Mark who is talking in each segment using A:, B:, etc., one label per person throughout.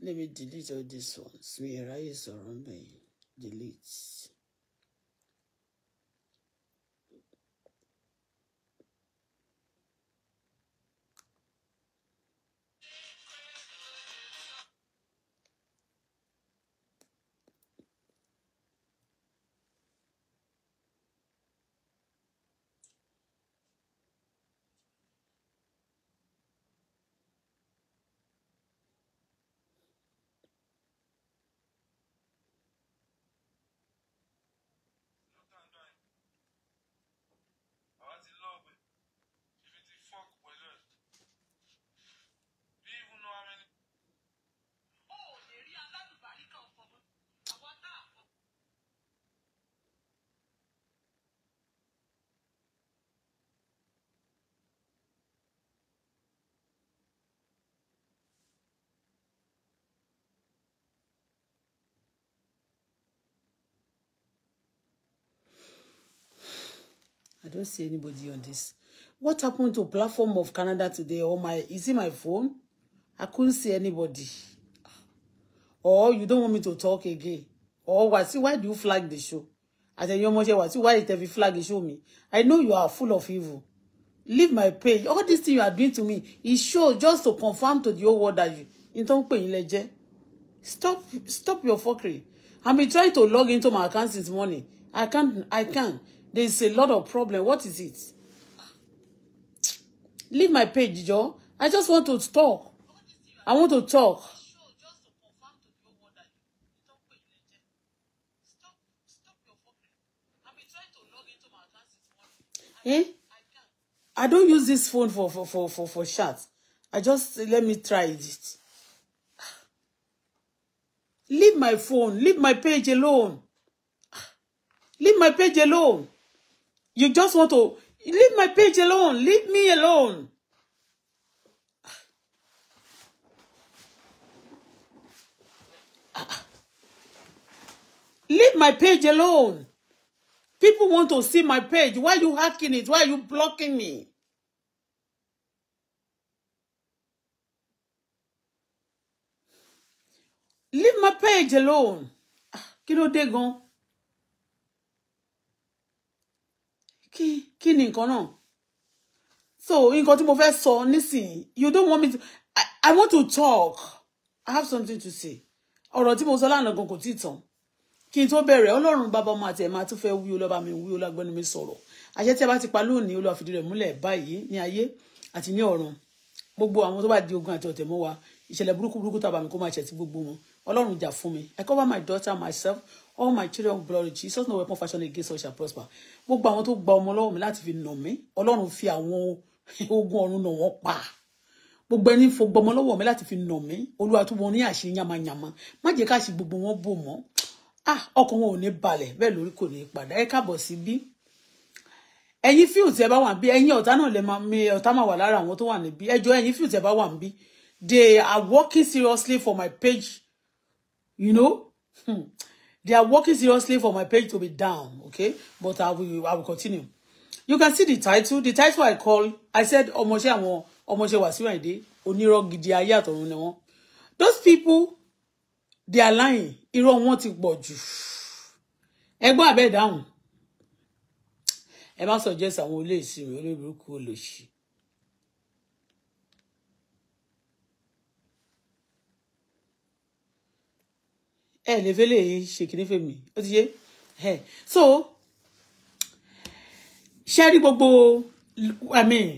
A: Let me delete all these ones. Me erase or delete. I don't see anybody on this. What happened to platform of Canada today? Or my is it my phone? I couldn't see anybody. Or you don't want me to talk again. Or See, why do you flag the show? àtẹ̀yìn ọmọ ṣe wà tí why is every flag show me i know you are full of evil leave my page all this thing you are doing to me e show just to confirm to the whole world that you n tó ń stop stop your fuckery i been trying to log into my account since morning i can't i can't There is a lot of problem. What is it? Leave my page, Joe. I just want to talk. I want to talk. Eh? I don't use this phone for for for for, for chat. I just let me try it. Leave my phone, leave my page alone. Leave my page alone. You just want to leave my page alone. Leave me alone. Leave my page alone. People want to see my page. Why are you hacking it? Why are you blocking me? Leave my page alone. Ah, kí ló dé gan kí kí ni nǹkan náà so nǹkan tí mo fẹ́ sọ nísìnyí you don't want me to I, I want to talk I have something to say ọ̀rọ̀ tí mo sọ lánàá gan kò tí ì tán kí n tó bẹ̀rẹ̀ ọlọ́run bàbá ọmọ àti ẹ̀ma tó fẹ́ wí ọlọ́ba mi wí ọlọ́gbẹ́nu mi sọ̀rọ̀ àṣẹ tí a bá ti pa lónìí olúwa fìdí rẹ̀ múlẹ̀ báyìí ní ayé àti ní ọ̀run gbogbo àwọn tó bá di ogun àti ọ̀tẹ̀ mọ́ wa ìṣẹ̀lẹ̀ burúkú burúkú tàbá mi kó máa ṣẹ̀ sí gbogbo wọn ọlọ́run jà fún mi I cover my daughter myself all my children glory blood Jesus no weapon fashion against us shall prosper gbogbo àwọn tó gba ọmọ lọ́wọ́ mi láti fi nà mí ọlọ́run fi àwọn ogun ọ̀run nà wọ́n pa gbogbo ẹni fo gbọmọ lọ́wọ́ mi láti fi nà mí olúwa tó wọn ní àṣírí yamayama má jẹ́ káàṣì gbogbo wọn bò mọ́ ah ọkàn wọn ò ní balẹ̀ bẹ́ẹ̀ lórí kò ní padà ẹ káàbọ̀ sí bí ẹ̀yin fíù tí ẹ bá wà níbí ẹ̀yin ọ̀tá náà lè máa mi ọ̀tá máa wà lára àwọn tó wà níbí ẹjọ́ ẹ̀yin fíù tí ẹ bá wà níbí they are working seriously for my page you know hmm. They are working seriously for my page to be down, okay? But I will, I will continue. You can see the title. The title I call, I said, Ọmọṣẹ́ àwọn ọmọṣẹ́ Wasiu Ayinde, onírọ́ gidi ayé àtọ̀run Those people, they are lying. Irọ́ wọn ti pọ̀ jù. Ẹ gbọ́ àbẹ́ ìdáhùn. Ẹ má suggest àwọn olóòsì mi, olóòbùrúkú olóòsì. ẹ lè fẹ́ lè ṣe kìíní fèmí ó ti yé ẹ so ṣe rí gbogbo i mean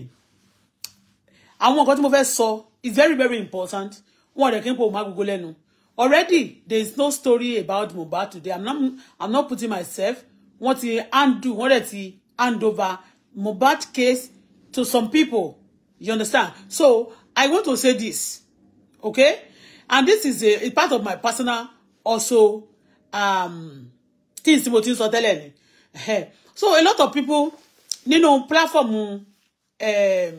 A: àwọn nǹkan tí mo fẹ́ sọ is very very important wọn ò dẹ̀ kí n pò má gbogbo lẹ́nu already there is no story about Mohbad today i'm not i'm not putting myself wọ́n ti handle wọ́n dẹ̀ ti hand over Mohbad case to some people you understand so i want to say this okay and this is a, a part of my personal also um, things tí mo ti ń sọ ni so a lot of people nínú platform um,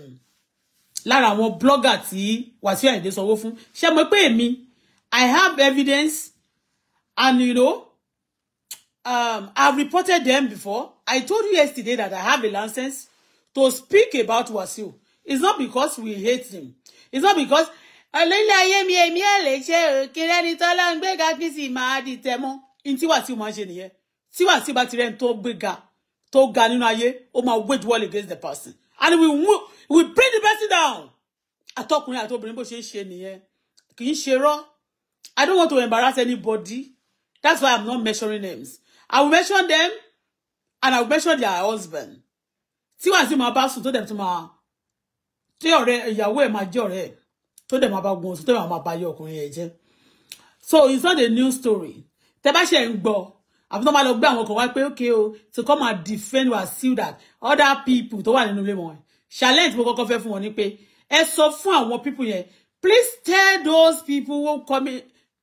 A: lára àwọn blogger tí Wàsíù Àyìndé sanwó fún ṣe mọ̀ pé èmi I have evidence and you know um, I've reported them before I told you yesterday that I have a license to speak about Wasiu. It's not because we hate him. It's not because ọlọ́lẹ̀ ayé mi èmi ẹ̀ lè ṣe òkèrè ẹni tó lọ́n gbé ga kí sì máa di tẹ̀mú. ntí Wasiu máa ṣe nìyẹn tí Wasiu bá ti rẹ́ni tó gbé ga tó ga nínú ayé ó máa wage war against the person and we we bring the person down. àtọkùnrin àti obìnrin bó ṣe ń ṣe nìyẹn kì í ṣe rọ́ I don't want to embarrass anybody that's why I'm not mentioning names I will mention them and I will mention their husband tí Wasiu máa bá sùn tó dẹ̀ tó máa tí ọ̀rẹ́ ìyàwó ẹ̀ máa jẹ́ ọ̀rẹ́ ẹ̀ tó dẹ̀ máa bá gun ọ̀sùn tó dẹ̀ máa bá yọ ọkùnrin yẹn jẹ́ so it's not a new story tẹ́ bá ṣe ń gbọ́ àbí tó máa lọ gbé àwọn kan wá okay o to come and defend Wasiu that other people tó wà nínú ilé wọn challenge mo kọ́kọ́ fẹ́ fún wọn ni pé ẹ so fún àwọn people yẹn please tell those people who coming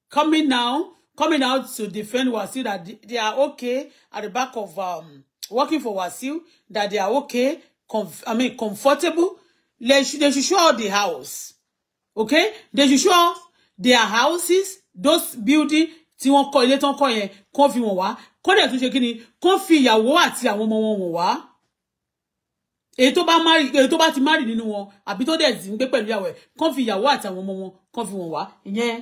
A: coming now coming out to defend Wasiu that they are okay at the back of um, working for Wasiu that they are okay, comf I mean comfortable. They should, they should show the house okay they should show their houses those building tí wọ́n kọ́ ilé tí wọ́n kọ́ yẹn kó fi wọ́n wá kó dẹ̀ tún ṣe kí ni kó fi ìyàwó àti àwọn ọmọ wọn wọ́n wá èyí tó bá mari èyí tó bá ti mari nínú wọn àbí tó dẹ̀ ti ń gbé pẹ̀lú ìyàwó ẹ̀ kó fi ìyàwó àti àwọn ọmọ wọn kó fi wọ́n wá ìyẹn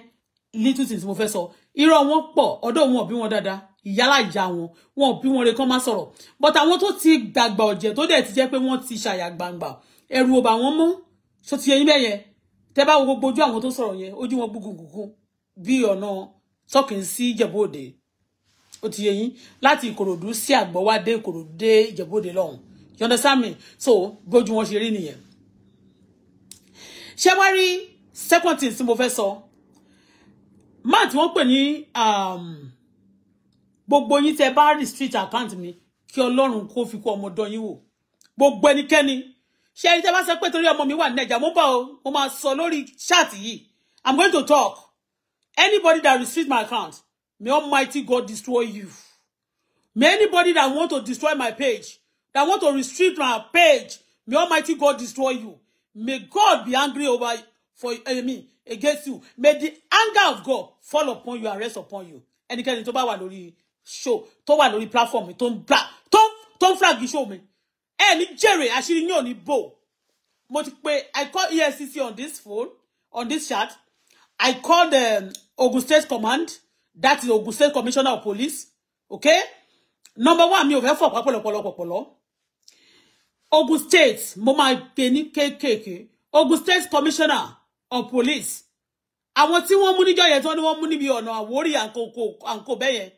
A: little things mo fẹ́ sọ irọ́ wọn pọ̀ ọ̀dọ̀ wọn bí wọn dáadáa ìyálàjà wọn wọn bí wọn re kán má sọ̀rọ̀ but àwọn tó ti gbàgbà ọ̀jẹ̀ tó dẹ̀ ti jẹ́ pé wọ́n ti ṣàyà gbangba ẹ̀rù ò bà wọ́n mọ́ ṣó ti yẹ yín tẹ́ bá wo gbogbo ojú àwọn tó sọ̀rọ̀ yẹn ojú wọn gbùgbùgbùn bí ọ̀nà tọ́kìn sí Ìjẹ̀bú Òde ó ti yé yín láti Ìkòròdú sí Àgbọ̀wá dé Ìkòròdú dé Ìjẹ̀bú Òde lọ́hùn you understand me so bójú wọn ṣe rí nìyẹn ṣé wá rí second thing tí mo fẹ́ sọ máà tí wọ́n pè ní um, gbogbo yín tẹ́ bá street account mi kí Ọlọ́run kó fi kó ọmọdọ́ yín wò gbogbo ẹnikẹ́ni ṣe ẹni tẹ́ bá sọ pé torí ọmọ mi wà ní ẹ̀jà mo bá o mo máa sọ lórí chat yìí i'm going to talk anybody that restrict my account may almighty god destroy you may anybody that want to destroy my page that want to restrict my page may almighty god destroy you may god be angry over for I mean, against you may the anger of god fall upon you and rest upon you ẹnikẹ́ni tó bá wà lórí show tó wà lórí platform mi tó ń flag show mi ẹ ní jèrè àṣírí yín ò ní bò mo ti pe i call EFCC on this phone on this chat i called um, Ogun State Command that is Ogun State Commissioner of Police okay number one mi ò fẹ́ fọ̀ pọ́pọ́lọpọ́lọpọ́lọ Ogun State mo máa pe ní kéékèèké Ogun State Commissioner of Police àwọn tí wọ́n mú níjọ́ yẹn tí wọ́n ní wọ́n mú níbi ọ̀nà Àwórì àǹkó bẹ́yẹn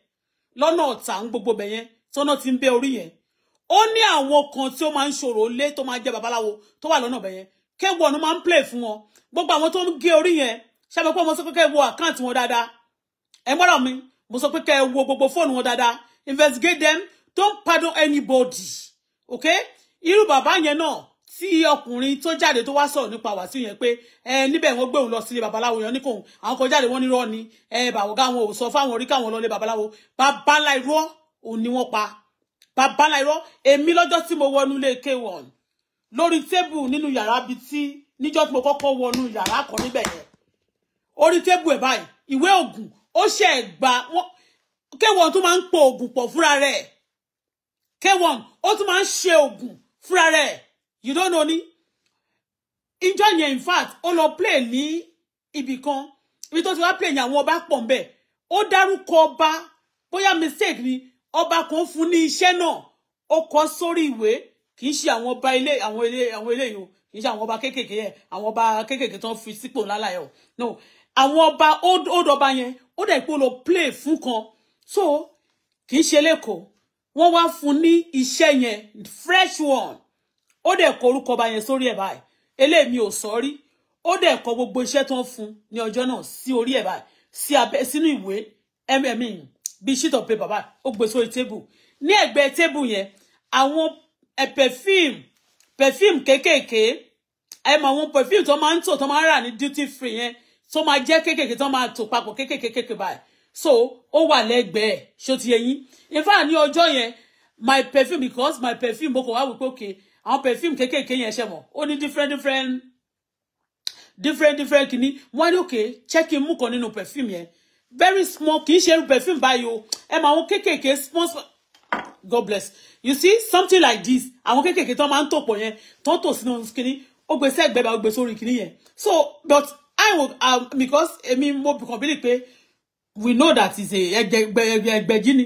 A: lọ́nà Ọ̀tà ń gbogbo bẹ́yẹn tí wọ́n náà ti ń bẹ́ orí yẹn ó ní àwọn kan tí ó máa ń ṣòro lé tó máa jẹ́ babaláwo tó wà lọ́nà bẹ̀yẹn kẹ́wọ́ ọ̀nà máa ń play fún wọn gbogbo àwọn tó ń gé orí yẹn ṣàbẹ̀ pé mo sọ pé kẹ́ wo àkáǹtì wọn dáadáa ẹ mọ́ra mi mo sọ pé kẹ́ wo gbogbo fóònù wọn dáadáa investigate them don't pardon anybody okay irú bàbá yẹn náà tí ọkùnrin tó jáde tó wá sọ̀rọ̀ nípa Wàsíù yẹn pé ẹ níbẹ̀ wọ́n gbé òun lọ sílé babaláwo yẹn ní kòun àwọn kan jáde wọ́n nírọ́ ni ẹ bàwọ̀gá wọn ò sọ fáwọn orí káwọn lọ lé babaláwo babalá òun ni wọ́n pa bàbá láìrọ́ emi lọ́jọ́ tí mo wọnú le k1 lórí table nínú yàrá bíi tí níjọ́ tí mo kọ́kọ́ wọnú yàrá kan níbẹ̀ yẹn orí tébù ẹ̀ báyìí ìwé ògùn ó ṣe gba k1 tó máa ń po ògùn pọ̀ k1 o tún máa ń ṣe ògùn fúnra you don't know ni ìjọ yẹn in fact ó lọ play ni ibì kan ibi tó ti wá play yẹn àwọn ọba pọ̀ ń bẹ̀ ó dárúkọ ọba mistake ni ọba kan fún ní iṣẹ́ náà ó kọ sórí ìwé kì í ṣe àwọn ọba ilé àwọn ilé àwọn ilé yìí kì í ṣe àwọn ọba kéékèèké yẹn àwọn ọba kéékèèké tó ń fi sípò lálàyẹ o no àwọn ọba ó dọba yẹn ó dẹ̀ pé ó lọ play fún kan so kì í ṣe lẹ́kọ̀ọ́ wọ́n wá fún ní iṣẹ́ yẹn fresh one ó dẹ̀ kọ orúkọ ọba yẹn sórí ẹ̀ báyìí eléèmí ò sọ rí ó dẹ̀ kọ gbogbo iṣẹ́ tó ń fún ní ọjọ́ náà sí orí ẹ̀ báyìí sí abẹ́ sínú ìwé ẹ̀mí bí sheet of paper báyìí ó gbé sórí table Ni ẹ̀gbẹ́ table yẹn e perfume perfume kéékèèké ẹ mọ àwọn perfume tó máa ń tò tó máa ń duty free yẹn So ma jẹ́ kéékèèké tó máa tò papọ̀ kéékèèké kéékèèké báyìí so ó wà lẹ́gbẹ̀ẹ́ ṣó ti yẹyin in fact ni ojo yẹn my perfume because my perfume boko wa wá wípé òkè àwọn perfume kekeke yẹn ṣe mo. ó ní different different different different kìíní wọ́n ní òkè check in mú kan nínú perfume yẹn very small kì í ṣe irú perfume báyìí o ẹ mọ àwọn kéékèèké sponsor god bless you see something like this àwọn kéékèèké tó máa ń tòpọ̀ yẹn tó tò sínú kínní ó gbé sẹ́gbẹ́ bá ó gbé sórí kínní yẹn so but i will um, because èmi mo kàn bílì pé we know that is a ẹgbẹ̀jì ni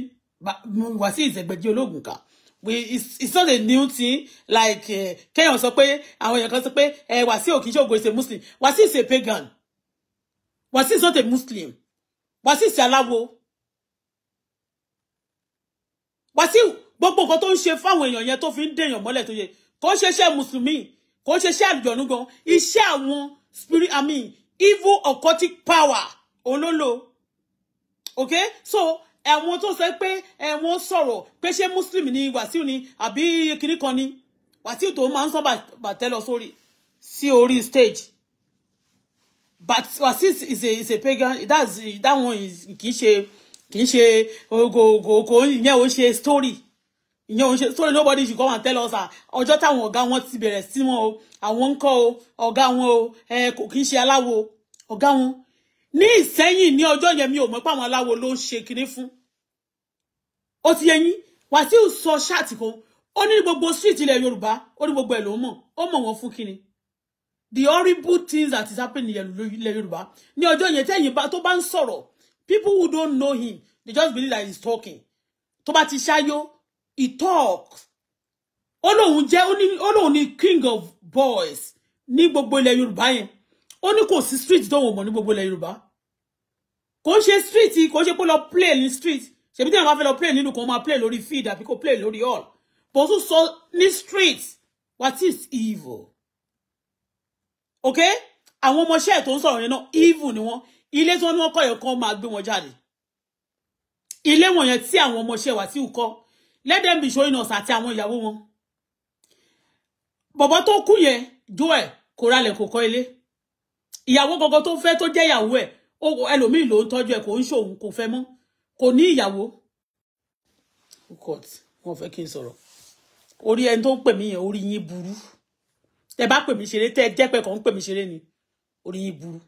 A: wàsí ìṣẹ̀gbẹ̀jì ológun kan we it's, not a new thing like eh, kéèyàn sọ pé àwọn èèyàn kan sọ pé eh, wàsí òkìṣẹ́ ògo is a muslim wàsí is a pagan wàsí is not a muslim Wàsíù aláwo Wàsíù gbogbo nǹkan tó ń ṣe fáwọn èèyàn yẹn tó fi ń dèèyàn mọ́lẹ̀ tó yẹ kò ń ṣeṣẹ́ mùsùlùmí kò ń ṣeṣẹ́ àlùjọ̀nú gan iṣẹ́ àwọn spirit i mean evil occultic power olólo okay so àwọn tó sọ pé ẹ̀wọ̀n sọ̀rọ̀ pé ṣé muslim ni Wàsíù ni àbí kìnnìkan ni Wàsíù tó máa ń sọ bàtẹ́ lọ sórí sí orí stage but wasis is a is a pagan that's that one is kì í ṣe kì í ṣe ogogogo ìyẹn ò ṣe story ìyẹn ò ṣe story nobody should come and tell us ah, ọjọ́ táwọn ọ̀gá wọn ti bẹ̀rẹ̀ sí wọn o àwọn ń kọ́ o ọ̀gá wọn o ẹ kò kì í ṣe aláwo ọ̀gá wọn ní ìsẹ́yìn ní ọjọ́ yẹn mi ò mọ̀ pé àwọn aláwo ló ń ṣe kinní fún ó ti yẹ yín Wàsíù sọ ṣáàtì kan ó ní gbogbo street ilẹ̀ Yorùbá ó ní gbogbo ẹ̀ ló mọ̀ ó mọ̀ wọ́n fún kinní the horrible things that is happening in ilẹ̀ Yorùbá ní ọjọ́ yẹn tẹ́yìn bá tó bá ń sọ̀rọ̀ people who don't know him they just believe that he's talking To bá ti ṣáyó he talk ó lóun jẹ́ ó lóun ni king of boys Ni gbogbo ilẹ̀ Yorùbá yẹn ó ní kò sí street tóun mọ̀ ní gbogbo ilẹ̀ Yorùbá kò ń ṣe street kò ń ṣe pé lọ play ní street ṣèbí tí wọn bá fẹ́ lọ play nínú kan máa play lórí field àbí kò play lórí hall bó tún sọ ní street what is evil okay àwọn ọmọọṣẹ́ ẹ̀ tó ń sọ̀rọ̀ yẹn náà evil ni wọ́n ilé tí wọ́n ní wọ́n kọ́ yẹn kan máa gbé wọn jáde ilé wọ̀nyẹn tí àwọn ọmọọṣẹ́ wà tí ò kọ́ let them be showing us àti àwọn ìyàwó wọn bọ̀bọ̀ tó kú yẹn joel kò ralẹ̀ kò kọ́ ilé ìyàwó gangan tó fẹ́ tó jẹ́ ìyàwó ẹ̀ ẹlòmíì ló ń tọ́jú ẹ̀ kò ń ṣòun kò fẹ́ mọ́ kò ní ìyàwó wọn fẹ́ kí n sọ̀rọ̀ orí ẹni tó ń pè mí yẹn orí yín burú tẹ bá pè mí ṣeré tẹ jẹ́ pé kàn ń pè mí ṣeré ni orí yín burú.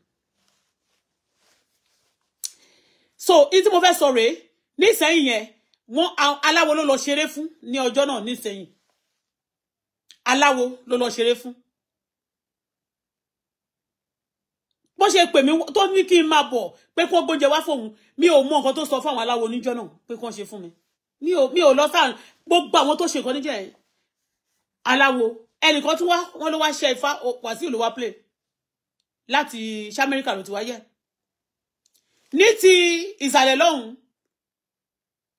A: so in tí mo fẹ́ sọ rèé nísẹ̀yìn yẹn wọ́n aláwo ló lọ ṣeré fún ní ọjọ́ náà nísẹ̀yìn aláwo ló lọ ṣeré fún. bó ṣe pè mí tó ní kí n máa bọ̀ pé kó gbóúnjẹ wá fóun mi ò mọ nǹkan tó sọ fáwọn aláwo níjọ́ náà pé kó ṣe fún mi mi ò mi ò lọ sáà gbogbo àwọn tó ṣe nǹkan níjẹ́ aláwo ẹnìkan tún wá wọn ló wá ṣe ifá wàsíù ló play láti ṣamẹ́ríkà ló ti wáyé ní ti ìsàlẹ̀ lọ́hùn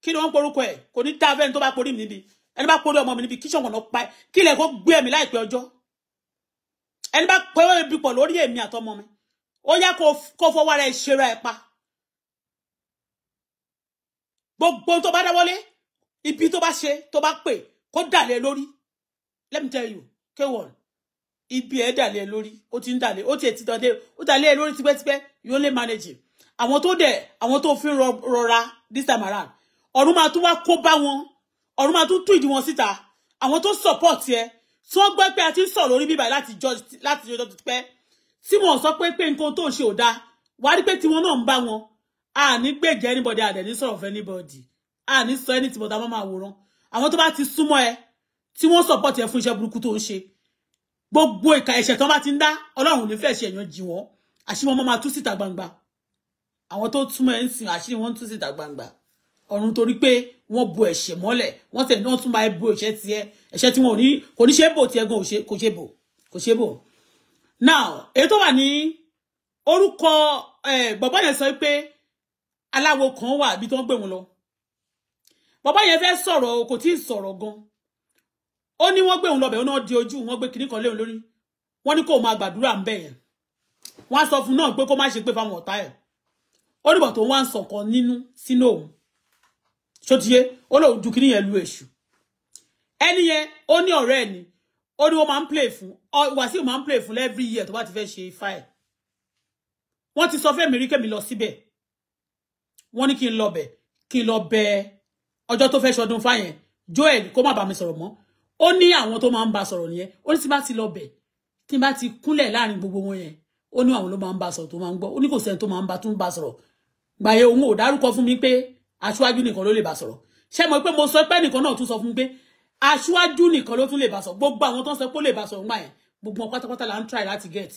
A: kí ni wọ́n porúkọ ẹ̀ kò ní tá abẹ́ni tó bá porí mi níbi ẹni bá porí ọmọ mi níbi kí ṣọ̀gbọ̀n pa ẹ́ kí ilẹ̀ kó gbé ẹ̀mí láìpẹ́ ọjọ́ ẹni bá pẹ́ ẹbí pọ̀ lórí èmi àtọmọ mi ó yá kó fọwọ́ ara ẹ̀ ṣera ẹ̀ pa gbogbo tó bá dáwọ́lé ibi tó bá ṣe tó bá pè kó dà lórí let me tell you k1 ibi ẹ̀ dàlẹ́ lórí ó ti ń dàlẹ́ ó tiẹ̀ ti dàlẹ́ ó dàlẹ́ lórí tipẹ́tipẹ́ you only manage it to tó dẹ̀ àwọn tó fi rọra this time around ọ̀run máa tún wá kó bá wọn ọ̀run máa tún tú ìdí wọn síta àwọn tó support yẹ tí wọ́n gbọ́ pé a ti ń sọ̀rọ̀ orí bíbá láti jọ láti jọ ti pẹ́ tí wọ́n sọ pé pé nǹkan tó ń ṣe ò dáa wàá rí pé tiwọn náà ń bá wọn a anybody a dẹ̀ ní sọ̀rọ̀ fún anybody a ní sọ anything but a máa máa wòran àwọn to bá ti súnmọ́ ẹ tí wọ́n support ẹ fún iṣẹ́ burúkú tó ń ṣe gbogbo ìka ẹ̀ṣẹ̀ tán bá ti ń dá Ọlọ́run ní fẹ́ ṣe èèyàn jì wọ́n àṣírí wọn máa tú síta gbangba àwọn tó túmọ̀ ẹ̀ ń sìn àṣírí wọn tú síta gbangba ọ̀run torí pé wọ́n bo ẹ̀ṣẹ̀ mọ́lẹ̀ wọ́n tẹ̀ náà tún máa bo ẹ̀ṣẹ̀ tiẹ̀ ẹ̀ṣẹ̀ tí wọn ò ní kò ní ṣe bò tiẹ̀ gan kò ṣe bò kò ṣe bò. now èyí tó wà ní orúkọ bàbá yẹn sọ pé aláwo kan wà bí tó ń gbé wọn lọ bàbá yẹn fẹ́ sọ̀rọ̀ kò tí ì sọ̀rọ̀ gan ó ní wọ́n gbé òun lọ́bẹ̀ òun náà di ojú wọ́n gbé kinní kan léun lórí wọ́n ní kó máa gbàdúrà ń bẹ̀ yẹn wọ́n á sọ fún náà pé kó má ṣe pé fáwọn ọ̀tá ẹ̀ ó nígbà tó wá ń sọ̀kan nínú sínú òun ṣótiyé ó lóun ju kinní yẹn lu èṣù ẹni yẹn ó ní ọ̀rẹ́ ẹ̀ ni ó ní wọ́n máa ń play fún Wàsíù máa ń play fún every year tó bá ti fẹ́ ṣe ifá ẹ̀ wọ́n ti sọ fẹ́mi rí kẹ́mi lọ síbẹ̀ wọ́n ní kí n lọ bẹ̀ kí n lọ bẹ̀ Joel kó má bàa mi ó ní àwọn tó máa ń bá sọ̀rọ̀ nìyẹn ó ní tí bá ti lọ bẹ̀ tí bá ti kúnlẹ̀ láàrin gbogbo wọn yẹn ó ní àwọn ló máa ń bá sọ̀rọ̀ tó máa ń gbọ́ ó ní kò sẹ́ni tó máa ń bá tún bá sọ̀rọ̀ gbàyẹ òun ò dárúkọ fún mi pé aṣáájú nìkan ló lè bá sọ̀rọ̀ ṣé mo pé mo sọ pé nìkan náà tún sọ fún mi pé aṣáájú nìkan ló tún lè bá sọ̀rọ̀ gbogbo àwọn tó ń sọ pé ó lè bá sọ̀rọ̀ ńgbà yẹn gbogbo wọn pátápátá là ń try láti get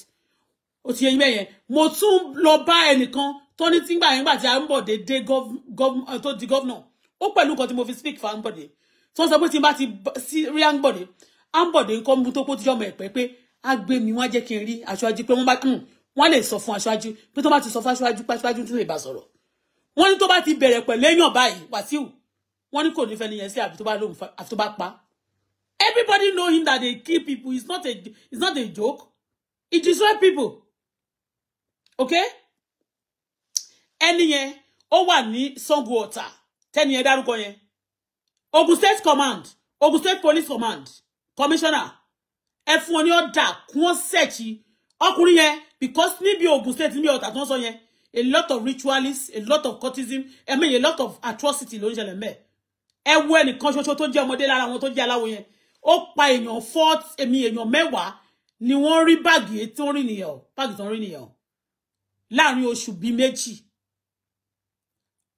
A: ó ti yẹ yín bẹ́yẹn mo tún lọ bá ẹnìkan tó ní tí ń gbà yẹn gbà tí a ń bọ̀ dédé tó di gọ́vnà ó pẹ̀lú nǹkan tí mo fi speak fáńbọ̀dé So, sọ pé tí n bá ti rí àǹbọ̀dé àǹbọ̀dé ń kọ́ mu tó kó tíjọ́ ọmọ ẹ̀pẹ́ pé á gbé mi wọ́n á jẹ́ kí n rí aṣáájú pé wọ́n bá hmm, wọ́n lè sọ fún aṣáájú pé tó bá ti sọ fún aṣáájú pé aṣáájú tó lè bá sọ̀rọ̀ wọ́n ní tó bá ti bẹ̀rẹ̀ pẹ̀lú èèyàn báyìí Wàsíù wọ́n ní kò ní fẹ́ni yẹn sí àbí tó bá lóhùn àbí tó bá pa everybody know him that they kill people it's not a it's not a joke it destroy people okay ẹni yẹn ó wà ní Sango Ọ̀tà tẹ́ni yẹn dárúkọ yẹn Ogun State Command Ogun State Police Command Commissioner ẹ fún wọn ní ọ̀dà kún ọ́ sẹ́ẹ̀kì ọkùnrin yẹn because níbi Ogun State níbi ọ̀tà tó ń sọ yẹn a lot of ritualists a lot of cultism I mean a lot of atrocity ló ń ṣẹlẹ̀ mẹ́ẹ̀ ẹ wo ẹnìkan ṣoṣo tó jẹ́ ọmọdé lára wọn tó jẹ́ aláwo yẹn ó pa èèyàn fort èmi èèyàn mẹ́wàá ni wọ́n rí báàgì tí wọ́n rí nìyẹn o báàgì tí wọ́n rí nìyẹn o láàrin oṣù bíi méjì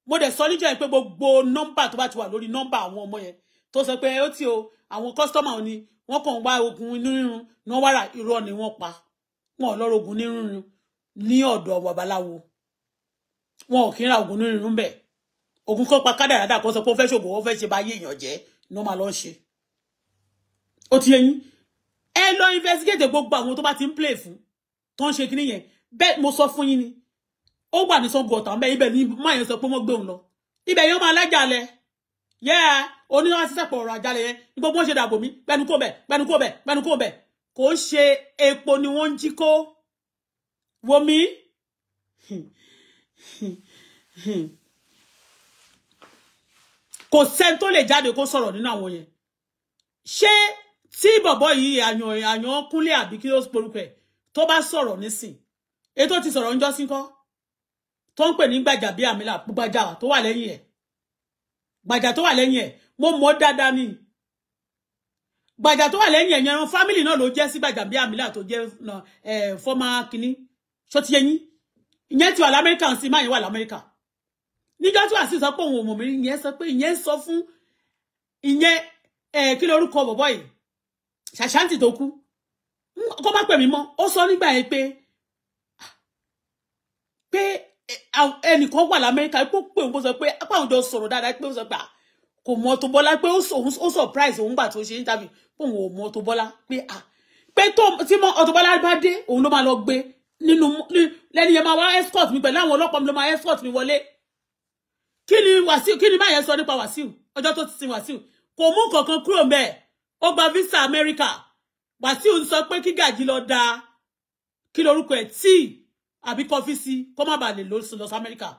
A: mo dẹ̀ sọ níjọ́ yẹn pé gbogbo nọ́mbà tó bá ti wà lórí nọ́mbà àwọn ọmọ yẹn tó sọ pé ó ti o àwọn kọ́sítọ́mà wọn ni wọ́n kàn ń wá oògùn inú rírun ní wọ́n wára irọ́ ni wọ́n pa wọn ò lọ́rọ̀ oògùn inú rírun ní ọ̀dọ̀ babaláwo wọn ò kí ń ra oògùn inú rírun bẹ́ẹ̀ oògùn kan pa kádàrádà kan sọ pé ó fẹ́ ṣògùn ó fẹ́ ṣe bá yé èèyàn jẹ́ ni wọ́n máa lọ ṣe ó ti yẹn ẹ lọ investigate gbogbo àwọn tó bá ti ń play fún tó ń ṣe kíní yẹn bẹ́ẹ̀ mo sọ fún yín ni ó wà ní sango ọ̀tà ńbẹ ibẹ̀ ní máa yẹn sọ pé wọ́n gbé òun lọ ibẹ̀ yẹn ó máa lájàlẹ̀ yẹ́ ẹ oníwà sísẹ̀pọ̀ ọ̀rọ̀ àjálẹ̀ yẹn ní gbogbo ṣe dàbò mí gbẹnukó bẹ̀ gbẹnukó bẹ̀ gbẹnukó bẹ̀ kò ń ṣe epo ni wọ́n ń jí kó wo mi kò sẹ́ni tó lè jáde kó sọ̀rọ̀ nínú àwọn yẹn ṣé tí bọ̀bọ̀ yìí àyàn àyàn kúnlé àbí kí ló porúkọ ẹ̀ tó bá sọ̀rọ̀ nísìn ètò ti soro ń jọ́sìn kọ́ tó ń pè ní Gbajabiamila gbàjà tó wà lẹ́yìn ẹ̀ gbàjà tó wà lẹ́yìn ẹ̀ mo mọ̀ dáadáa ni gbàjà tó wà lẹ́yìn ẹ̀ yẹn fámìlì náà ló jẹ́ sí Gbajabiamila tó jẹ́ eh, fọ́mà kínní sọtiyẹyìn ìyẹn ti wà lamẹ́ríkà sí máa yẹn wà lamẹ́ríkà níjọ́ tí wàá sì sọ pé òun ò mọ̀ mí ìyẹn sọ pé ìyẹn sọ fún ìyẹn eh, kí lorúkọ bọ̀bọ̀ yìí ṣàṣàǹtì tó kú kó má pè mí mọ́ ó sọ nígbà yẹn pé ah, pé ẹnìkan wà lamẹ́ríkà pé ó pè òun kó sọ pé apá òun jọ sọ̀rọ̀ dáadáa pé ó sọ pé ah, kò mọ tó bọ́lá pé ó surprise òun gbà tó ṣe interview pé òun ò mọ ah. tó bọ́lá pé à pé tí mọ Auto Bola bá dé òun ló máa lọ gbé nínú lẹ́ni yẹn máa wá escort mi pẹ̀lú àwọn ọlọ́pàá mi ló máa escort mi wọlé kí ni Wàsíù kí ni báyẹn sọ nípa Wàsíù ọjọ́ tó ti sin Wàsíù kò mú kankan kúrò mẹ́ẹ̀ ó gba visa Amẹ́ríkà Wàsíù ń sọ pé kí gàjí lọ da kí lorúkọ ẹ̀ tíì àbí kọfí sí kó má bàa lè lọ sí los america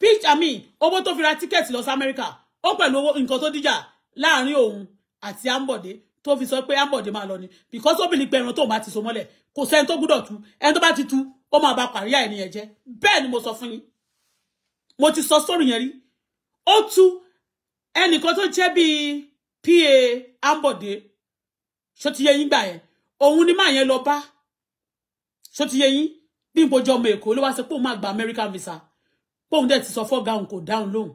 A: pitch ami, mean owó tó fi ra tíkẹ́ẹ̀tì los america ó pẹ̀lú owó nǹkan tó dìjà láàrin òun àti ambode tó fi sọ pé ambode máa lọ ni because obìnrin pé ẹran tó bá ti so mọ́lẹ̀ kò sẹ́ni tó gbúdọ̀ tú ẹni tó bá ti tú ó máa ba pàríyà ènìyàn jẹ́ bẹ́ẹ̀ ni mo sọ fún yín mo ti sọ sórí yẹn rí ó tú ẹnìkan tó jẹ́ bíi pa ambode ṣó ti yẹ yín gbà yẹn òun ni máa yẹn lọ bá ṣó ti yẹ yín Bímbọ́ jọ ọmọ Èkó ló wá sọ pé òun máa gba American visa pé òun dẹ̀ ti sọ fọ́gá òun kò dáhùn lóhùn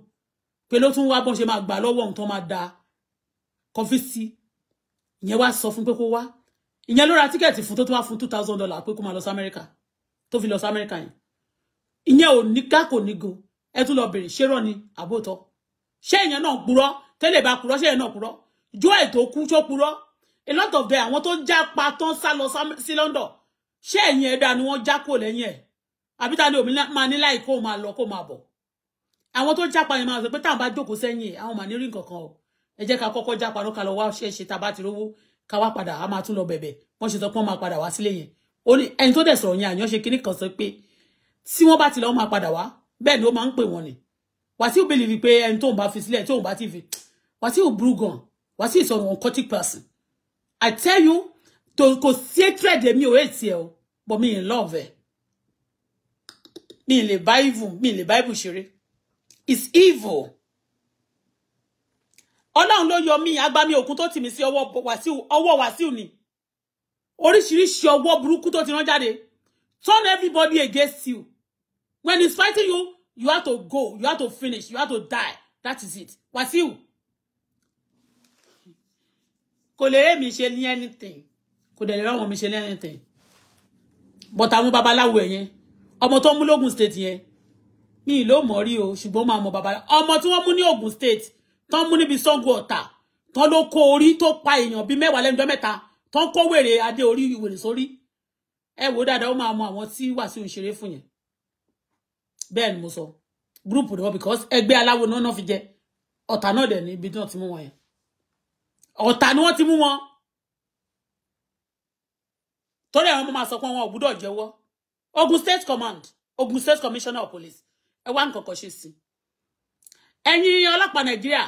A: pé ló tún wá bọ́n ṣe máa gbà lọ́wọ́ òun tó máa da kọfí sí ìyẹn wá sọ fún pé kó wá ìyẹn ló ra tíkẹ́ẹ̀tì fún tó tún wá fún two thousand dollar pé kó máa lọ sí America tó fi lọ sí America yẹn ìyẹn ò ní ká kò ní go ẹ tún lọ bèrè ṣérọ ni àbótọ́ ṣé ìyẹn náà purọ́ tẹ́lẹ̀ bá purọ́ ṣé ìyẹn náà purọ́ Joel tó kú tó purọ́ a lot of them àwọn tó já pa tán sá lọ sí London ṣé ẹ̀yin ẹ̀dá ni wọ́n já kúrò lẹ́yìn àbí ta ni òmìnira máa ní láì kó máa lọ kó máa bọ̀ àwọn tó jápa yẹn máa sọ pé táwọn bá jókòó sẹ́yìn ẹ̀ àwọn màá ní rí nǹkan kan o ẹ jẹ́ ká kọ́kọ́ jápa ló ká lọ wá ṣe é ṣe tá a bá ti rówó ká wá padà á máa tún lọ bẹ̀bẹ̀ wọ́n ṣe sọ pé wọ́n máa padà wá sílé yẹn ó ní ẹni tó dẹ̀ sọ̀rọ̀ yẹn àyàn ṣe kinní kan sọ pé tí wọ́n bá ti lọ́ máa padà wá bẹ́ẹ̀ ni ó máa ń pè wọ́n ni Wasiu believe pé ẹni tóun bá fi sílẹ̀ tóun bá ti fi Wasiu burú gan Wasiu is an uncotic person I tell you To kò sí hatred mi ò hate o but me in love me in the bible me in the bible ṣeré is evil ọlọ́run ló yọ mí agbami òkun tó tì mí sí ọwọ́ wàsíù ọwọ́ wàsíù ni oríṣiríṣi ọwọ́ burúkú tó ti rán jáde turn everybody against you when he's fighting you you have to go you have to finish you have to die that is it wàsíù kò lè rẹ́ mi ṣe ní anything kò dẹ̀ lè ráwọn mi ṣe lẹ́yìn tẹ̀ but àwọn babaláwo ẹ̀yẹn ọmọ tó mú lógùn state yẹn mi ì ló mọ̀ rí o ṣùgbọ́n máa mọ̀ babaláwo ọmọ tí wọ́n mú ní Ògùn state tán mú níbi Ṣàngó Ọ̀tà tán ló kó orí tó pa èèyàn bíi mẹ́wàá lẹ́nu mẹ́ta tán kó wèrè adé orí ìwèrè sórí ẹ wò dáadáa ó máa mọ àwọn tí Wàsíù ń ṣeré fún yẹn bẹ́ẹ̀ ni mo sọ gúrùpù náà because ẹgbẹ́ aláwo náà náà fi jẹ Ọ̀tà náà dẹ̀ ní ibi náà ti mú wọn yẹn Ọ̀tà ni wọ́n ti mú wọn torí àwọn ọmọ máa sọ pé wọn ò jẹ́wọ́ Ogun State Command Ogun State Commissioner of Police ẹ wá nǹkan kan ṣe sí ẹ̀yin ọlọ́pàá Nàìjíríà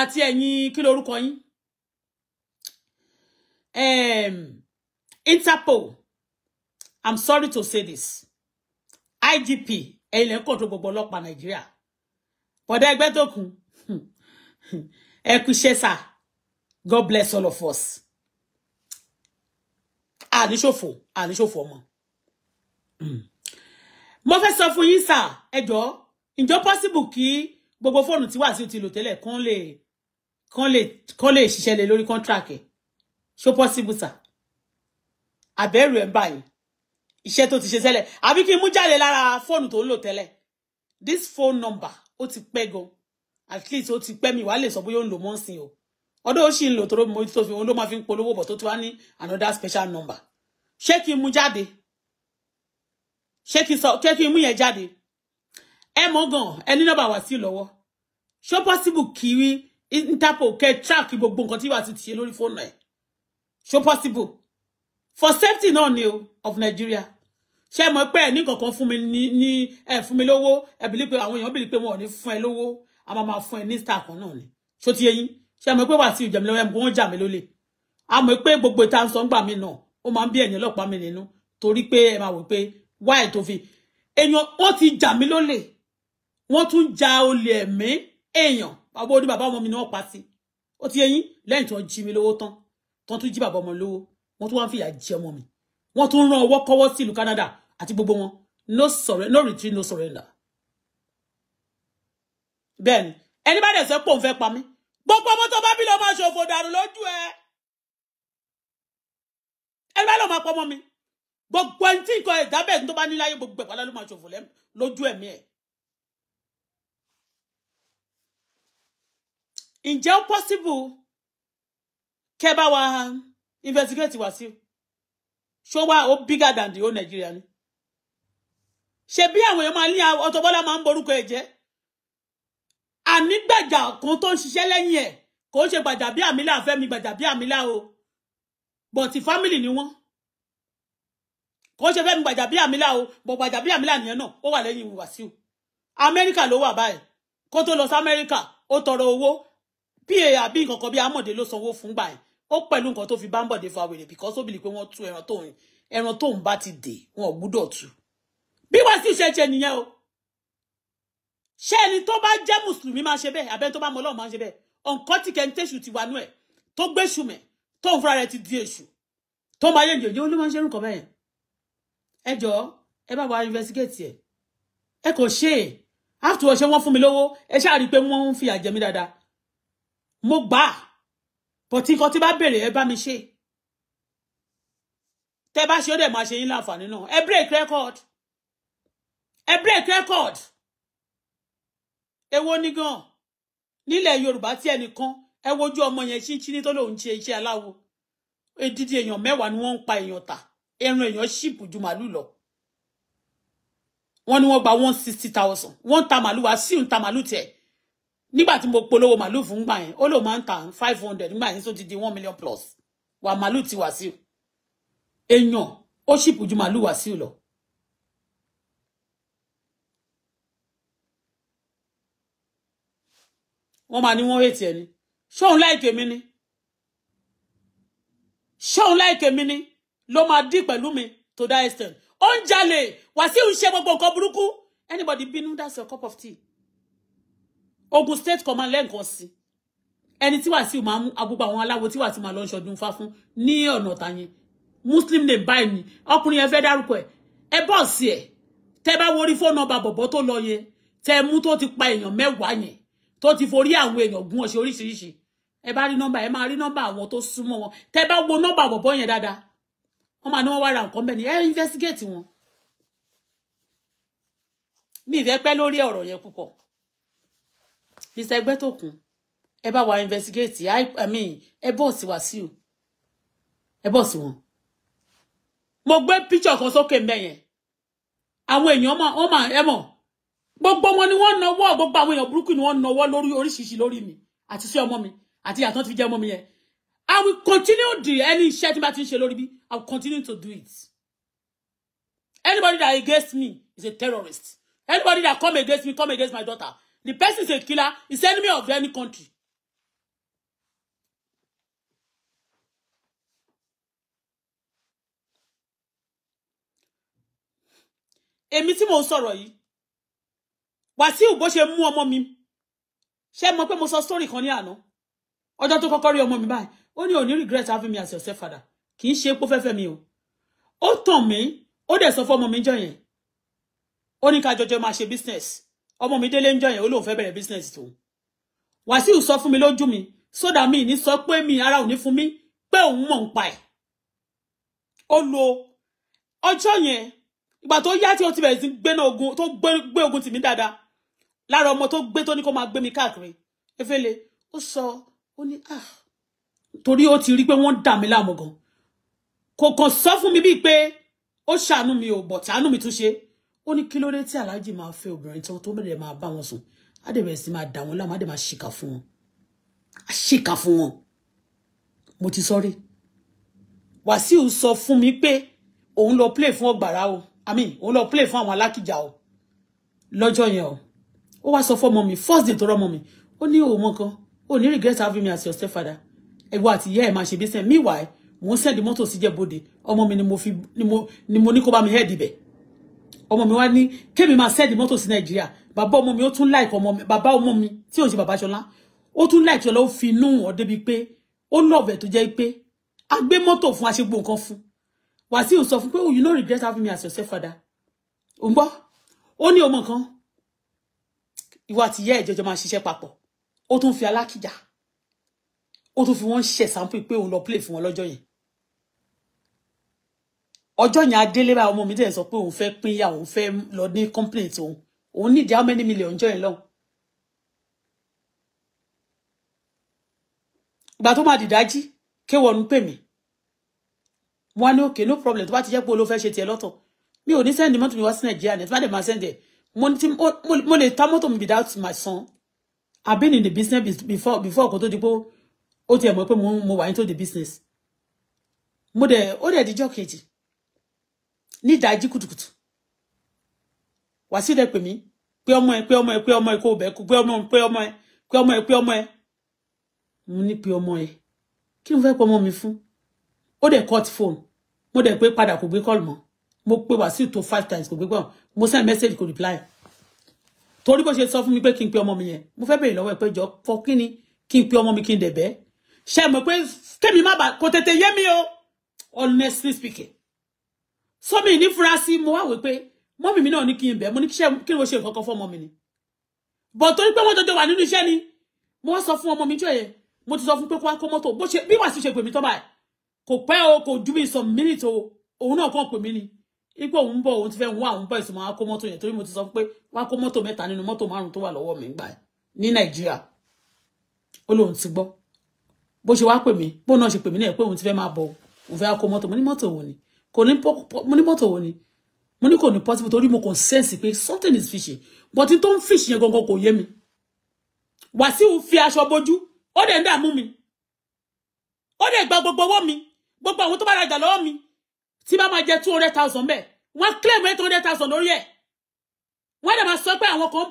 A: àti ẹ̀yin kí lorúkọ yín ehm, Interpol I'm sorry to say this IGP ẹ̀yin lẹ ń kọ̀ọ̀tún gbogbo ọlọ́pàá Nàìjíríà bọ̀dá ẹgbẹ́ tó kù ẹ kú iṣẹ́ sà God bless all of us àníṣòfò àníṣòfò ọmọ mo fẹ́ sọ fún yín sà ẹjọ́ ǹjọ́ possible kí gbogbo fóònù tí wà sí ti lò tẹ́lẹ̀ kán lè kán lè kán lè ṣiṣẹ́ lé lórí contract ẹ̀ ṣó possible sà àbẹ̀rù ẹ̀ ń báyìí iṣẹ́ tó ti ṣe tẹ́lẹ̀ àbí kí n mú jáde lára fóònù tó ń lò tẹ́lẹ̀ this phone number ó ti pẹ́ gan at least ó ti pẹ́ mi wàá lè sọ bóyá ó ń lò mọ́ sí o ọdún ó sì ń lò tó mo tó fi òun ló máa fi ń polówó bọ̀ tó ti wá ní another special number ṣé kí n mú jáde ṣé kí n sọ ṣé kí n mú yẹn jáde ẹ mọ̀ gan ẹni nọ́mbà wá sí lọ́wọ́ ṣó possible kí interpol kẹ track gbogbo nǹkan tí wàá ti ṣe lórí fóònù ẹ ṣó possible for safety náà ni o of Nigeria ṣé mọ̀ pé ẹ ní kankan fún mi ní ẹ fún mi lówó ẹ bìlí pé àwọn èèyàn bìlí pé wọn ò ní fún ẹ lówó a máa máa fún ẹ ní star kan náà ni ṣó ti yẹ yín ṣé mọ̀ pé wàá sí ìjàmílẹ wọn jà mí lólè a mọ̀ pé gbogbo ìta ń sọ ń gbà mí náà O máa ń bí ẹ̀yin ọlọ́pàá mi nínú torí pé ẹ máa wò pé wáì tó fi èèyàn wọ́n ti jà mí lólè wọ́n tún ja o ẹ̀mí èèyàn bàbá ó ní bàbá ọmọ mi ni wọ́n pa sí ó ti yẹyìn lẹ́yìn tí wọ́n jí mi lówó tán tí wọ́n tún jí bàbá ọmọ lówó wọ́n tún wá ń fìyà jẹ mi wọ́n tún rán ọwọ́ kọ́wọ́ sí ìlú Canada ati gbogbo wọn no surrender no retreat no surrender Ben, anybody say dẹ̀ sẹ́ pò ń fẹ́ pa mí gbogbo ọmọ tó bá bí lọ máa ṣòfò dànù lójú ẹ ẹni bá lọ máa pọ ọmọ mi gbogbo ẹni tí nǹkan ẹ̀dá bẹ́ẹ̀ tó bá ní láyé gbogbo ẹ̀pá ló máa ṣòfò lójú ẹ̀mí ẹ̀. ǹjẹ́ ó possible kẹ́ bá wa investigate wá sí ṣó wá ó bigger than the whole Nigeria ni ṣe bí àwọn èèyàn máa ní Auto Bola máa ń borúkọ ẹ̀ jẹ́ àní gbàjà kan tó ń ṣiṣẹ́ lẹ́yìn ẹ̀ kò ń ṣe gbàjà bí àmìlà fẹ́mi gbàjà bí àmìlà o but family ni wọ́n kò ṣe fẹ́ mi gbàjà bí àmìlà o bọ̀ gbàjà bí àmìlà nìyẹn náà ó wà lẹ́yìn Wàsíù amẹ́ríkà ló wà báyìí kó tó lọ sí amẹ́ríkà ó tọrọ owó pa àbí nǹkan kan bí amọ̀dé ló sanwó fún gbà yìí ó pẹ̀lú nǹkan tó fi bá ń bọ̀dé fa wèrè bìkọ́ sóbì lè pé wọ́n tú ẹran tóun ẹran tóun bá ti dè wọn ò gbúdọ̀ tú bí Wàsíù ṣe jẹ o ṣé ẹni tó bá jẹ́ mùsùlùmí máa ṣe bẹ́ẹ̀ abẹ́ni tó bá mọ Ọlọ́run máa ṣe bẹ́ẹ̀ ọ̀nkọ́tìkẹ́ntẹ́sù ti wà nú ẹ̀ tó gbéṣù mẹ́ tó ń fúnra rẹ̀ ti di èṣù tó máa yé yèyé ó ló máa ń ṣerú kan bẹ́ẹ̀ ẹ jọ ẹ bá wa investigate ẹ ẹ kò ṣe é after ọṣẹ wọn fún mi lówó ẹ ṣáà rí i pé wọn ń fi àjẹ mi dáadáa mo gbà á bọ̀tí nǹkan tí bá béèrè ẹ bá mi ṣe tẹ bá ṣe ó dẹ̀ máa ṣe yín láǹfààní náà ẹ break record ẹ break record èwo ni gan nílẹ̀ Yorùbá tí ẹnìkan ẹ wojú ọmọ yẹn ṣíṣí ní tó lòun ṣe iṣẹ́ aláwo edidi èèyàn mẹ́wàá ni wọ́n ń pa èèyàn ta ẹran èèyàn ṣìpù ju màálù lọ wọ́n ní wọ́n gba one sixty thousand wọ́n ta màálù wá sí ń ta màálù tiẹ̀ nígbà tí mo polówó màálù fún gbà yẹn ó lò máa ń ta five hundred nígbà yẹn tó ti di one million plus wà màálù ti wá sí o èèyàn ó ṣìpù ju màálù wá sí o lọ. wọ́n máa ní wọ́n hètì ẹni ṣóun láìkè mi ni ṣóun láìkè mi ni ló máa dí pẹ̀lú mi to that extent ó ń jalè Wàsíù ń ṣe gbogbo nǹkan burúkú anybody bínú that's your cup of tea Ogun State Command lẹ́ǹkan sí ẹni tí Wàsíù máa ń agbógbó àwọn aláwo tí Wàsíù máa lọ ń ṣọdún fá fún ní ọ̀nà tàyẹn Muslim name báyìí ni ọkùnrin yẹn fẹ́ dárúkọ ẹ̀ ẹ bọ́ọ̀sì ẹ̀ tẹ bá wo orí fóònù ọba bọ̀bọ̀ tó lọ yẹn tẹ mú tó ti pa èèyàn mẹ́wàá yẹn tó ti forí àwọn èèyàn gún ọṣẹ oríṣiríṣi ẹ bá rí nọ́mbà ẹ máa rí nọ́mbà àwọn tó súnmọ́ wọn tẹ bá wo nọ́mbà bọ̀bọ́ yẹn dáadáa wọ́n máa ní wọ́n wá ra nǹkan bẹ́ẹ̀ ni ẹ investigate wọn mi ìfẹ́ pẹ́ lórí ọ̀rọ̀ yẹn púpọ̀ mr ẹgbẹ́ tó kù ẹ bá wa investigate i mean ẹ bọ̀ sí Wàsíù ẹ bọ̀ sí wọn mo gbé píchọ̀ kan sókè mẹ́yẹn àwọn èèyàn mà wọ́n mà ẹ mọ̀ gbogbo wọn ni wọ́n nọwọ́ gbogbo àwọn èèyàn burúkú ni wọ́n nọwọ́ lórí oríṣiríṣi lórí mi Ati sí ọmọ mi àti ìyàtọ̀ ti fi jẹ́ ọmọ mi yẹn I will continue the any iṣẹ́ tí n bá ti ń ṣe lórí bí I will continue to do it anybody that against me is a terrorist anybody that come against me come against my daughter the person is a killer is enemy of any country èmi tí mò ń sọ̀rọ̀ yìí Wàsíù bó ṣe mú ọmọ mi ṣé mo pé mo sọ story kan ní àná ọjọ́ tó kọ́kọ́ rí ọmọ mi báyìí ó ní òní regret having me as your stepfather kì í ṣe epo fẹ́fẹ́ mi o ó tàn mí ó dẹ̀ sọ fún ọmọ mi jọ yẹn ó ní ká jọjọ máa ṣe business ọmọ mi délé ń jọ yẹn ó lóun fẹ́ bẹ̀rẹ̀ business tòun wàsíù sọ fún mi lójú mi sódà mi ní sọ pé mi ara ò ní fún mi pé òun mọ̀ ń pa ẹ̀ ó lo ọjọ́ yẹn ìgbà tó yá tí ó ti bẹ̀rẹ̀ sí gbéná ogun tó gbé ogun tì mí dáadáa lára ọmọ tó gbé tó ní kó máa gbé mi káàkiri efele ó sọ ó ní ah torí ó ti rí pé wọ́n dà mí láàmú gan kò kàn sọ fún mi bíi pé ó ṣàánú mi ò bọ̀ tánú mi tún ṣe ó ní kí ló dé tí aláàjì máa fẹ́ obìnrin tó tó bẹ̀rẹ̀ máa bá wọn sùn á dẹ̀ bẹ̀rẹ̀ sí máa dà wọ́n láàmú á dẹ̀ máa ṣìkà fún wọn á ṣìkà fún wọn mo ti sọ́rí wàsíù sọ fún mi pé òun lọ play fún ọgbàrá o i mean òun lọ play fún àwọn alákìjà o lọ́jọ́ yẹn o ó wá sọ fún ọmọ mi first day tó rọ́mọ mi ó ní òun mọ́ kan Oh, you regret having me as your stepfather ẹ̀wọ́ àti ìyá ẹ̀ máa ṣe business meanwhile mò ń send mọ́tò sí Ìjẹ̀bú-Òde ọmọ mi ni mo fi ni mo ní kó bá mi head ibẹ̀ ọmọ mi wá ní kémi máa send mọ́tò sí Nàìjíríà bàbá ọmọ mi ó tún like ọmọ mi bàbá ọmọ mi tí ò ń ṣe bàbá Ṣọlá ó tún like Ṣọlá ó fi inú hàn débi pé ó lọ́ọ̀bẹ̀ tó jẹ́ pé a gbé mọ́tò fún aṣegbó nǹkan fún Wàsíù sọ fún pé oh, you no regret having me as your stepfather ò ń ni ó ní ọmọ kan ìwà àtìyá ẹ̀jọ̀jọ̀ máa ṣiṣẹ́ papọ̀ ó tún fi alákìjà ó tún fi wọ́n ṣe sample pé òun lọ play fún wọn lọ́jọ́ yẹn ọjọ́ yẹn adélé bá ọmọ mi dẹ̀ sọ pé òun fẹ́ pínyà òun fẹ́ lọ ní complaint òun òun nídìí how many million jọ yẹn lọ́hùn. ìgbà tó máa dìdájí kéwọ́n ń pè mí wọ́n ní òkè no problem tó bá ti jẹ́ pé olófẹ́ ṣe tiẹ̀ lọ́tọ̀ mi ò ní sẹ́ndì mọ́tò mi wá sí nàìjíríà ní ẹ̀ tó bá dẹ̀ máa sẹ́ndì ẹ̀ mo lè ta mọ́tò mi without my son I've been in the business before before kó tó di pé ó tiẹ̀ mọ̀ pé mo mo wà into the business mo dẹ̀ ó dẹ̀ díjọ́ kejì ní ìdájí kùtùkùtù Wàsíù dẹ̀ pè mí pé ọmọ ẹ pé ọmọ ẹ pé ọmọ ẹ kó bẹ̀ kú pé ọmọ ẹ pé ọmọ ẹ pé ọmọ ẹ pé ọmọ ẹ mo ní pé ọmọ ẹ kí n fẹ́ pọ ọmọ mi fún ó dẹ̀ cut phone mo dẹ̀ pé padà kò gbé call mọ́ mo pè Wàsíù tó five times kò gbé gbọ́ mo send message kò reply torí bó ṣe sọ fún mi pé kí n pe ọmọ mi yẹn mo fẹ́ bèèrè lọ́wọ́ ẹ pé jọ fọ kí ni kí n pe ọmọ mi kí n dẹ̀ bẹ́ẹ̀ ṣe mọ̀ pé kémi má bàa kò tètè yé mi o honestly speaking sọmi ìnífura sí mo wá wí pé mọ́mì mi náà ní kí n bẹ̀ mo ní kí ni mo ṣe nǹkan kan fún ọmọ mi ni bọ̀ torí pé wọ́n jọjọ wà nínú iṣẹ́ ni mo wá sọ fún ọmọ mi jọ yẹn mo ti sọ fún pé kó wá kó mọ́tò bó ṣe bí wàásù ṣe pè mí tọ́ báyìí kò pẹ́ o kò ju mi some minutes o òun náà kàn pè mí ni ipò òun bọ̀ òun ti fẹ́ wọ́n àwọn bọ̀ ìsìn máa kó mọ́tò yẹn torí mo ti sọ pé wá kó mọ́tò mẹ́ta nínú mọ́tò márùn tó wà lọ́wọ́ mi gbà ní nàìjíríà ó lóun ti gbọ́ bó ṣe wá pè mí bó náà ṣe pè mí náà pé òun ti fẹ́ máa bọ̀ òun fẹ́ kó mọ́tò mo ní mọ́tò wo ni kò ní mo ní mọ́tò wo ni mo ní kò ní possible torí mo kàn sense pé something is fishy but tó ń fish yẹn gangan kò yé mi wàsíù fi aṣọ bojú ó dẹ̀ ń dààmú mi ó dẹ̀ gba gbogbo owó mi gbogbo àwọn tó bá rajà lọ́wọ́ mi tí bá máa jẹ two hundred thousand bẹ́ẹ̀ wọ́n claim eight hundred thousand lórí ẹ̀ wọ́n dẹ̀ máa sọ pé àwọn kan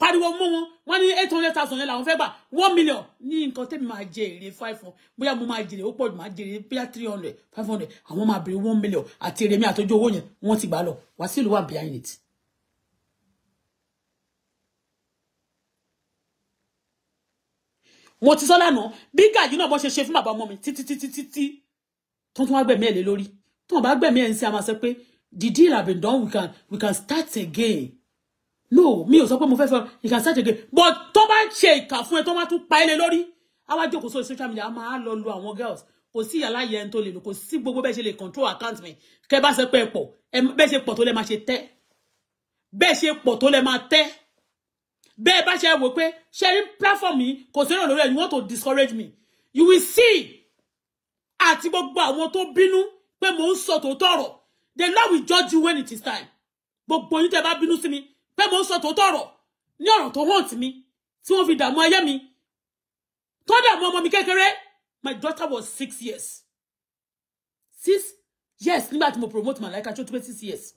A: pariwo mú wọn wọ́n ní eight hundred thousand yẹn làwọn fẹ́ gbà one million ní nǹkan tẹ́mi máa jẹ èrè five hundred bóyá mo máa jèrè ó pọ̀ jù máa jèrè bóyá three hundred five hundred àwọn máa bèrè one million àti èrè mi àtọ́jú owó yẹn wọ́n ti gbà lọ Wàsíù ló wà behind it. mo ti sọ lánàá bí gàjí náà bọ́ ṣe ṣe fún bàbá ọmọ mi títí títí títí tó tún wá gbẹ̀mí ẹ̀ lé lórí tó bá gbẹ̀mí ẹ̀ ń sẹ́ a máa sọ pé the deal have been done we can we can start again no mi ò sọ pé mo fẹ́ sọ you can start again but tó bá ń ṣe ìkà fún ẹ tó máa tún pa ẹ lé lórí á wá jókòó sórí social media á máa lọ lu àwọn girls kò sí ìyá láyé ẹni tó lè lò kò sí gbogbo bẹ́ẹ̀ ṣe lè control account mi kẹ́ bá ṣe pé ẹ pọ̀ bẹ́ẹ̀ ṣe pọ̀ tó lẹ máa ṣe tẹ́ bẹ́ẹ̀ ṣe pọ̀ tó lẹ máa tẹ́ bẹ́ẹ̀ bá ṣe wò pé sharing platform mi kò sí ìrànlọ́wọ́ ẹ̀ you want to discourage me you will see àti gbogbo àwọn tó bínú pé mò ń sọ tòótọ́ ọ̀rọ̀ the Lord will judge you when it is time gbogbo yín tẹ́ bá bínú sí mi pé mò ń sọ tòótọ́ ọ̀rọ̀ ní ọ̀rọ̀ tó hàn tì mí tí wọ́n fi dààmú ayé mi tó dààmú ọmọ mi kékeré my daughter was six years six years nígbà tí mo promote my life àti tó pé six years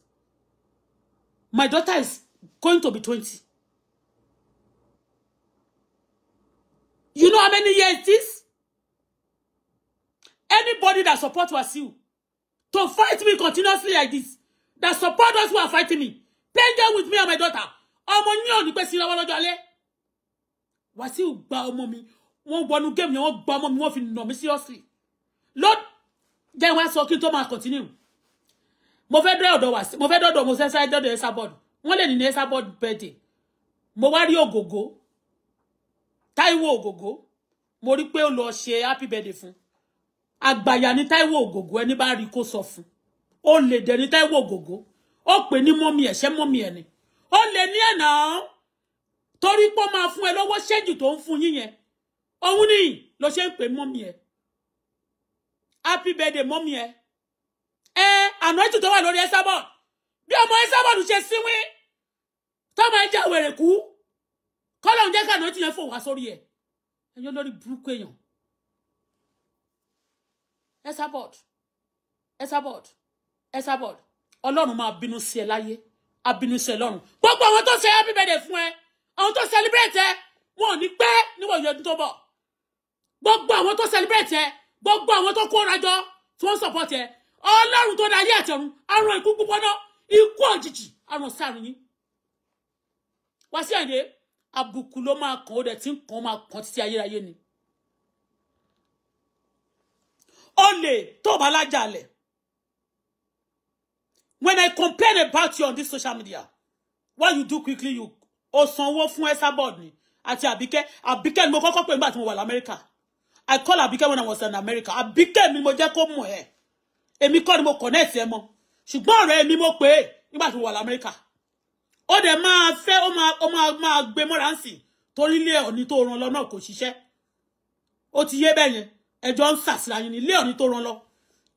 A: my daughter is going to be twenty you know how many years this anybody that support Wasiu to fight me continuously like this that support those who are fighting me play with me and my daughter ọmọ yín ò ní pẹ́ sí lọ́wọ́ lọ́jọ́ alẹ́ Wàsíù gba ọmọ mi wọ́n wọnú game yẹn wọ́n gba ọmọ mi wọ́n fi nà mí seriously lord then wọ́n sọ kí n tó máa continue mo fẹ́ dọ́ ọ̀dọ̀ wá sí mo fẹ́ dọ́dọ̀ mo se sáré dọ́dọ̀ ẹ̀sà bọ́ọ̀dù wọ́n lè ní ní ẹ̀sà bọ́ọ̀dù birthday mo wá rí ògògó Táíwò ògògó mo rí pé ó lọ ṣe happy birthday fún àgbàyà ni Táíwò Ògògó ẹni bá rí kó sọ fún ó lè dẹ̀ ní Táíwò Ògògó ó pè ní mọ́mí ẹ̀ ṣẹ́ mọ́mí ẹ̀ ni ó lè ní ẹ̀nà torí pé ó máa fún ẹ lọ́wọ́ ṣẹ́jù tó ń fún yín yẹn òun ni ló ṣe ń pè mọ́mí ẹ̀ happy birthday mọ́mí ẹ̀ ẹ àná ètò tó wà lórí Esabod bí ọmọ Esabod ṣe síwín tọ́mọ ẹja wèrè kú kọ́lọ̀ ń jẹ́ kànáà ti yẹn fò wá sórí ẹ̀ ẹ̀yọ́ lórí burúkú èèyàn ẹ sábọ̀d ẹ sábọ̀d ẹ sábọ̀d ọlọ́run máa bínú sí ẹ láyé á sí ẹ lọ́run gbogbo àwọn tó ṣe happy birthday fún ẹ àwọn tó celebrate ẹ wọn ò ní pẹ́ níwọ̀n ìyọdún tó bọ̀ gbogbo àwọn tó celebrate ẹ gbogbo àwọn tó kóra jọ tí wọ́n support ẹ ọlọ́run tó dá ayé àtẹ̀run àrùn ikú púpọ́ná ikú òjijì àrùn sáàrùn yín wá sí àyè àbùkù ló máa kàn ó dẹ̀ tí ń kàn ó máa kàn títí ayérayé ni. Only tó bá When I complain about you on this social media, what you do quickly you o sanwó fún Esabod ni ati abike abike mo koko pè nígbà tí mo wà l'Amẹ́ríkà. I call abike when I was in America. Abike mi mo jẹ́ kó mọ̀ ẹ́. Èmi kọ́ ni mo connect ẹ mọ́. Ṣùgbọ́n ọ̀rẹ́ mi mo pè é nígbà tí mo wà l'Amẹ́ríkà. Ó dẹ̀ máa O ó ma ó máa máa gbé mọ́ra ń sìn torí ilé ọ̀ní tó ran lọ náà kò ṣiṣẹ́. Ó ti yé bẹ́yẹn ẹjọ́ ń sàsíra yín ní ilé òní tó rán lọ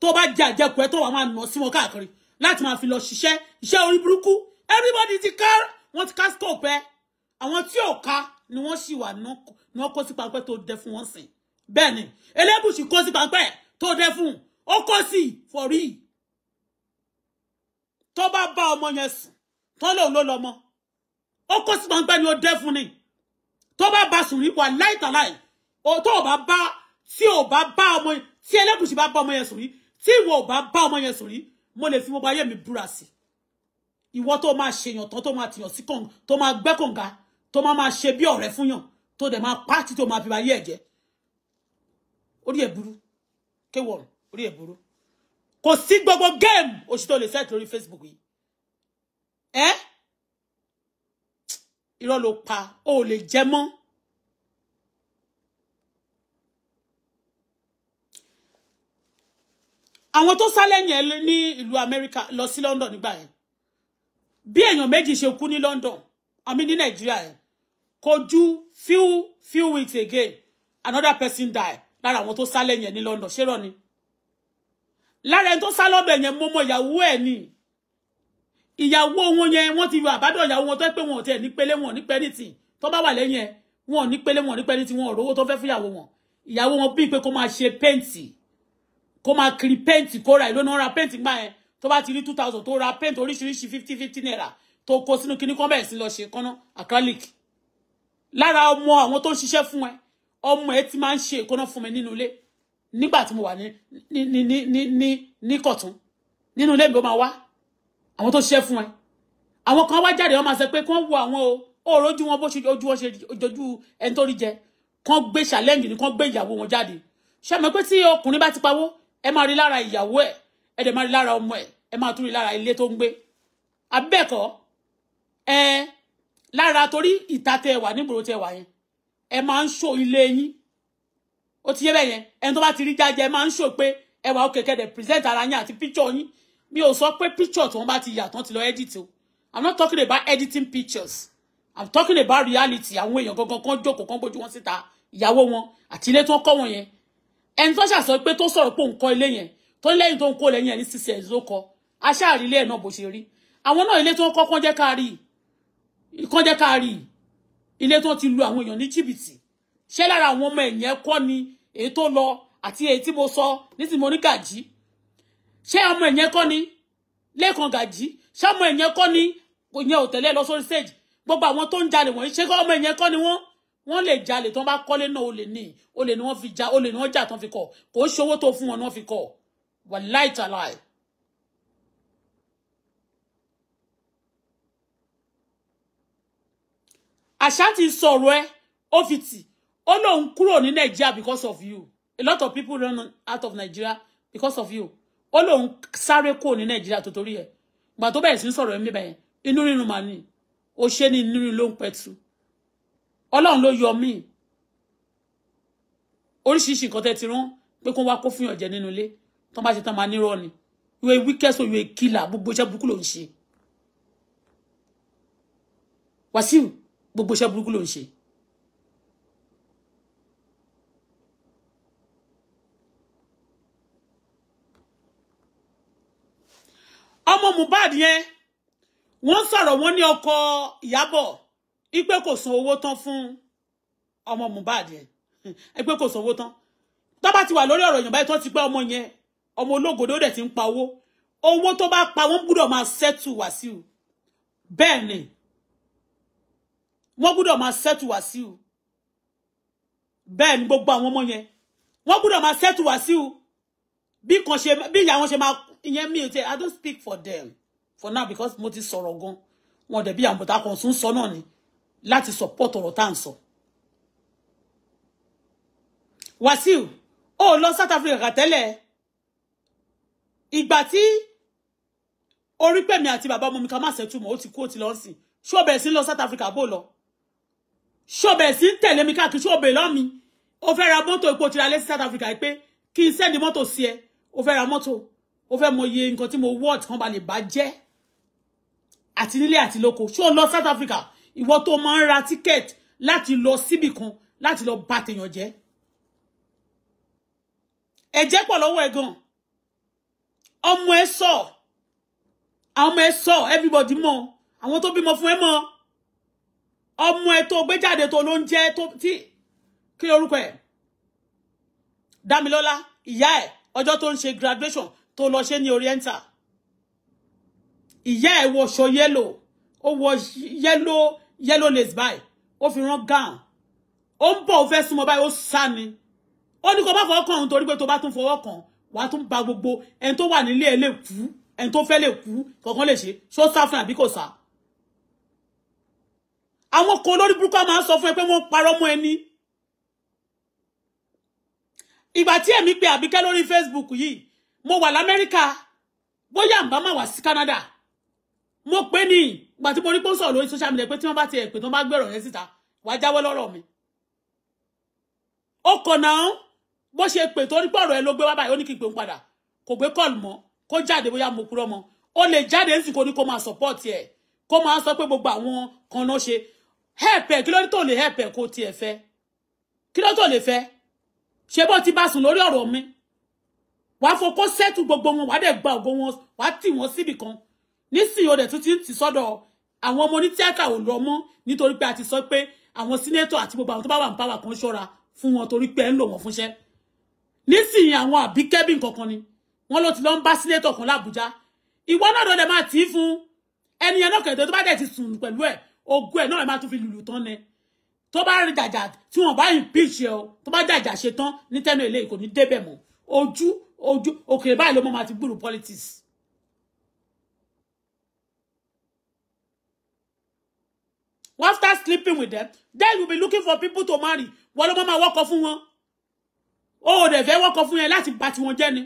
A: tó bá jẹ àjẹkù ẹ tó wà máa nà sí wọn káàkiri láti máa fi lọ ṣiṣẹ́ iṣẹ́ orí burúkú everybody ti ká wọ́n ti ká scope ẹ àwọn tí ò ká ni wọ́n sì wà ní wọ́n kó sí pańpẹ́ tó dẹ fún wọn sìn bẹ́ẹ̀ ni Elégùṣì kó sí pańpẹ́ tó dẹ fún ó kó sí fọ̀rí tó bá bá ọmọ yẹn sùn tó lòun ló lọmọ ó kó sí pańpẹ́ ni ó dẹ fún ni tó bá bá sùn rí wà láìtàláì tó bá bá tí ò ba bá ọmọ tí ẹlẹ́gùsì ba bá ọmọ yẹn sùn rí tí ìwọ ò bá bá ọmọ yẹn sùn rí mo lè fi gbogbo ayé mi búra sí ìwọ tó máa ṣèyàn tán tó máa tìyàn sí kàn tó máa gbẹ́ kànga tó ma máa ṣe bí ọ̀rẹ́ fún yàn tó dẹ̀ máa pàtì tó máa fi ayé ẹ̀jẹ̀ orí ẹ̀ burú kéwọ̀n orí ẹ̀ burú kò sí gbogbo géèmù oṣù tó lè sẹ́ẹ̀tì lórí Facebook yìí ẹ́ irọ́ ló pa ó le jẹ mọ́ àwọn tó sá lẹ́yìn ẹ ní ìlú Amẹ́ríkà lọ sí London nígbà yẹn bí èèyàn méjì ṣe kú ní London àmì ní Nàìjíríà yẹn kò few few weeks again another person die lára àwọn tó sá lẹ́yìn ní London ṣé rọ ni lára ẹni tó sá lọ́bẹ̀ yẹn mọ́mọ ìyàwó ẹ̀ ni ìyàwó wọn yẹn wọ́n ti yọ àbádọ́ ìyàwó wọn tó pé wọn ò tẹ̀ ní pélé wọn ò ní pẹ́ẹ́nì tì tó bá wà lẹ́yìn ẹ̀ wọn ò ní pélé wọn ò rówó tó fẹ́ fúyàwó wọn ìyàwó wọn bíi pé kó máa ṣe péǹtì kó máa kiri pẹ́ǹtì kó ra ìlónà ra pẹ́ǹtì gbà yẹn tó bá ti rí two thousand tó ra pẹ́ǹtì oríṣiríṣi fifty fifty naira to kó sínú kíní kan bẹ̀rẹ̀ sí lọ ṣe kánná acrylic lára ọmọ àwọn tó ń ṣiṣẹ́ fún ẹ ọmọ ẹ ti máa ń ṣe ìkóná fún mi nínú ilé nígbà tí mo wà ní ní ní ní ní ní kọ̀tún nínú ilé mi ó máa wá àwọn tó ṣiṣẹ́ fún ẹ kan wá jáde wọn máa sọ pé kí wo àwọn o ó rojú wọn bó ṣe ojú wọn ṣe ojú ẹni tó rí jẹ kán gbé challenge ni kán gbé ìyàwó wọn jáde ṣé mo pé tí ọkùnrin bá ti pawó ẹ máa rí lára ìyàwó ẹ̀ ẹ dẹ̀ máa rí lára ọmọ ẹ̀ ẹ máa tún rí lára ilé tó ń gbé abẹ́ẹ̀kọ́ ẹ lára torí ìta tẹ wà nígboro tẹ wà yẹn ẹ máa ń ṣó ilé yín ó ti yé bẹ́ẹ̀ yẹn ẹni tó bá ti rí jáde ẹ máa ń ṣó pé ẹ wà ó kẹ̀kẹ́ dẹ̀ present ara yín àti picture yín mi ò sọ pé picture tí wọ́n bá ti yà tán ti lọ edit o i'm not talking about editing pictures i'm talking about reality àwọn èèyàn gangan kan jókòó kan gbójú wọn síta ìyàwó wọn àti ilé tó ń kọ́ wọn yẹn ẹni tó ṣàṣọ pé tó sọ̀rọ̀ pé òun kọ́ ilé yẹn tó lẹ́yìn tó ń kó lẹ́yìn ẹni sísẹ̀ ló kọ aṣáàrí ilé ẹ̀ náà bó ṣe rí àwọn náà ilé tó ń kọ́ kán jẹ́ ká rí kán jẹ́ ká rí ilé tó ti lu àwọn èèyàn ní jìbìtì ṣé lára àwọn ọmọ ẹ̀yẹn kọ́ ni èyí tó lọ àti èyí tí mo sọ nísìnyí mo ní gàjí ṣé ọmọ ẹ̀yẹn kọ́ ni lẹ́ẹ̀kan gàjí ṣé ọmọ ẹ̀yẹn kọ́ ni ìyẹn ò tẹ̀lé lọ sórí stage gbogbo àwọn tó ń jalè wọ̀nyí ṣé ọmọ ẹ̀yẹn kọ́ ni wọ́n wọ́n lè jalè tó ń bá kọ́lé náà olè ní olè ni wọ́n fi ja olè ni wọ́n jà tó ń fi kọ̀ kò ń ṣowó tó fún wọn ni wọ́n fi kọ̀ wàláì tàláì. àṣà ti sọ̀rọ̀ ẹ́ ó fi tì ó lóun kúrò ní nàìjíríà because of you a lot of people run out of nigeria because of you ó lóun sáré kúrò ní nàìjíríà tó torí ẹ̀ gbà tó bẹ̀rẹ̀ sí sọ̀rọ̀ ẹ̀ mi bẹ̀yẹn inú rírun màá ní o ṣe ní inú rírun ló ń pẹ̀tù ọlọ́run ló yọ mí oríṣiríṣi nǹkan tẹ́ ti rán pé kó wá kó fún yànjẹ nínú ilé tó bá ṣe tán máa nírọ́ ni ìwé wíkẹ́sọ̀ ìwé kìlà gbogbo iṣẹ́ burúkú ló ń ṣe Wàsíù gbogbo iṣẹ́ burúkú ló ń ṣe. ọmọ Mohbad yẹn wọ́n sọ̀rọ̀ wọ́n ní ọkọ Ìyábọ̀ ipe kò san owó tán fún ọmọ Mohbad yẹn ipe kò san owó tán tó bá ti wà lórí ọ̀rọ̀ èèyàn báyìí tó ti gbá ọmọ yẹn ọmọ ológòdó dẹ̀ ti ń pa owó owó tó bá pa wọ́n gbúdọ̀ máa sẹ́tù Wàsíù bẹ́ẹ̀ ni wọ́n gbúdọ̀ máa sẹ́tù Wàsíù gbogbo àwọn ọmọ yẹn wọ́n gbúdọ̀ máa sẹ́tù Wàsíù bí kan ṣe bí ìyá wọn ṣe máa ìyẹn mi ò tẹ I don't speak for them for now because mo ti sọ̀rọ̀ gan wọn dẹ̀ bí àmọ̀tá kan tún sọ náà ni láti support ọ̀rọ̀ tá à ń sọ. Wàsíù ó lọ South Africa tẹ́lẹ̀ ìgbà tí orí pèmí àti bàbá ọmọ mi ká má ṣẹ́túmọ̀ ó ti kú ó ti lọ sí ṣó bẹ̀rẹ̀ sí lọ South Africa bó lọ ṣó bẹ̀rẹ̀ sí tẹ̀lé mi káàkiri ṣó bẹ̀rẹ̀ lọ́mi ó fẹ́ ra mọ́tò epo tìrà lẹ́sí South Africa pé kí n sẹ́ni mọ́tò sí ẹ ó fẹ́ ra mọ́tò ó fẹ́ mọ iye nǹkan tí mo wọ́ọ̀tì kan balẹ̀ bá jẹ́ àti nílé àti lóko ṣó lọ South Africa ìwọ tó máa ń ra ticket láti lọ síbì kan láti lọ bá tèèyàn jẹ́ ẹ̀jẹ̀ pọ̀ lọ́wọ́ ẹ̀ gan ọmọ ẹ sọ àwọn ọmọ ẹ everybody mọ àwọn tó bímọ fún ẹ mọ ọmọ ẹ tó gbé jáde tó ló ń jẹ tó tí kí lorúkọ ẹ Dámilọ́lá ìyá ẹ ọjọ́ tó ń ṣe graduation tó lọ ṣe ní Oriental ìyá ẹ wọṣọ yẹlò ó wọ yellow yellow lace báyìí ó fi rán gown ó ń bọ̀ ó fẹ́ súnmọ́ báyìí ó sá ni ó ní kó bá fọwọ́ kàn òun torí pé tó bá tún fọwọ́ kàn wàá tún ba gbogbo ẹni tó wà nílé ẹ lè kú ẹni tó fẹ́ le kú kankan lè ṣe ṣó sá fún àbí kò sá. àwọn kan olórí burúkú máa ń sọ fún ẹ pé wọ́n parọ́ mọ́ ẹni. ìgbà tí èmi pe àbíkẹ́ lórí Facebook yìí mo wà lamẹ́ríkà bóyá àǹbá máa wà sí Canada mo pè ní gbà tí mo rí pọ́ńsọ̀ lórí social media pé tí wọ́n bá ti ẹ̀ pé tí wọ́n bá gbẹ̀rọ̀ yẹn síta wàá jáwọ́ lọ́rọ̀ mi. ó kọ̀ náà bó ṣe pè torí pé ọ̀rọ̀ ẹ ló gbé wá báyìí ó ní kí n pè ń padà kò gbé kọ́ọ̀lù mọ́ kó jáde bóyá mo kúrọ́ mọ́ ó lè jáde ń sì kó ní kó máa support ẹ̀ kó máa sọ pé gbogbo àwọn kan náà ṣe help ẹ̀ kí ló ní tó lè help ẹ̀ kó tiẹ̀ fẹ́ kí ló tó lè fẹ́ ṣe bó ti bá sùn lórí ọ̀rọ̀ mi wàá fokó sẹ́tù gbogbo wọn wàá dẹ̀ gba ògo wọn wàá tì wọ́n síbì kan nísìnyí o dẹ̀ tún ti ń tì sọ́dọ̀ àwọn ọmọ ní tíátà ò lọ mọ́ nítorí pé a ti sọ pé àwọn sínétọ̀ àti gbogbo àwọn tó bá wà ní pàwà kan ṣọ́ra fún wọn torí pé ẹ ń lò wọ́n fúnṣẹ́ nísìnyí àwọn àbí kẹ́bìn kankan ni wọ́n ló ti lọ ń bá sínétọ̀ kan lábújá ìwọ náà lọ́dẹ̀ máa tì í fún ẹni ẹ̀ náà kẹ̀tẹ́ tó bá dẹ̀ ti sùn pẹ̀lú ẹ̀ ogun ẹ̀ náà ẹ̀ máa tún fi lùlù tán ni tó bá rí jàjà tí wọ́n bá yìn píìsì ẹ̀ o tó bá jàjà ṣe tán ní tẹ́nu ilé kò ní débẹ̀ mọ́ ojú ojú òkèèrè báyìí ló mọ́ máa ti gbúrú politics Once start sleeping with them then you be looking for people to marry wọ́n ló máa wọ́kọ̀ fún wọn ó ò dẹ̀ fẹ́ wọ́kọ̀ fún yẹn láti bà tiwọn jẹ́ ni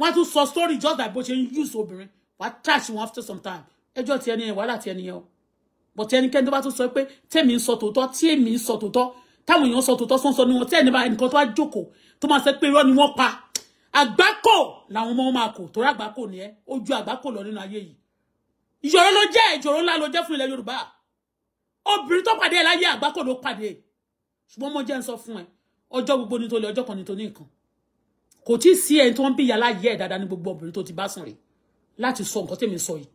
A: wọ́n tún story just like but you use obìnrin What trash you after some time ẹjọ́ ti ẹni yẹn wàhálà ti ẹni yẹn o bọ̀ tí ẹnikẹ́ni tó bá to sọ pé tèmi ń sọ tòótọ́ tí èmi ń sọ tòótọ́ táwọn èèyàn sọ so sọ́nsọ́ ni wọn tí ẹni bá ẹnìkan tó wá jókòó tó máa sẹ́ pé irọ́ ni wọ́n pa àgbákò làwọn ọmọ máa kò torí àgbákò ni ẹ ojú àgbákò lọ nínú ayé yìí ìṣòro ló jẹ́ ìṣòro ńlá ló jẹ́ fún ilẹ̀ Yorùbá obìnrin tó pàdé ẹ láyé àgbákò ló pàdé ẹ ṣùgbọ́n mo jẹ́ ń sọ fún ẹ ọjọ́ gbogbo ni tó lè ọjọ́ kan ni tó ní nǹkan kò tí ì sí ẹni tó ń bí yàrá yẹ ẹ gbogbo obìnrin tó ti bá sùn rè láti sọ nǹkan tèmi sọ yìí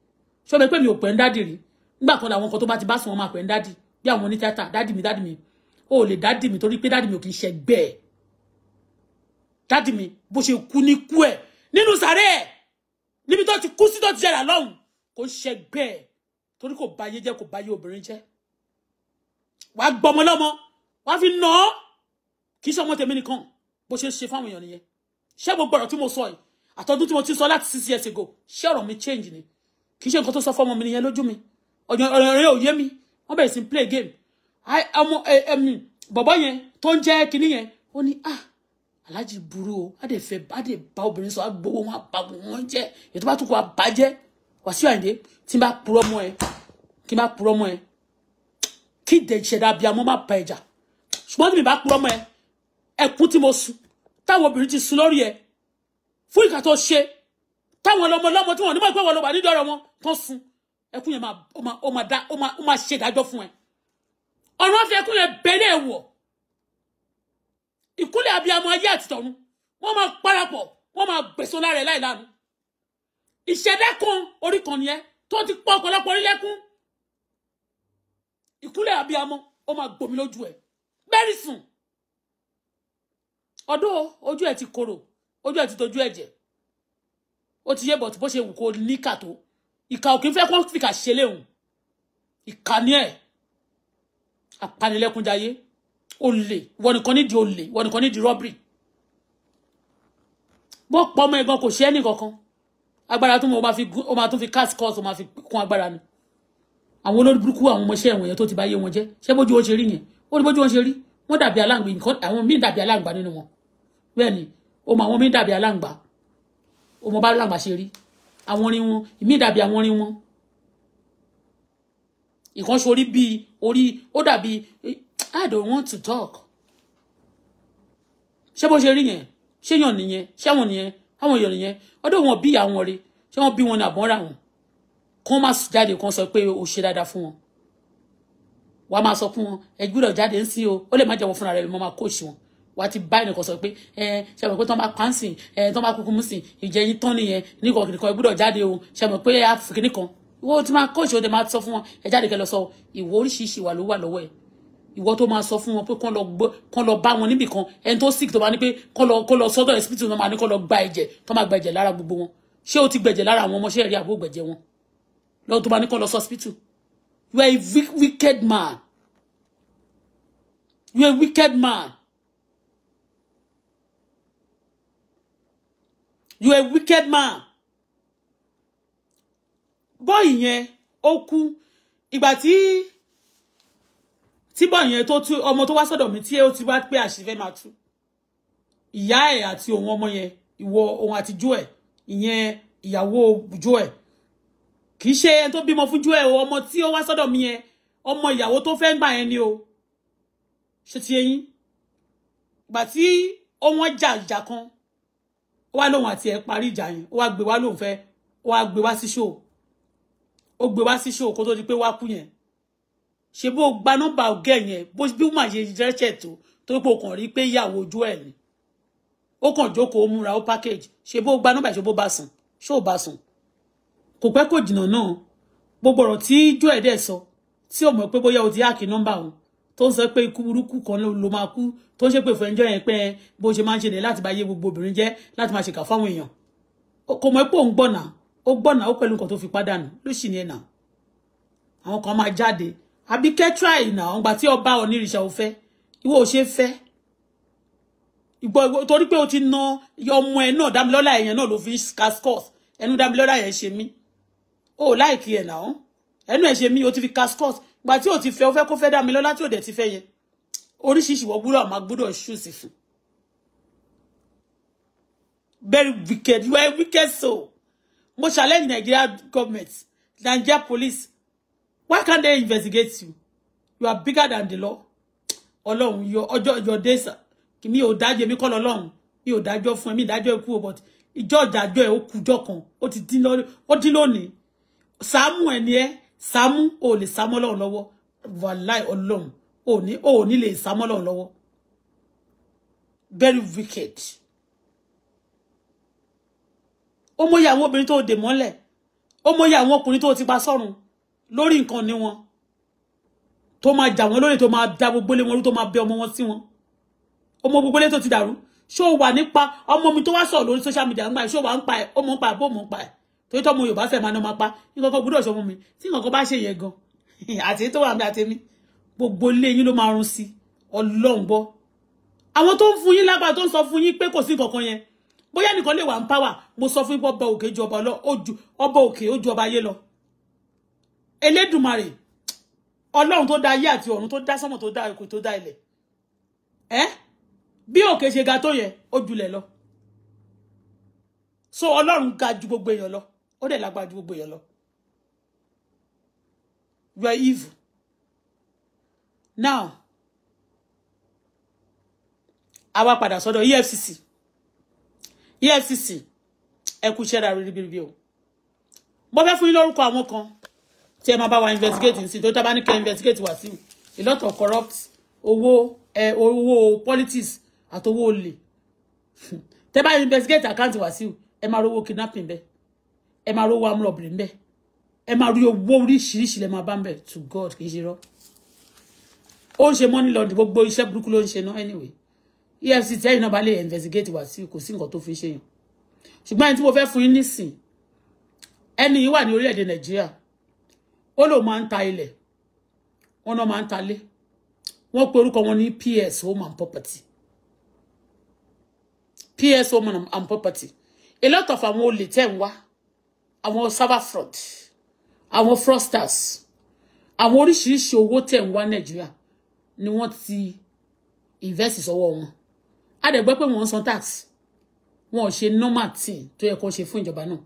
A: ṣọ́ mi pé mi ò pẹ́ ń dádì rí nígbà kan làwọn nǹkan tó bá ti bá sùn wọn máa pẹ́ ń dádì bí àwọn onítẹ́tà dádì mi dadi mi ò le dadi mi tori pe dadi mi ò kì í ṣe gbẹ́ẹ̀ mi bó ṣe kú ni kú ẹ̀ nínú sàárẹ̀ ẹ̀ níbi tó ti kú sí tó ti jẹ́ra lọ́hùn kò ń ṣe gbẹ́ẹ̀ torí kò báyé jẹ́ kò báyé obìnrin jẹ́ wàá gbọmọ lọmọ wàá fi nà ọ kì í ṣe ọmọ tèmi nìkan bó ṣe ń ṣe fáwọn èèyàn nìyẹn ṣé gbogbo ọ̀rọ̀ tí mo sọ yìí àtọdún tí mo ti sọ láti six years ago ṣé ọ̀rọ̀ mi change ni kì í ṣe nǹkan tó sọ fọmọ mi nìyẹn lójú mi ọ̀rọ̀ rẹ ò yé mi wọ́n bẹ̀rẹ̀ sí play game ọmọ mm, bọ̀bọ̀ yẹn tó ń jẹ́ kinní yẹn ó ní ah aláàjì burú o á dẹ̀ fẹ́ á dẹ̀ bá obìnrin sọ á gbowó wọn á bá wọn jẹ́ ètò bá tún kó wa bàjẹ́ Wàsíù Àyìndé tí n bá purọ́ mọ́ ẹ tí n bá purọ́ mọ́ ẹ kí ìdè ìṣẹ̀dá abiyamọ má pa ẹja ṣùgbọ́n tí mi bá purọ́ mọ́ ẹ ẹkún tí mo sun táwọn obìnrin ti sun lórí ẹ fún ìkà tó ṣe táwọn ọlọmọ ọlọmọ tí wọn nígbà pé wọn lọ wà nídìí ọ̀rọ̀ wọn tó sun ẹkún yẹn ó máa ṣe ìdájọ́ fún ẹ ọ̀run àfi ẹkún yẹn bẹ́lẹ̀ wọ̀ ìkúlẹ̀ abiyamọ ayé àtìtọ̀run wọ́n máa parapọ̀ wọ́n máa gbẹ̀sọ́ lára ẹ̀ láìláàánú ìṣẹ̀dá kan orí kan nìyẹn tó ti pọ̀ ọ̀pọ̀lọpọ̀ orílẹ̀kùn ìkúnlẹ̀ abiyamọ ó máa gbòmí lójú ẹ̀ very soon ọdún ojú ẹ̀ ti korò ojú ẹ̀ ti dojú ẹ̀jẹ̀ ó ti yé bọ̀tù bó ṣe wù kó níkà tó ìkà òkè ń fẹ́ kó fìkà ṣe léwu ìkà ni ẹ̀ apanilẹ́kúnjayé olè wọ́n nìkan nídìí olè wọ́n nìkan nídìí rọ́bìrì bó pọ̀ ọmọ ẹ̀gbọ́n kò ṣe é nìkankan agbára tó mọ̀ ó máa tún fi cast cost ó máa fi kún agbára ni àwọn olórí burúkú àwọn ọmọọṣẹ́ ẹ̀wọ̀n yẹn tó ti bá yé wọn jẹ́ ṣé bójú wọn ṣe rí yẹn ó ní bójú wọn ṣe rí wọn dàbí aláǹgbá nǹkan àwọn míì dàbí aláǹgbá nínú wọn bẹ́ẹ̀ ni ó mọ àwọn míì dàbí aláǹgbá ó mọ bá aláǹgbá ṣe rí àwọn orin wọn ìmíì dàbí àwọn orin wọn ìkan ṣe orí bíi orí ó dàbí I don't want to talk ṣé bó ṣe rí yẹn ṣé yàn nìyẹn ṣé àwọn nìyẹn àwọn èèyàn nìyẹn ọdún wọn bí àwọn rè ṣé wọn bí wọn ní àbọ̀nrà wọn kán má jáde kán sọ pé o ṣe dáadáa fún wọn wàá máa sọ fún wọn ẹ gbúdọ̀ jáde ń sí o ó lè má jẹ́wọ́ fúnra rẹ̀ mọ́ máa kóòṣì wọn wàá ti bá ẹnìkan sọ pé ẹ ṣe mọ̀ pé tán bá ẹ tán kúkú mú sìn ìjẹ́ yín tán nìyẹn nìkan kìnìkan ẹ gbúdọ̀ jáde o ṣe mọ̀ pé àfikún nìkan ìwọ ti máa kóòṣì ó dẹ̀ máa sọ fún wọn ẹ jáde kẹ lọ sọ ìwọ oríṣiríṣi wà ló wà lọ́wọ́ ẹ̀ ìwọ tó máa sọ fún wọn pé kán lọ bá wọn níbì ẹni tó sick tó bá ní pé kán lọ sọ́dọ̀ hospital náà máa ní kán lọ gba ẹ̀jẹ̀ tó máa gba ẹ̀jẹ̀ lára gbogbo wọn ṣé o ti gbẹ̀jẹ̀ lára àwọn ọmọọṣẹ́ rí àbó gbẹ̀jẹ̀ wọn lọ́wọ́ tó bá ní kọ́ lọ sí hospital you are a wicked man you are a wicked man you are a wicked man bọ́ọ̀ì yẹn ó kú ìgbà tí tí bọ́ọ̀ì yẹn tó tú ọmọ tó wá sọ́dọ̀ mi tí ó ti wá pé àṣìfẹ máa tú ìyá ẹ̀ àti òun ọmọ yẹn ìwọ òun àti jó ìyẹn ìyàwó jó kì í ṣe ẹni tó bímọ fún o ọmọ tí o wá sọ́dọ̀ mi yẹn ọmọ ìyàwó tó fẹ́ gbà yẹn ni o ṣe ti eyín ìgbà tí ó wọ́n jà ìjà kan ó wá lóun àti ẹ̀ parí ìjà yẹn ó wá gbé wá lóun fẹ́ ó wá gbé wá sí ṣòó ó gbé wá sí ṣòó kó tó di pé wá kú yẹn ṣe bó gba nọ́mbà ọ̀gẹ́ yẹn bó bí wọ́n ṣe jẹ́ṣẹ̀ tó tó pé o kàn rí pé ìyàwó Joel ni ó kàn jókòó múra ó package ṣe bó gba nọ́mbà ṣe bó bá sùn ṣó kò pẹ́ kò jìnnà náà gbogbo ọ̀rọ̀ tí jó ẹ̀dẹ̀ sọ tí ò mọ̀ pé bóyá o ti háàkì nọ́mbà òun tó ń sọ pé ikú burúkú kan ló máa kú tó ń ṣe pé fún ẹjọ́ yẹn pé bó ṣe máa ń ṣe lẹ̀ láti bá yé gbogbo obìnrin jẹ́ láti máa ṣèkà fáwọn èèyàn kò mọ̀ pé òun gbọ̀nà ó gbọ̀nà ó pẹ̀lú nǹkan tó fi pàdánù ló sì ní ẹ̀nà àwọn kan máa jáde àbí kẹ́tíra ìnà ọ̀gbà tí ọba onírìṣà ò fẹ́ ìwọ ò ṣe fẹ́ ìgbọ́ torí pé o ti na ọmọ ẹ náà dámilọ́lá ẹ̀yẹn náà ló fi cascos ẹnu o láìkí ẹ̀ náà ẹnu ẹ̀ ṣe mí o ti fi cascos gba tí o ti fẹ́ o fẹ́ kó fẹ́ dá mi lọ́lá tí o dẹ̀ ti fẹ́ yẹn oríṣiríṣi wọ́n gbúdọ̀ máa gbúdọ̀ ṣùsì fún very wicked you are a wicked soul mo challenge Nigeria government Nigeria police why can't they investigate you you are bigger than the law ọlọ́run ọjọ́ ọjọ́ days mi ò dájú èmi kọ́ lọ́lọ́run mi ò dájọ́ fún ẹ mi ìdájọ́ ikú o but ìjọ ìdájọ́ ẹ ó kújọ́ kan ó ti dín lónìí Sàámú ẹni ẹ o ò lè Sàámú Ọlọ́run lọ́wọ́ wàláì Ọlọ́run ò ní ò ní lè Sàámú Ọlọ́run lọ́wọ́ very wicked ó mọyì àwọn obìnrin tó dè mọ́lẹ̀ ó mọyì àwọn ọkùnrin tó ti pa sọ́run lórí nǹkan ní wọn tó máa jà wọn lórí tó máa da gbogbo lé wọn rú tó máa bẹ ọmọ wọn sí wọn ọmọ gbogbo lé tó ti dàrú ṣó wà nípa ọmọ mi tó wá sọ̀rọ̀ lórí social media ń pa ẹ̀ ṣó wà ń pa ẹ̀ ọmọ ń pa ẹ̀ bó mọ̀ ń pa ẹ̀ torí tọ́mọ Yorùbá fẹ́ máa ná máa pa nǹkan kan gbúdọ̀ sọmọ mi tí nǹkan kan bá ṣe yẹn gan àti tó wà mí àti mi gbogbo ilé yín ló máa run sí Ọlọ́run gbọ́ àwọn tó ń fún yín lágbára tó ń sọ fún yín pé kò sí nǹkan kan yẹn bóyá nìkan lè wà ń power mo sọ fún yín pé ọba òkè ju ọba òkè ó ju ọba ayé lọ Elédùmarè Ọlọ́run tó dá ayé àti ọ̀run tó dá sánmọ̀ tó dá òkè tó dá ilẹ̀ ẹ́ bí òkè ṣe ga tó yẹ ó jùlẹ̀ lọ so Ọlọ́run ga ju gbogbo èèyàn lọ ó dẹ̀ lágbára ju gbogbo èèyàn lọ you are evil now a wá padà sọ́dọ̀ EFCC EFCC ẹ kú iṣẹ́ rárá ribiribi o mo fẹ́ fún yín lórúkọ àwọn kan tí ẹ máa bá wa investigate ní sí tó tábà ní kẹ́ investigate wá sí a lot of corrupt owó ẹ owó politics àtowó olè tẹ́ bá investigate àkáǹtì wá sí ẹ máa rówó kidnapping bẹ́ẹ̀ ẹ máa rówó amúlọ̀bìnrin ń bẹ̀ ẹ máa rí owó oríṣiríṣi lẹ́ máa bá ń bẹ̀ to God kì í ṣe rọ́ ó money laundry gbogbo iṣẹ́ burúkú ló ń ṣe anyway EFCC tẹ́yìn náà bá lè investigate wá sí kò sí nǹkan tó fi ṣe yàn ṣùgbọ́n ẹni tí mo fẹ́ fún yín nísìn ẹni yìí wà ní orílẹ̀-èdè Nàìjíríà ó lò máa ń ta ilẹ̀ wọn náà máa ń pe orúkọ wọn ní PS home and property PS home and property a lot of àwọn olè tẹ̀ ń wá àwọn cyber fraud àwọn fraudsters àwọn oríṣiríṣi owó tẹ̀ ń wá nàìjíríà ni wọ́n ti invest sọ́wọ́ wọn a dẹ̀ gbọ́ pé wọ́n ń san tax wọn ò ṣe normal thing tó yẹ kó ṣe fún ìjọba náà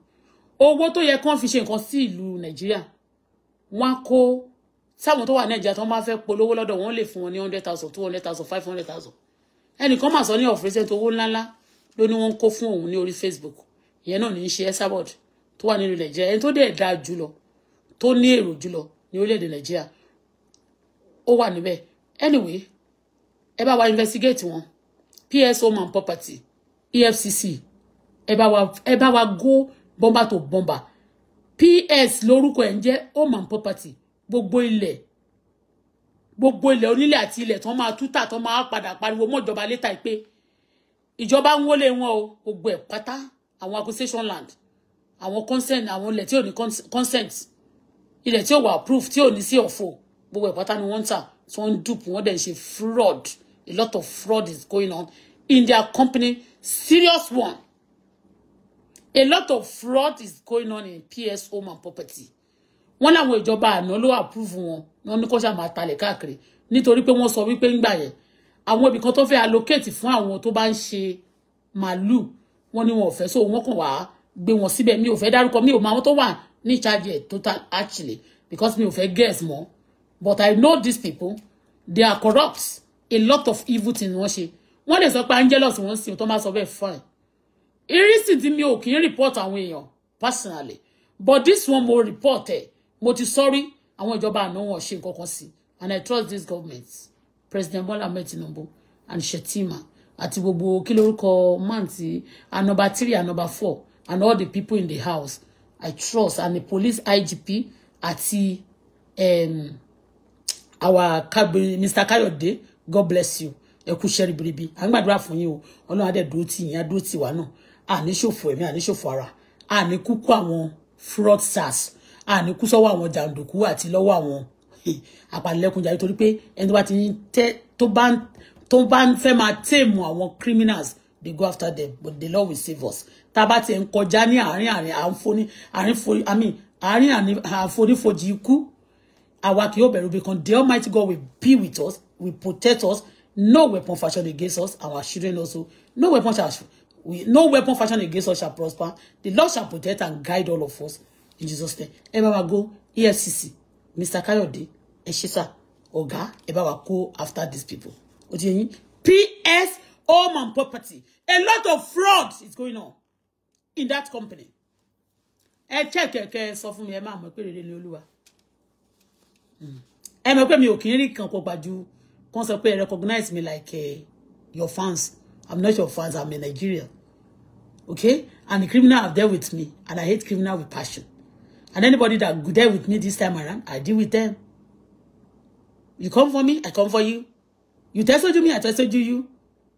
A: owó tó yẹ kó fi ṣe nǹkan sí ìlú nàìjíríà wọ́n kó sáwọn tó wà nàìjíríà tó máa fẹ́ polówó lọ́dọ̀ wọn lè fún wọn ní hundred thousand two hundred thousand five hundred thousand ẹnìkan mà sọ ní ọ̀fẹ́sẹ̀ tó owó ńláńlá ló ní wọ́n kó fún òun ní orí facebook ìyẹn náà ní í ṣe ẹ́sàbọ̀dì tó wà nínú nàìjíríà ẹni tó dẹ̀ dáa jùlọ tó ní èrò jùlọ ní orílẹ̀-èdè nàìjíríà ó wà níbẹ̀ anyway ẹ bá wa investigate wọn pso man property efcc ẹ bá wa ẹ bá wa go bọ́mbà tó bọ́mbà ps lórúkọ ẹ̀ ń jẹ́ home property gbogbo ilẹ̀ gbogbo ilẹ̀ onílẹ̀ àti ilẹ̀ tán máa tútà tán máa padà pariwo mọ́jọba létà pé ìjọba ń wọlé wọn o gbogbo ẹ̀ pátá àwọn acquisition land àwọn consent àwọn ilẹ̀ tí ò ní consent ilẹ̀ tí ò wà proof tí ò ní sí ọ̀fọ̀ gbogbo ẹ̀ pátá ni wọ́n ń tà tí wọ́n ń dupe wọ́n dẹ̀ ń ṣe fraud a lot of fraud is going on in their company serious one a lot of fraud is going on in PS home and property wọ́n láwọn ìjọba àná ló approve wọn wọ́n ní kó ṣáà máa talẹ̀ káàkiri nítorí pé wọ́n sọ wípé ńgbà yẹn àwọn ibì kan tó fẹ́ allocate fún àwọn tó bá ń ṣe màálù wọ́n ní wọn ò fẹ́ so wọ́n kàn wá gbé wọn síbẹ̀ mi ò fẹ́ dárúkọ mi ò mọ àwọn tó wà ní charge ẹ̀ total actually because mi ò fẹ́ guess mọ́ but I know these people they are corrupt a lot of evil things wọ́n ṣe wọ́n lè sọ pé angelus wọ́n sìn tó máa sọ bẹ́ẹ̀ fine irisi tí mi ò kì í report àwọn èèyàn personally but this one mo report ẹ̀ mo ti sọ́rí àwọn ìjọba àná wọn ṣe nǹkan kan sí and I trust this government President Bola Ahmed Tinubu and Shettima àti gbogbo kí lórúkọ man ti anọba three anọba four and all the people in the house I trust and the police IGP Ati, um, our Mr. Kayode God bless you ẹ kú iṣẹ́ ribiribi à ń gbàdúrà fún yín o ọlọ́run adé dúró tì yín adúró tì wá náà àní ṣòfò ẹ̀mí àní ṣòfò ara àní kúkú àwọn fraudsters àní kú sọ́wọ́ àwọn jàǹdùkú àti lọ́wọ́ àwọn apanilẹ́kùnjà nítorí pé ẹni tó bá ti ń tẹ́ tó bá ń fẹ́ máa tèmù àwọn criminals they go after them but the Lord will save us tá a bá ti ń kọjá ní àárín àárín àfoni àárín fori i mean àárín àfonífojì ikú Our kì yóò bẹ̀rù because the almighty God will be with us will protect us no weapon fashioned against us our children also no weapon shall we no weapon fashioned against us shall prosper the Lord shall protect and guide all of us in Jesus name ẹ bá wa go EFCC Mr. Kayode ẹ ṣe sá ọ̀gá ẹ bá wa go after these people ó ti yẹ yín PS home and property. A lot of fraud is going on in that company. Ẹ check kẹ̀kẹ́ sọ fún mi, ẹ máa mọ̀ pé rere ni Olúwa. Hmm. Ẹ mọ̀ pé mi ò kì í rí kan kó gbajú kan sọ pé recognize me like uh, your fans. I'm not your fans, I'm a Nigerian. Okay? And the criminal have dealt with me, and I hate criminal with passion. And anybody that there with me this time around, I deal with them. You come for me, I come for you. You tested me, I tested you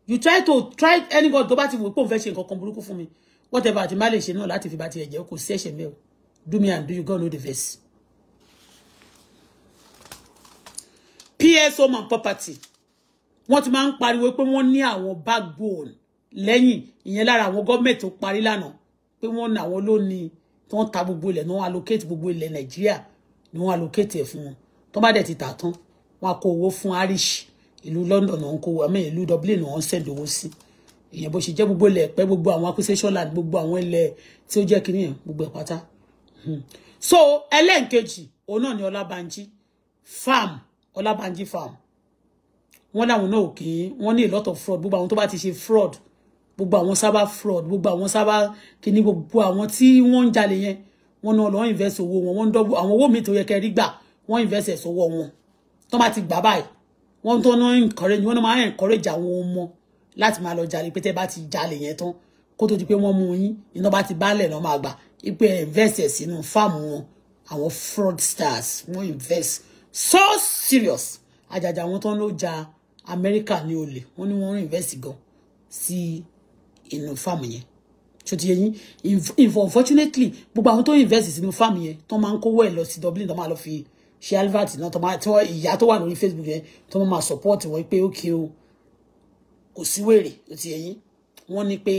A: you try to try any god tó bá ti wò pé òun fẹ́ ṣe nǹkan kan whatever àti má lè ṣe náà láti fi bá tiẹ̀ jẹ́ kò sí ẹ̀ṣẹ̀ mẹ́ọ̀ do me and do you go know the verse. pso man property wọ́n ti máa ń pariwo pé wọ́n ní àwọn backbone lẹ́yìn ìyẹn lára àwọn gọ́ọ̀mẹ̀tì tó parí lánàá pé wọ́n ní àwọn ló ní tí wọ́n ta gbogbo ilẹ̀ ní allocate gbogbo ilẹ̀ nàìjíríà ni wọ́n allocate ẹ̀ fún wọn tó bá dẹ̀ ti tà tán wọ́n á kó owó arish ìlú London náà ń kó àmì ìlú Dublin náà ń send owó sí ìyẹn bó ṣe jẹ́ gbogbo ilẹ̀ pẹ́ gbogbo àwọn acquisition land gbogbo àwọn ilẹ̀ tí ó jẹ́ kínní yẹn gbogbo ẹ̀ pátá hmm. so ẹlẹ́ǹkejì òun náà ni Ọlábánjí farm Ọlábánjí farm wọ́n láwọn náà kì í wọ́n ní a lot of fraud gbogbo àwọn tó bá ti ṣe fraud gbogbo àwọn sábà fraud gbogbo àwọn sábà kìíní gbogbo àwọn tí wọ́n ń jalè yẹn wọ́n náà lọ́ọ́ invest owó wọn wọ́n ń dọ́gbọ́ àwọn owó mi tó yẹ kẹ́ rí gbà wọ́n invest ẹ̀ sọ́wọ́ wọn tó bá ti gbà báyìí wọ́n tó náà encourage wọ́n máa encourage àwọn ọmọ láti máa lọ jalè pé tẹ́ bá ti jalè yẹn tán kó tó di pé wọ́n mú yín iná bá ti bálẹ̀ náà máa gbà ipe invest sínú fáàmù wọn àwọn fraudsters wọ́n invest so serious àjàjà wọn tán ló ja Amẹ́ríkà ní olè wọ́n ní wọ́n invest gan sí inú fáàmù yẹn tó ti yẹ yín unfortunately gbogbo àwọn tó invest sínú fáàmù yẹn tó máa ń kówó ẹ̀ lọ sí Dublin tó máa lọ fi ṣe alvat náà tó máa tí wọ́n ìyá tó wà lórí facebook yẹn tó máa máa support wọn pé ókè o kò sí wèrè ó ti ẹ̀yìn wọ́n ní pé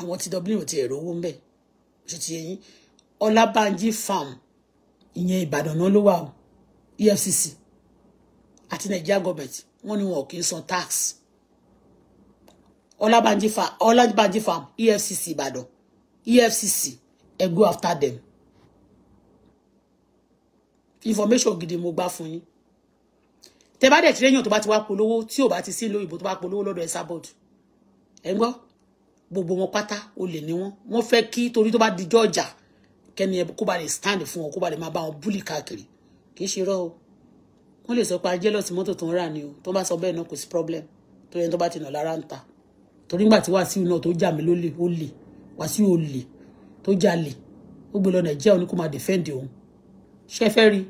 A: àwọn ti dublin ò ti ẹ̀rọ owó ńbẹ̀ ó ti ẹ̀yìn ọlábànjí farm ìyẹn ìbàdàn náà ló wà o efcc àti nigeria government wọ́n ní wọn ò kì í san tax ọlábànjí farm efcc ìbàdàn efcc ẹ go after them information gidi mo gbà fún yín tẹ bá dẹ̀ ti rẹ́yìn tó ba ti wá polówó tí ò bá ti sí lóyìnbó tó bá polówó lọ́dọ̀ Esabod ẹ̀ ń gbọ́ gbogbo wọn pátá olè ni wọn wọn fẹ́ kí torí tó bá di Georgia, keni ẹ kó ba lè stand fún wọn kó ba lè máa bá wọn búlì káàkiri kì í ṣe rọ́ o wọ́n lè sọ pé ajé lọ́ọ̀tì ni o tó bá sọ bẹ́ẹ̀ náà kò sí problem to yẹn tó bá ti nà lára ń ta torí ngbà tí Wàsíù náà tó jà mí lólè ó lè Wàsíù ó lè tó jà lè ó gbé lọ Nàìjíríà ó ní kó máa defend òun ṣe fẹ́ rí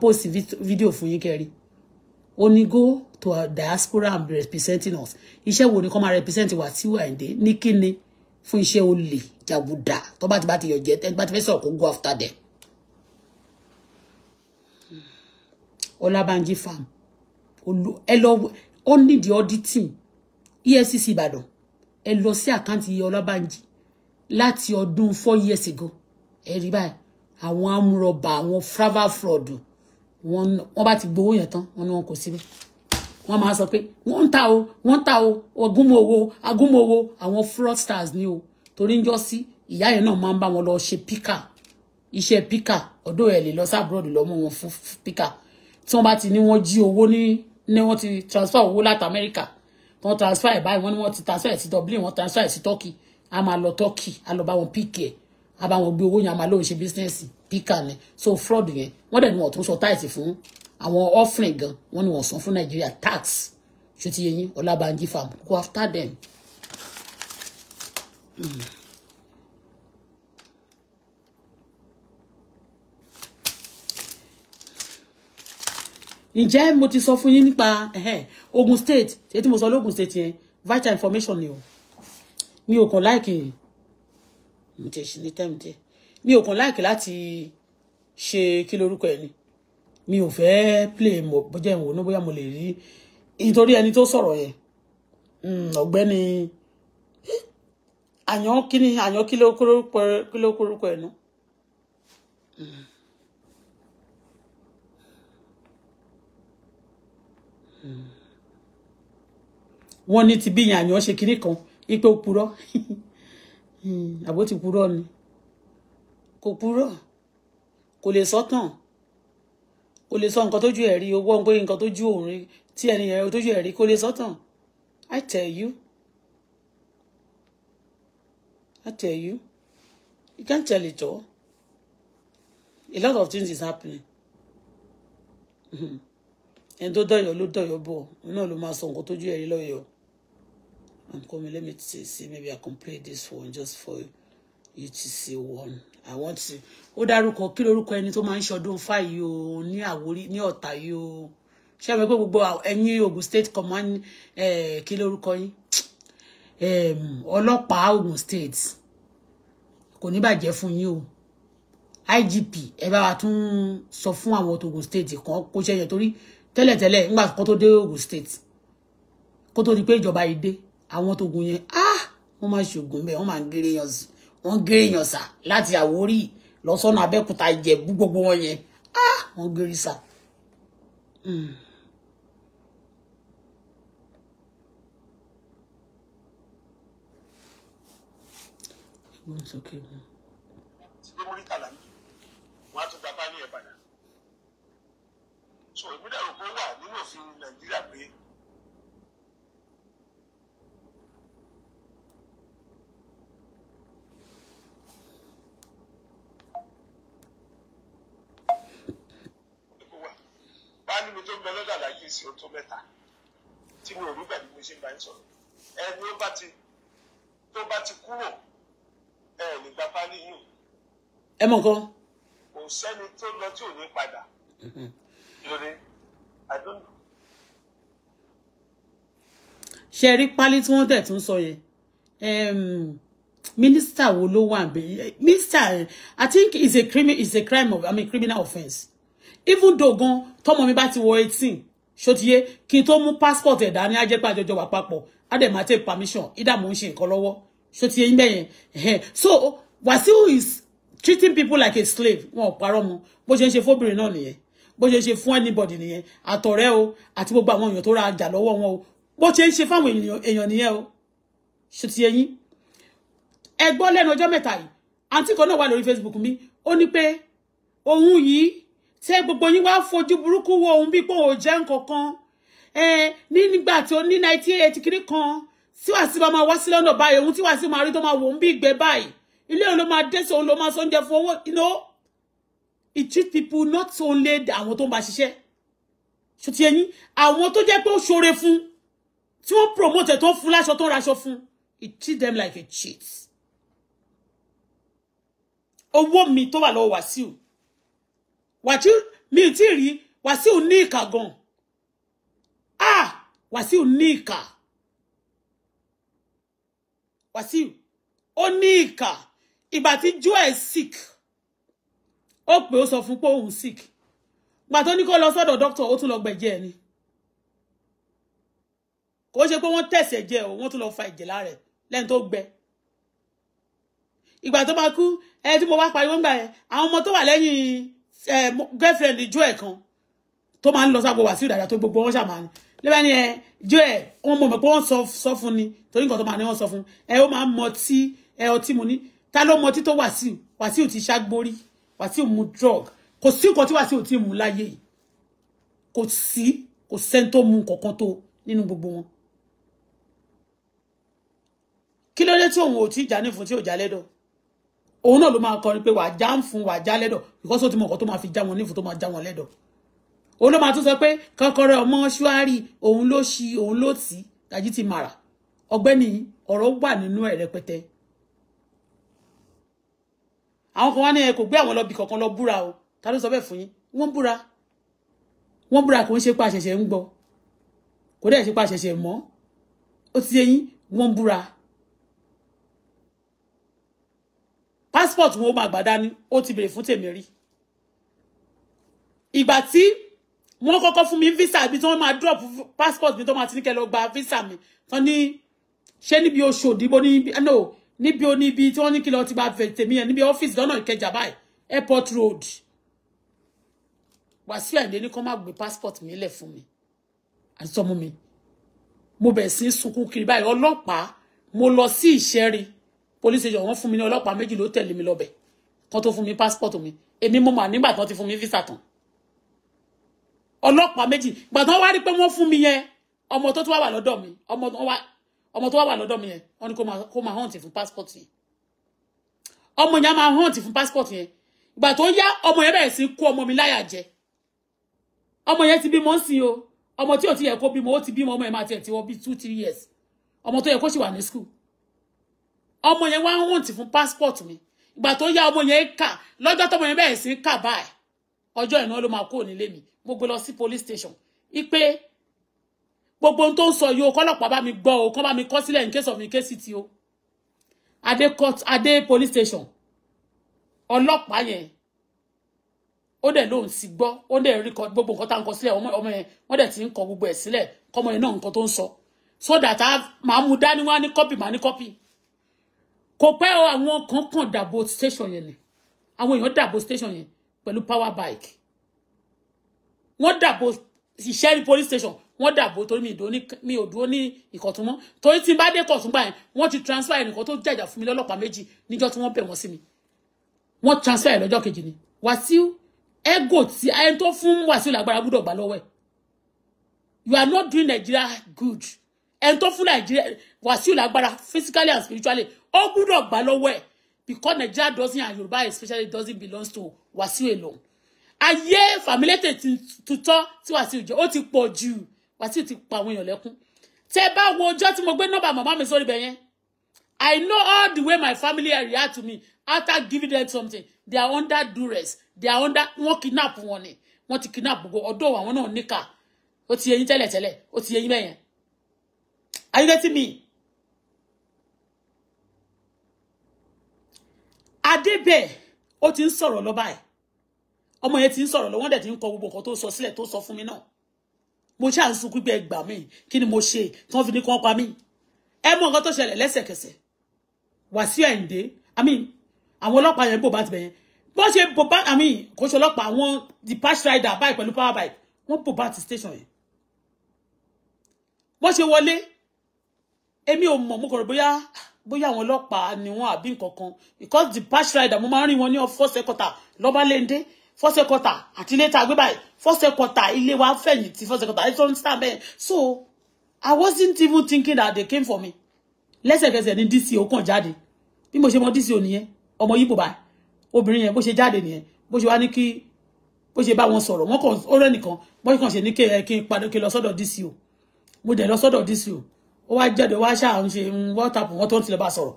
A: post video fún yín kẹrí ó go to our diaspora and be representing us iṣẹ́ wo ni kọ́ máa represent wá tí wà ní ní kíni fún iṣẹ́ olè jàgùdà tó bá ti bá ti yọ jẹ tẹ́ni bá ti fẹ́ sọ̀rọ̀ kó go after them. Ọlábánjí farm ẹ lọ ó ní the auditing EFCC Ìbàdàn ẹ lọ sí àkáǹtì Ọlábánjí láti ọdún four years ago ẹ rí báyìí àwọn amúrọ̀bà àwọn fravel fraud wọn bá ti gbowó yẹn tán wọn ni wọn kò síbẹ̀ wọn máa sọ pé wọn ń ta o wọn ń ta o agúnmọ̀wò agúnmọ̀wò àwọn fraudsters ni o torí ń jọ sí ìyá yẹn náà máa ń bá wọn lọ ṣe píkà iṣẹ́ píkà ọ̀dọ̀ ẹ̀ lè lọ sábúrọ̀dù lọ́mọ wọn fún píkà tí wọ́n bá ti ní wọ́n jí owó ní ní wọ́n ti transfer owó láti Amẹ́ríkà tí wọ́n transfer ẹ̀ báyìí wọ́n ní wọ́n ti transfer ẹ̀ sí Dublin wọ́n transfer ẹ̀ sí Turkey a máa lọ Turkey a lọ bá wọn píkì ẹ̀ àbáwọn gbé owó yẹn a máa lóun ṣe bísínẹ́sì píkà ni so fraud yẹn wọ́n dẹ̀ ní wọ́n tún sọ táìsì fún àwọn offering gan wọ́n ní wọ́n san fún nàìjíríà tax ṣùtì yẹn ọlábànjí farm go after them. Mm. ǹjẹ́ mo ti sọ fún yín nípa Ogun State èyí tí mo sọ lógun State yẹn vital information ni o mi ò kàn láìkì mo ti ṣe ní tẹ́mi tẹ́ mi ò kàn láìkí láti ṣe kí lorúkọ ẹ̀ ni mi ò fẹ́ play mo bọ́jà ìwò náà bóyá mo lè rí nítorí ẹni tó sọ̀rọ̀ yẹn hmm, ọ̀gbẹ́ni àyàn kíni àyàn kí ló kórúkọ ẹ̀ náà. Hmm. Hmm. wọ́n ní ti bí yàn àyàn ṣe kinní kan ipò òpùrọ́ Hmm, àbó ti purọ́ ni kò purọ́ kò lè sọ́tàn kò lè sọ nǹkan tójú ẹ̀ rí owó ń pé nǹkan tójú òun rí tí ẹni yẹn tójú ẹ̀ rí kò lè sọ́tàn I tell you I tell you you can't tell it all a lot of things is happening hmm.
B: ẹni tó dọ̀yọ̀ ló dọ̀yọ̀
A: bọ̀ náà ló máa sọ nǹkan tójú ẹ̀ rí lọ́yọ̀ọ́. I'm coming. Let me see. Maybe I can play this one just for you to see one. I want to. Ó dárúkọ kilo ruko ẹni to máa ń ṣọdún fáyì o ní Àwórì ní Ọ̀tà yìí o. Ṣé àmọ́ pé gbogbo ẹ̀yin Ògùn State Command kí lórúkọ yín? Ọlọ́pàá Ògùn State kò ní bàjẹ́ fún yín o. IGP ẹ bá wa tún sọ fún àwọn Ògùn State kan kó ṣẹyẹ torí tẹ́lẹ̀tẹ́lẹ̀ nígbà kan tó dé Ògùn State kó tó di pé ìjọba yìí àwọn tó gun yẹn ah wọ́n máa ṣògùn bẹ́ẹ̀ wọ́n máa ń géré yan wọ́n géré yan sà láti Àwórì lọ sọ́nà Abẹ́òkúta Ìjẹ̀bú gbogbo wọn yẹn ah wọ́n géré sà. Mm. One second. Wọ́n á tún ẹni tó ń bẹ lọ́dọ̀ àlàyé sí o tó mẹ́ta tí mi ò bẹ́ẹ̀ bí mo ṣe ń bá yín sọ̀rọ̀ ẹni ó bá ti tó bá ti kúrò ẹ ní gba pálí ẹ mọ nǹkan. kò sẹ́ni tó lọ tí ò ní padà ṣe rí pálí tí wọ́n tẹ̀ tún sọ yẹn minister wo ló wà bẹ́ẹ̀ minister i think is a crime is a crime of i mean criminal offence even though gan tọmọ mi ba ti wọ eighteen ṣòtíye kí n tó mú passport ẹ̀dá ní ajẹ́pẹ́ àjọjọ wà papọ̀ á dẹ̀ máa take permission ida mò ń ṣe nǹkan lọ́wọ́ ṣòtíye ń bẹ̀yẹn ẹ̀hẹ́n so Wasiu is treating people like a slave wọn paro mu bó ṣe ń ṣe fóbìnrin náà nìyẹn bó ṣe ń ṣe fún anybody nìyẹn àtọ̀rẹ́ o ati gbogbo àwọn èèyàn tó ra ọjà lọ́wọ́ wọn o bó ṣe ń ṣe fáwọn èèyàn nìyẹn o ṣòtíye yín ẹ gbọ́ lẹ́nu ọjọ́ mẹ́ta yìí kan náà wà lórí Facebook mi ó ní pé òun yìí tẹ gbogbo yín wá fojú burúkú wo òun bí pé òun jẹ́ nǹkankan nígbà tó ní nineteen eighty kiri kan tí Wasiu máa wá sí lọ́nà báyìí òun tí Wasiu máa rí tó máa wò ó ń bí ìgbẹ́ báyìí ilé òun ló máa dẹ́sẹ̀ òun ló máa sọ fún owó you know it treat people not only àwọn tó ń bá ṣiṣẹ́ ṣùtì ẹ̀yìn àwọn tó jẹ́ pé ó ṣoore fún tí wọ́n promote tó ń fún láṣọ tó ń raṣọ fún it treat them like a cheat owó mi tó wà lọ́wọ́ Wasiu wàtí mi ì tí ì rí Wàsíù ní ìkà gan ah Wàsíù ní ìkà Wàsíù ó ní ìkà ìgbà tí Joel sick ó pè ó sọ fún pé òun sick gbà tó ní kó lọ sọ́dọ̀ doctor ó tún lọ gbẹ̀jẹ̀ ni kò ṣe pé wọ́n tẹ̀sẹ̀ jẹ o wọ́n tún lọ fa ìjẹ̀ lára lẹ́yìn tó gbẹ ìgbà tó máa kú ẹ tí mo bá pariwo ń gbà yẹn àwọn ọmọ tó wà lẹ́yìn Eh, girlfriend joy kan tó máa ń lọ sábò wàsíù dáadáa tó gbogbo wọn ṣàmà ni lẹ́bàá ni ẹ eh, joy wọn mọ̀ pé wọ́n sọ fún ni torí nǹkan tó máa ní wọ́n sọ fún ẹ eh, ó máa ń mọ tí ẹ ọtí mu ní ta ló mọ tí tó wàsíù wàsíù ti ṣàgbórí wàsíù mu drug kò sí nǹkan tí wàsíù ti mu láyé yìí kò sí kò sẹ́ni tó mu kankan tó nínú gbogbo wọn kí ló dé tí òun ò tí ì jà ní fún tí ò òun náà ló máa kọrin pé wà á já ń fún wà á já lẹ́dọ̀ because ó ti mọ nǹkan tó máa fi já wọn nífun tó máa já wọn lẹ́dọ̀ òun ló máa tún sọ pé kọ́kọ́rọ́ ọmọ ṣúárì òun ló ṣi òun ló tì í Gaji ti màrà ọ̀gbẹ́ni ọ̀rọ̀ wà nínú ẹ̀ rẹpẹtẹ àwọn kan wá ní ẹ kò gbé àwọn lọ bí kankan lọ búra o ta ló sọ bẹ́ẹ̀ fún yín wọ́n búra wọ́n búra kò ń ṣe pa ń gbọ́ kò dẹ̀ ṣe pa mọ́ ó ti yẹ yín wọ́n búra passport wọn ó máa gbà dání ó ti béèrè fún tèmi rí ìgbà tí wọ́n kọ́kọ́ fún mi visa bí tí wọ́n drop passport mi tó máa ti ní kẹ́ lọ gba visa mi tán ní ṣé níbi oṣù òdìbò ni no ni bi níbi tí wọ́n ní kí lọ ti gba tèmi yẹn níbi ọ́fíìsì lọ́nà ìkẹjà báyìí airport road Wàsíù Àyìndé ní kó má gbé passport mi le fún mi àti tọ́mú mi mo bẹ̀rẹ̀ sí sunkún kiri báyìí ọlọ́pàá mo lọ sí ìṣẹ́rin police station wọn fún mi ní ọlọ́pàá méjì ló tẹ̀lé mi lọbẹ kan tó fún mi passport mi èmi mo mà ti fún mi visa tán ọlọ́pàá méjì gbà wá rí pé wọn fún mi yẹn ọmọ tó wà mi ọmọ tó wà lọ́dọ̀ mi yẹn ní kò máa fún passport yẹn ọmọ yẹn máa fún passport yẹn gbà tó yá ọmọ yẹn bẹ̀rẹ̀ sí ọmọ mi láyà ọmọ yẹn ti bímọ sí o ọmọ tí o ti yẹ kó bímọ ó ti bímọ ọmọ wà ọmọ yẹn wá ń wọ̀ntì fún passport mi ìgbà tó yá ọmọ yẹn kà lọ́jọ́ tọmọ yẹn bẹ̀rẹ̀ sí í kà báyìí ọjọ́ ìná ló máa kúrò nílé mi mo gbé lọ sí police station ipe gbogbo ohun tó ń sọ yìí o kọ́lọ́pàá bá mi gbọ́ o kọ́ bá mi kọ́ sílẹ̀ in case of in case ti o adé court adé police station ọlọ́pàá yẹn ó dẹ̀ lóun ti gbọ́ ó dẹ̀ rí gbogbo nǹkan tá à ń kọ sílẹ̀ ọmọ yẹn wọ́n dẹ̀ ti ń kọ gbogbo ẹ̀ sílẹ̀ kọ́mọ yẹn náà nǹkan tó ń sọ so that máa mú dání wá ní kọ́pì máa ní kọ́pì kò pẹ́ o àwọn kan kàn dàbò station yẹn ni àwọn èèyàn dàbò station yẹn pẹ̀lú power bike wọ́n dàbò ìṣẹ́ ní police station wọ́n dàbò torí mi ò dúró ní ìkọ̀tún mọ́ torí tí n bá dé kọ̀tún gbà yẹn wọ́n ti transfer ẹnìkan tó jàjà fún mi lọ́lọ́pàá méjì níjọ́ tí wọ́n bẹ̀ wọ́n sí mi wọ́n transfer ẹ̀ lọ́jọ́ kejì ni Wàsíù ego tí ẹni tó fún Wàsíù lágbára gbúdọ̀ gbà lọ́wọ́ ẹ̀ you are not doing Nigeria good ẹni tó fún nàìjíríà wàsíù lágbára physically and spiritually ó gbúdọ̀ gbà lọ́wọ́ ẹ̀ because nigeria doesn't and yorùbá especially doesn't belong to wàsíù alone ayé fàmílétè tuntun tí wàsíù jẹ ó ti pọ̀ jù wàsíù ti pa àwọn èèyàn lẹ́kún tẹ́ bá wo ọjọ́ tí mo gbé nọ́mbà màmá mi sórí bẹ̀yẹn I know all the way my family react to me after giving them something they are under duress they are under wọ́n kidnap wọn ni wọ́n ti kidnap gbogbo ọ̀dọ̀ àwọn náà níkà ó ti yẹ yín tẹ́lẹ̀tẹ́lẹ̀ ó ti yẹ yín bẹ́yẹn Are you getting me? Adébẹ̀ ó ti ń sọ̀rọ̀ lọ báyìí. Ọmọ yẹn ti ń sọ̀rọ̀ lọ, wọ́n dẹ̀ ti ń kọ gbogbo nǹkan tó sọ sílẹ̀ tó sọ fún mi náà. Mo ṣáà ń sunkún pé ẹgbà mi, kí mo ṣe tí wọ́n fi ní kí wọ́n pa mí? Ẹ mọ nǹkan tó ṣẹlẹ̀ lẹ́sẹ̀kẹsẹ̀. I mean, àwọn ọlọ́pàá yẹn bò bá ti bẹ̀ yẹn. Bọ́ ṣe bò bá, I mean, kò ṣe ọlọ́pàá àwọn dispatch rider báyìí pẹ̀lú power bike, wọ́n bò bá ti station yẹn. Bọ́ ṣe wọlé, èmi ò mọ̀ mo kọ̀rọ̀ bóyá bóyá àwọn ọlọ́pàá ni wọ́n àbí nǹkan because the patch rider mo máa ń rìn wọn ní first quarter lọ́bálẹ́ndé first quarter àti ilé tá a gbé báyìí first quarter ilé wa fẹ̀yìntì first quarter I don't ń sá so I wasn't even thinking that they came for me lẹ́sẹ̀kẹsẹ̀ ní DC ó kàn jáde bí mo ṣe mọ DC ò nìyẹn ọmọ yìí bò bá obìnrin yẹn bó ṣe jáde nìyẹn bó ṣe wá ní kí bó ṣe bá wọn sọ̀rọ̀ wọn kàn ó rẹ́ nìkan bó ṣe kàn ṣe ní kí n padà kí n lọ sọ́dọ̀ DC o mo dẹ̀ lọ sọ́dọ̀ DC o ó wá jáde wá ṣáà ń ṣe wọ́tàpù wọn tó ń tilẹ̀ bá sọ̀rọ̀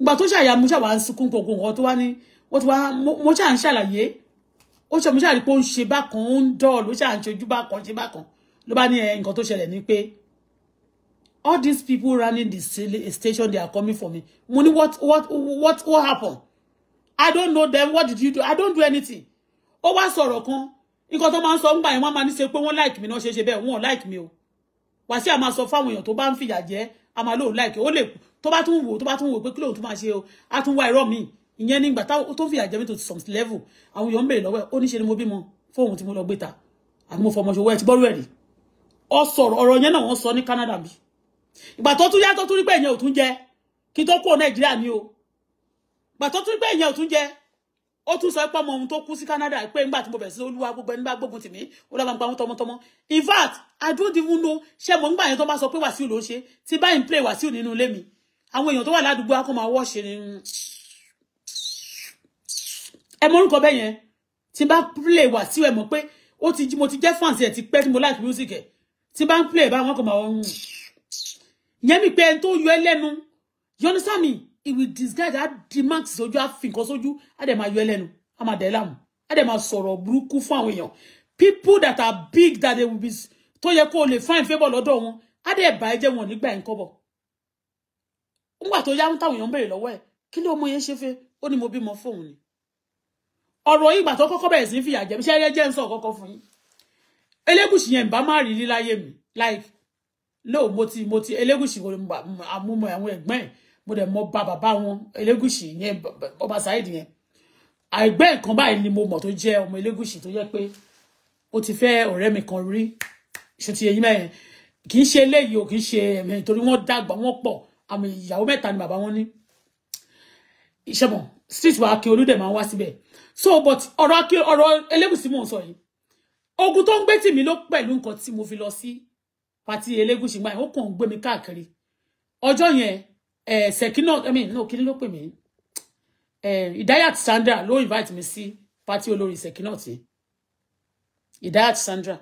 A: ìgbà tó ṣàyà mo ṣàwà ń sunkún gbogbo nǹkan tó wá ní wọ́n ti wá mo ṣàà ń ṣàlàyé ó ṣe mo ṣàà rí pé ó ń ṣe bákan ó ń dọ́ọ̀lù ó ṣàà ń ṣojú bákan ṣe bákan ló bá ní nǹkan tó ṣẹlẹ̀ ni pé all these people running the station they are coming for me mo ní what what what what happened I don't know them what did you do I don't do anything ó wá sọ̀rọ̀ kan nǹkan tó máa ń sọ ń gbà yẹn wọ́n máa ń ṣe pé wọ́n like mi náà ṣe ṣe bẹ́ẹ̀ wọ́n like mi o Wàsíù a máa sọ fáwọn èèyàn tó bá ń fìyà jẹ a máa lóun láìkẹ ó lè tó bá tún wò tó bá tún wò pé kí lóun tún máa ṣe o a tún wá irọ́ mi ìyẹn nígbà tó ń fìyà jẹ mi tó some level àwọn èèyàn ń bèrè lọ́wọ́ ẹ̀ ó níṣe ni mo bímọ fóun tí mo lọ gbé ta àti mo fọmọ ṣòwò ẹ̀ ti gbọ́rú ẹ̀ rí ọ sọ̀rọ̀ ọ̀rọ̀ yẹn náà wọ́n sọ ní Canada bí ìgbà tó tún yá tó tún rí pé ìyẹn ò tún jẹ kí tó kúrò Nàìjíríà ni o ìgbà tó tún rí pé ìyẹn ò tún jẹ ó tún sọ pé ọmọ òun tó kú sí Canada pé nígbà tí mo bẹ̀rẹ̀ sí olúwa gbogbo ẹni bá gbógun tì mí ó lọ́ba ń pa wọn tọmọtọmọ in fact I don't even know ṣé mo ń gbà yẹn tó bá sọ pé Wàsíù ló ń ṣe tí báyìí ń play Wàsíù nínú ilé mi àwọn èèyàn tó wà ládùúgbò akọ máa wọ́ ṣe nínú ẹ mọ orúkọ bẹ́ẹ̀ yẹn tí bá play Wàsíù ẹ mọ̀ pé ó ti mo ti jẹ́ fans ẹ̀ ti pẹ́ tí mo like music ẹ̀ tí bá ń play báwọn kò máa wọ́n yẹn mi pé ẹni tó yọ ẹ lẹ́nu you it will disguise á di mask sójú á fi nǹkan sójú á dẹ̀ máa yọ ẹlẹ́nu á máa dẹ̀ láàmú á dẹ̀ máa sọ̀rọ̀ burúkú fún àwọn èèyàn people that are big that they will be tó yẹ kó o lè find favour lọ́dọ̀ wọn á dẹ̀ bá ẹjẹ́ wọn nígbà yẹn kọ́bọ̀ nígbà tó yá táwọn èèyàn béèrè lọ́wọ́ ẹ̀ kí ló mọ yẹn ṣe fẹ́ ó ní mo bímọ fóun ni ọ̀rọ̀ ìgbà tó kọ́kọ́ bẹ̀rẹ̀ sí fìyà jẹ mi ṣe ẹyẹ jẹ́ ń kọ́kọ́ fún yín Elégùṣì yẹn bá má rí rí láyé mi like no mo ti mo ti Elégùṣì àmúmọ àwọn ẹ̀gbọ́n ẹ̀ mo dẹ̀ mọ bá bàbá wọn Elégùṣì yẹn ọba Saheed yẹn àìgbẹ́ nǹkan báyìí ni mo mọ̀ tó jẹ́ ọmọ Elégùṣì tó jẹ́ pé ó ti fẹ́ ọ̀rẹ́ mi kan rí ṣe ti eyín mẹ́rin kì í ṣe eléyìí o kì í ṣe ẹ̀mí torí wọ́n dàgbà wọ́n pọ̀ àmì ìyàwó mẹ́ta ni bàbá wọn ní ìṣẹ́bọ̀n street wa Akin Olúdẹ̀ máa ń wá síbẹ̀ so but ọ̀rọ̀ Akin ọ̀rọ̀ Elégùṣì mò ń sọ yìí ogun tó ń gbé tì mí ló pẹ̀lú nǹkan tí mo fi lọ sí pati Elégùṣì gbà yẹn ó kàn ń gbé mi káàkiri ọjọ́ yẹn eh, Sekinat I mean no kí ni ló pè mí eh, Idayat Sandra ló invite me mi party pátí olórin Sekinat yìí Idayat Sandra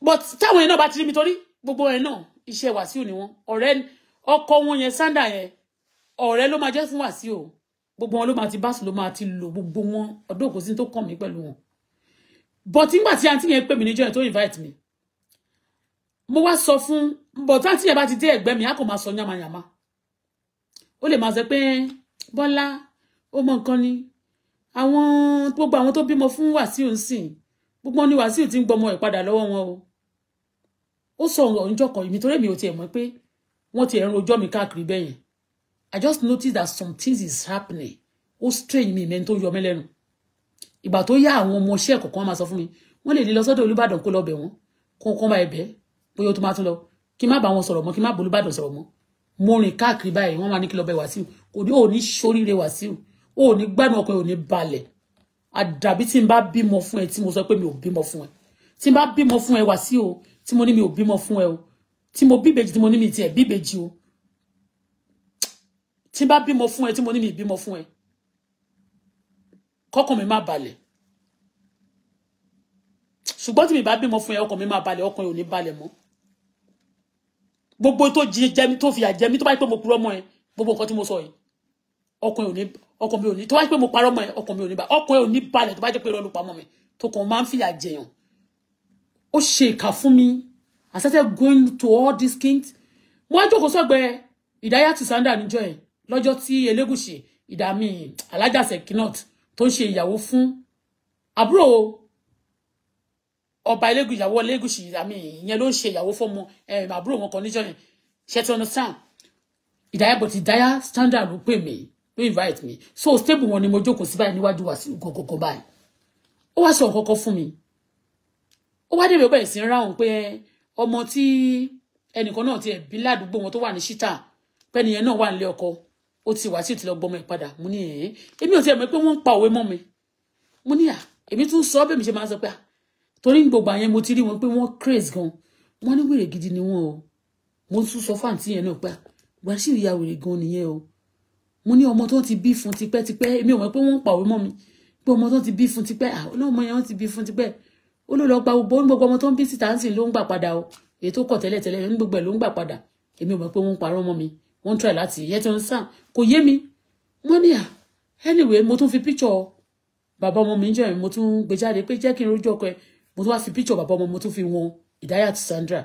A: but táwọn yẹn no bá ti rí mi torí no, yẹn náà iṣẹ́ Wàsíù ni wọ́n ọ̀rẹ́ ọkọ wọn yẹn Sandra yẹn ọ̀rẹ́ ló máa jẹ́ fún Wàsíù gbogbo wọn ló máa ti bá sùn ló máa ti lò gbogbo wọn ọdún kò sí tó kàn mí pẹ̀lú wọn but nígbà tí àǹtí yẹn pè mí níjọ́ yẹn to invite me. mo wá sọ fún bọ̀tá tí ẹ bá ti dé ẹ̀gbẹ́ mi á kò máa sọ yàmàyàmà ó lè máa sọ pé bọ́lá ó mọ nǹkan ni àwọn gbogbo àwọn tó bímọ fún wàsíù ń sìn gbogbo ni wàsíù ti ń gbọmọ ẹ̀ padà lọ́wọ́ wọn o ó sọ ọ̀rọ̀ kan èmi torí mi ò tiẹ̀ mọ̀ pé wọ́n ti ẹ̀rùn ọjọ́ mi káàkiri bẹ́ẹ̀ I just noticed that some things is happening ó strange mi mẹ́ni tó yọ mí lẹ́nu ìgbà tó yá àwọn ọmọọṣẹ́ kọ̀ọ̀kan máa sọ fún mi wọ́n lè lè lọ sọ́dọ̀ Olúbàdàn kó lọ bẹ̀ wọ́n kó kọ́ máa ẹ̀bẹ̀ bóyá ó tún máa tún lọ kí m'a má bá wọn sọ̀rọ̀ mọ́ m'a n má bolúbàdàn sọ̀rọ̀ mọ́ mo rìn káàkiri báyìí wọ́n máa ní kí lọ bẹ wàsíù kò ní òní ṣoríire wàsíù òní gbádùn ọkọ òní balẹ̀ àdàbí tí n bá bímọ fún ẹ tí mo sọ pé mi ò bímọ fún ẹ tí n bá bímọ fún ẹ wàsíù tí mo ní mi ò bímọ fún ẹ o tí mo bíbejì tí mo ní mi tiẹ̀ bíbejì o tí n bá bímọ fún ẹ tí mo ní mi bímọ fún ẹ kọ́kàn mi má balẹ̀ ṣùgbọ́n tí mi bá bímọ fún ẹ ọkàn mi má balẹ̀ ọkàn ò ní balẹ̀ mọ́ gbogbo tó jẹ mi tó fìyà jẹ tó bá yẹ pé mo purọ́ mọ́ ẹ gbogbo nǹkan tí mo sọ yìí ọkàn ò ní ọkàn ò ní tó bá yẹ pé mo parọ́ mọ́ ẹ ọkàn ò ní bá ọkàn ò ní balẹ̀ tó bá jẹ́ pé irọ́ ló mi tó kàn máa ń fìyà jẹyàn ó ṣe ìkà fún mi I started going to all these kings mo wá jókòó sọ́gbẹ́ ìdáyàtì sandra níjọ́ yẹn lọ́jọ́ tí Elégùṣì ìdààmú alájàsẹ̀ kinot tó ń ṣe ìyàwó fún àbúrò ọba elégùn ìyàwó elégùsì àmì ìyẹn ló ń ṣe ìyàwó fọmọ àbúrò wọn kan níjọ yẹn ṣe ti understand ìdáyà bọ̀ ti dáyà standard ló pè mí ló invite me so stable wọn ni mo jókòó sí báyìí níwájú wa sí gọgọgọ báyìí ó wá sọ kọkọ fún mi ó wá débẹ̀ bẹ̀rẹ̀ sí ń ráhùn pé ọmọ tí ẹnìkan náà ti ẹ̀bí ládùúgbò wọn tó wà ní ṣítà pẹ́niyẹn náà wà nílé ọkọ ó ti wá sí ìtìlọ gbọmọ ẹ̀ padà mo ní ẹ̀ẹ́ èmi ò tiẹ̀ mọ̀ pé wọ́n ń pa òwe mọ́ mi mo ní à èmi tún sọ bẹ́ẹ̀ mi ṣe máa ń sọ pé à torí gbogbo àyẹn mo ti rí wọn pé wọ́n craze gan wọ́n ní wèrè gidi ni wọ́n o mo tún sọ fún àǹtí yẹn náà pé Wasiu ya wèrè gan nìyẹn o mo ní ọmọ tó ti bí fún tipẹ́tipẹ́ èmi ò mọ̀ pé wọ́n pàwé mọ́ mi pé ọmọ tó ti bí fún tipẹ́ ah, ọlọ́mọ yẹn wọ́n ti bí fún tipẹ́ ó ló lọ gba gbogbo ní gbogbo ọmọ tó ń bí síta ńsìn ló ń gbà padà o èyí tó kọ̀ tẹ́lẹ̀tẹ́lẹ̀ ní gbogbo ẹ̀ ló ń gbà padà èmi ò mọ̀ pé wọ́n ń parọ́ mi wọ́n ń tọ́ ẹ̀ láti ìyẹn tó ń sàn kò yé mi wọ́n ní à ah, anyway mo tún fi picture bàbá ọmọ mi jọ yẹn mo tún gbé jáde pé jẹ́ kí n rojú ọkọ ẹ̀ mo tún wá fi picture bàbá ọmọ mo tún fi wọn Ìdáyàtì Sandra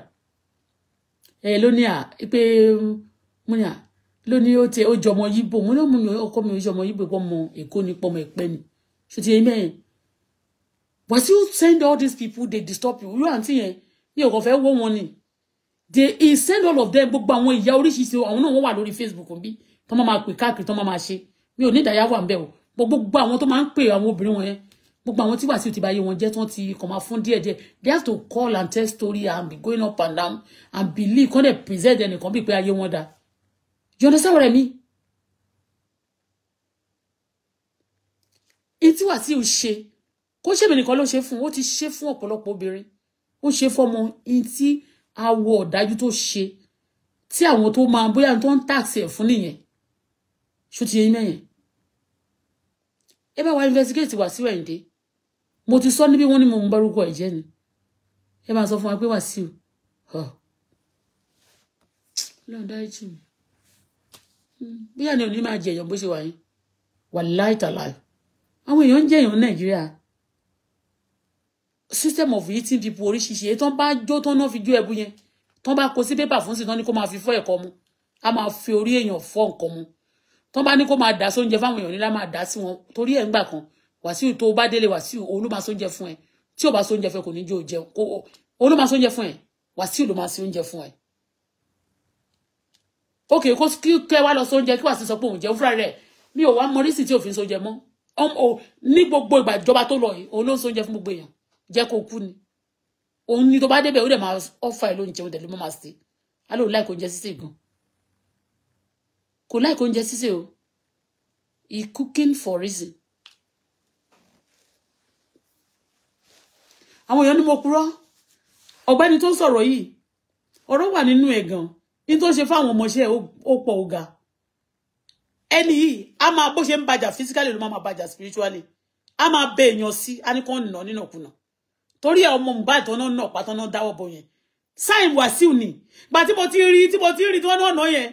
A: ẹ lónìí à pé mo ní à lónìí ó ti ó jọ ọmọ yíbò mo ní òun ọkọ mi ò jọ ọmọ yíbò pọmọ Èkó ni pọmọ Ẹ̀pẹ́ ni ṣe ti ẹmẹ yẹn Wasiu send all these people they disturb you yóò àǹtí yẹn mi ò kàn fẹ́ wọ́ wọn ni they he send all of them gbogbo àwọn ìyá oríṣiríṣi àwọn náà wọ́n wà lórí Facebook bí tọ́ máa pè káàkiri tọ́ máa ṣe mi ò ní ìdáyàwó àǹbẹ̀ o gbogbo àwọn tó máa ń pè àwọn obìnrin wọn yẹn gbogbo àwọn tí wà sí ti báyé wọn jẹ́ tán ti kàn máa fún díẹ̀díẹ̀ they have to call and tell story and be going up and down and believe kọ́ndẹ̀ present ẹnìkan bíi pé ayé wọn da you understand what I mean? etí wà sí ò ṣe kó ṣèbè nìkan ló ṣe fún ó ti ṣe fún ọ̀pọ̀lọpọ̀ obìnrin ó ṣe fọmọ etí awọ ọ̀dájú tó ṣe tí àwọn tó máa bóyá tó ń tàṣì ẹ̀ fún nìyẹn ṣó ti yẹ yín mẹ́yẹn ẹ bá wa investigate wá sí wẹ̀ǹdẹ́ mo ti sọ níbi wọ́n ní mo ń bárúkọ ẹ̀jẹ̀ ni ẹ máa sọ fún wa pé Wàsíù ọ lọ́dà ìjì mi ni òní máa jẹ̀yàn bó ṣe wà yín wàláì tàláì àwọn èèyàn ń jẹ̀yàn Nàìjíríà system of eating people oríṣiríṣi èyí tán bá jó tán náà fi jó ẹbu yẹn tán bá kó sí pépà fún sí tán ni kó máa fi fọ́ ẹ̀kọ́ mu a máa fi orí èèyàn fọ́ nǹkan mu tán bá ní kó máa dà sí fáwọn èèyàn nílá máa dà sí wọn torí ẹ̀ ń gbà kan wàsíù tó o bá délé wàsíù òun ló máa so oúnjẹ fún ẹ tí o bá so oúnjẹ fún ẹ kò ní jẹ́ o jẹun òun ló máa so oúnjẹ fún ẹ wàsíù ló máa so oúnjẹ fún ẹ. ok kó kí kẹ wá lọ so oúnjẹ kí wàsíù sọ pé òun jẹun fúnra rẹ mi ò wá mọ rísì tí òfin so oúnjẹ ní gbogbo ìgbà ìjọba tó lọ yìí òun ló ń so fún gbogbo èèyàn jẹ́ kó kú ni òun ni tó bá débẹ̀ ó dẹ̀ máa ọ̀fà ẹ̀ ló jẹun tẹ̀lé máa ṣe alẹ́ òun láìkó oúnjẹ sísè o he cooking for reason àwọn èèyàn ní mo purọ́ ọ̀gbẹ́ni tó ń sọ̀rọ̀ yìí ọ̀rọ̀ wà nínú ẹ̀ gan ní tó ṣe fáwọn ọmọọṣẹ́ ó pọ̀ ọ̀gá ẹni yìí a máa bó ṣe ń bàjà physically ló máa bàjà spiritually a máa bẹ èèyàn sí a ní kàn nà nínàkúnà torí ẹ ọmọ Mohbad tọ́nà nà pátánà dáwọ́ bọ̀ yẹn sáìn Wàsíù ni gba tí mo ti rí tí mo ti rí tí wọ́n náà nà yẹn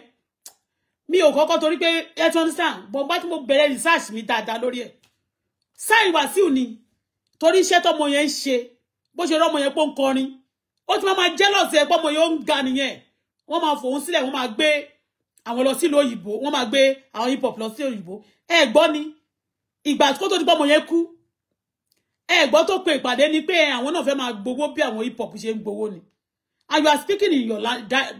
A: mi ò kọ́kọ́ torí pé ẹ ti understand bọ̀gbá tí mo bẹ̀rẹ̀ research mi dáadáa lórí ẹ̀ sáìn Wàsíù ni torí iṣẹ́ tọmọ yẹn ń ṣe bó ṣe rọ́mọ yẹn pé ó ń kọrin ó ti máa máa jealous ẹ̀ pọ́mọ yóò ń ga nìyẹn wọ́n máa fòun sílẹ̀ wọ́n máa gbé àwọn lọ sílùú òyìnbó wọ́n máa gbé àwọn hip hop lọ sí òyìnbó ẹ gbọ́ ni ìgbà tó tó ti pọ́mọ yẹn kú ẹ gbọ́ tó pe ìpàdé ni pé àwọn náà fẹ́ máa gbowó bí àwọn hip hop ṣe ń gbowó ni and you are speaking in your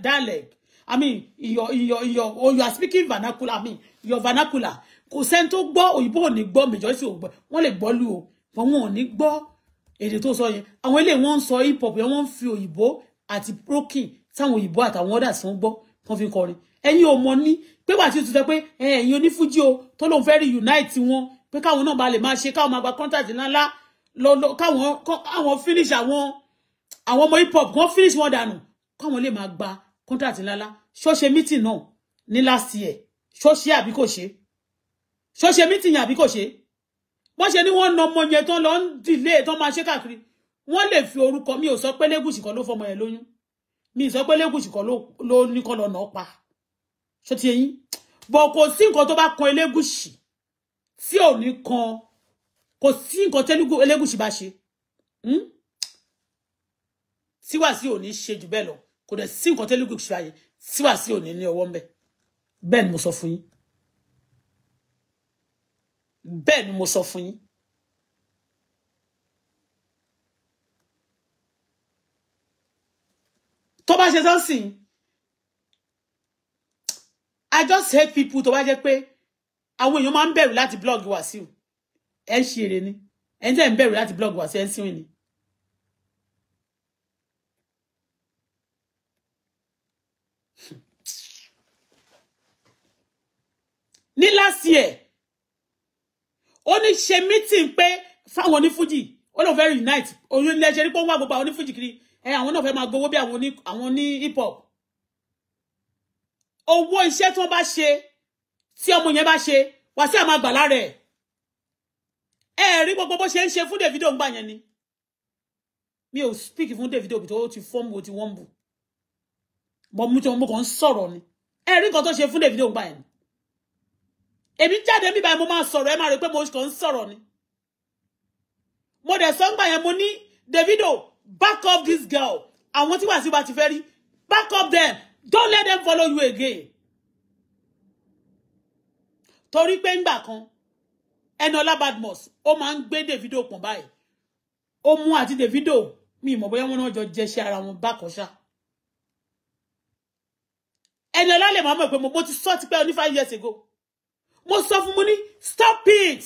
A: dialect I mean your your your or oh, you are speaking vernacular I mean your vernacular kò sẹ́ni tó gbọ́ òyìnbó ò ní gbọ́ majority ò gbọ́ wọ́n lè gbọ́ lù o but ò ní gbọ́ èdè tó sọ yẹn àwọn eléyìí wọ́n ń sọ hip hop yẹn wọ́n ń fi òyìnbó àti broken táwọn òyìnbó àtàwọn ọ̀dà sí ń gbọ́ kan fi kọrin ẹ̀yin ò mọ̀ ní pé wà tí ti sọ pé ẹ̀yin onífújì o tó lóun fẹ́ rí unite wọn pé káwọn náà bá lè máa ṣe káwọn máa gba contract ńláńlá lọ́lọ́ káwọn káwọn finish àwọn àwọn ọmọ hip hop kan finish wọn dànù káwọn lè máa gba contract ńláńlá ṣọ́ṣe meeting náà ní last year ṣọ́ṣe àbí kò ṣe ṣọ́ṣe meeting yẹn àbí kò ṣe wọ́n ṣe ní wọ́n na ọmọ yẹn tán lọ ń dìlé tán máa ṣe káàkiri wọ́n lè fi orúkọ mi ò sọ pé lẹ́gùsì kan ló fọmọ yẹn lóyún mi ì sọ pé lẹ́gùsì kan ló ní kan lọ́nà pa ṣó ti yẹn bọ̀ kò sí nǹkan tó bá kan elégùsì tí ò ní kan kò sí nǹkan tí elégùsì bá ṣe hmm? síwá sí ò ní ṣe jù bẹ́ẹ̀ lọ kò dẹ̀ sí nǹkan tí elégùsì bá ṣe síwá ò ní ní ọwọ́ ń bẹ́ẹ̀ ni mo sọ fún yín bẹ́ẹ̀ ni mo sọ fún yín. tó bá ṣe tán i just hate people tó bá jẹ́ pé àwọn èèyàn máa ń bẹ̀rù láti blog Wàsíù ẹ̀ ń ṣe èrè ni ẹ̀ ń tẹ̀ ń bẹ̀rù láti blog Wàsíù ẹ̀ ń sìn ni. ní last year ó ní ṣe meeting pé fáwọn onífújì ó lóun fẹ́ reunite òun lè ṣe rí pé wọ́n wá gbogbo àwọn onífújì kiri ẹ àwọn náà fẹ́ máa gbowó bí àwọn oní hip hop owó iṣẹ́ tí wọ́n bá ṣe tí ọmọ yẹn bá ṣe wá sí àmà àgbà lára ẹ̀ ẹ rí gbogbo bó ṣe ń ṣe fún Davido ń gbà yẹn ni mi ò speak fún Davido bí tó ti fọ́ọ̀mù o ti wọ́n bù mọ̀ mú tí wọ́n mú kàn ń sọ̀rọ̀ ni ẹ rí nǹkan tó ṣe fún Davido ń gbà yẹn ni èmi jáde mi báyìí mo máa sọ̀rọ̀ ẹ máa rò pé mo kàn ń sọ̀rọ̀ ni mo dẹ̀ sọ ńgbà yẹn mo ní Davido back up this girl àwọn tí Wasiu bá ti fẹ́ rí back up them don't let them follow you again Tori pé ńgbà kan enola Badmus ó máa ń gbé Davido pọ̀ báyìí ó mú àti Davido mi ìmọ̀ bóyá wọn náà jọ jẹ́ṣẹ́ ara wọn bákọ̀ṣá Enola le máa mọ̀ pé mo ti sọ́ọ́ ti pẹ́ ní five years ago mo sọ fún mo ní stop it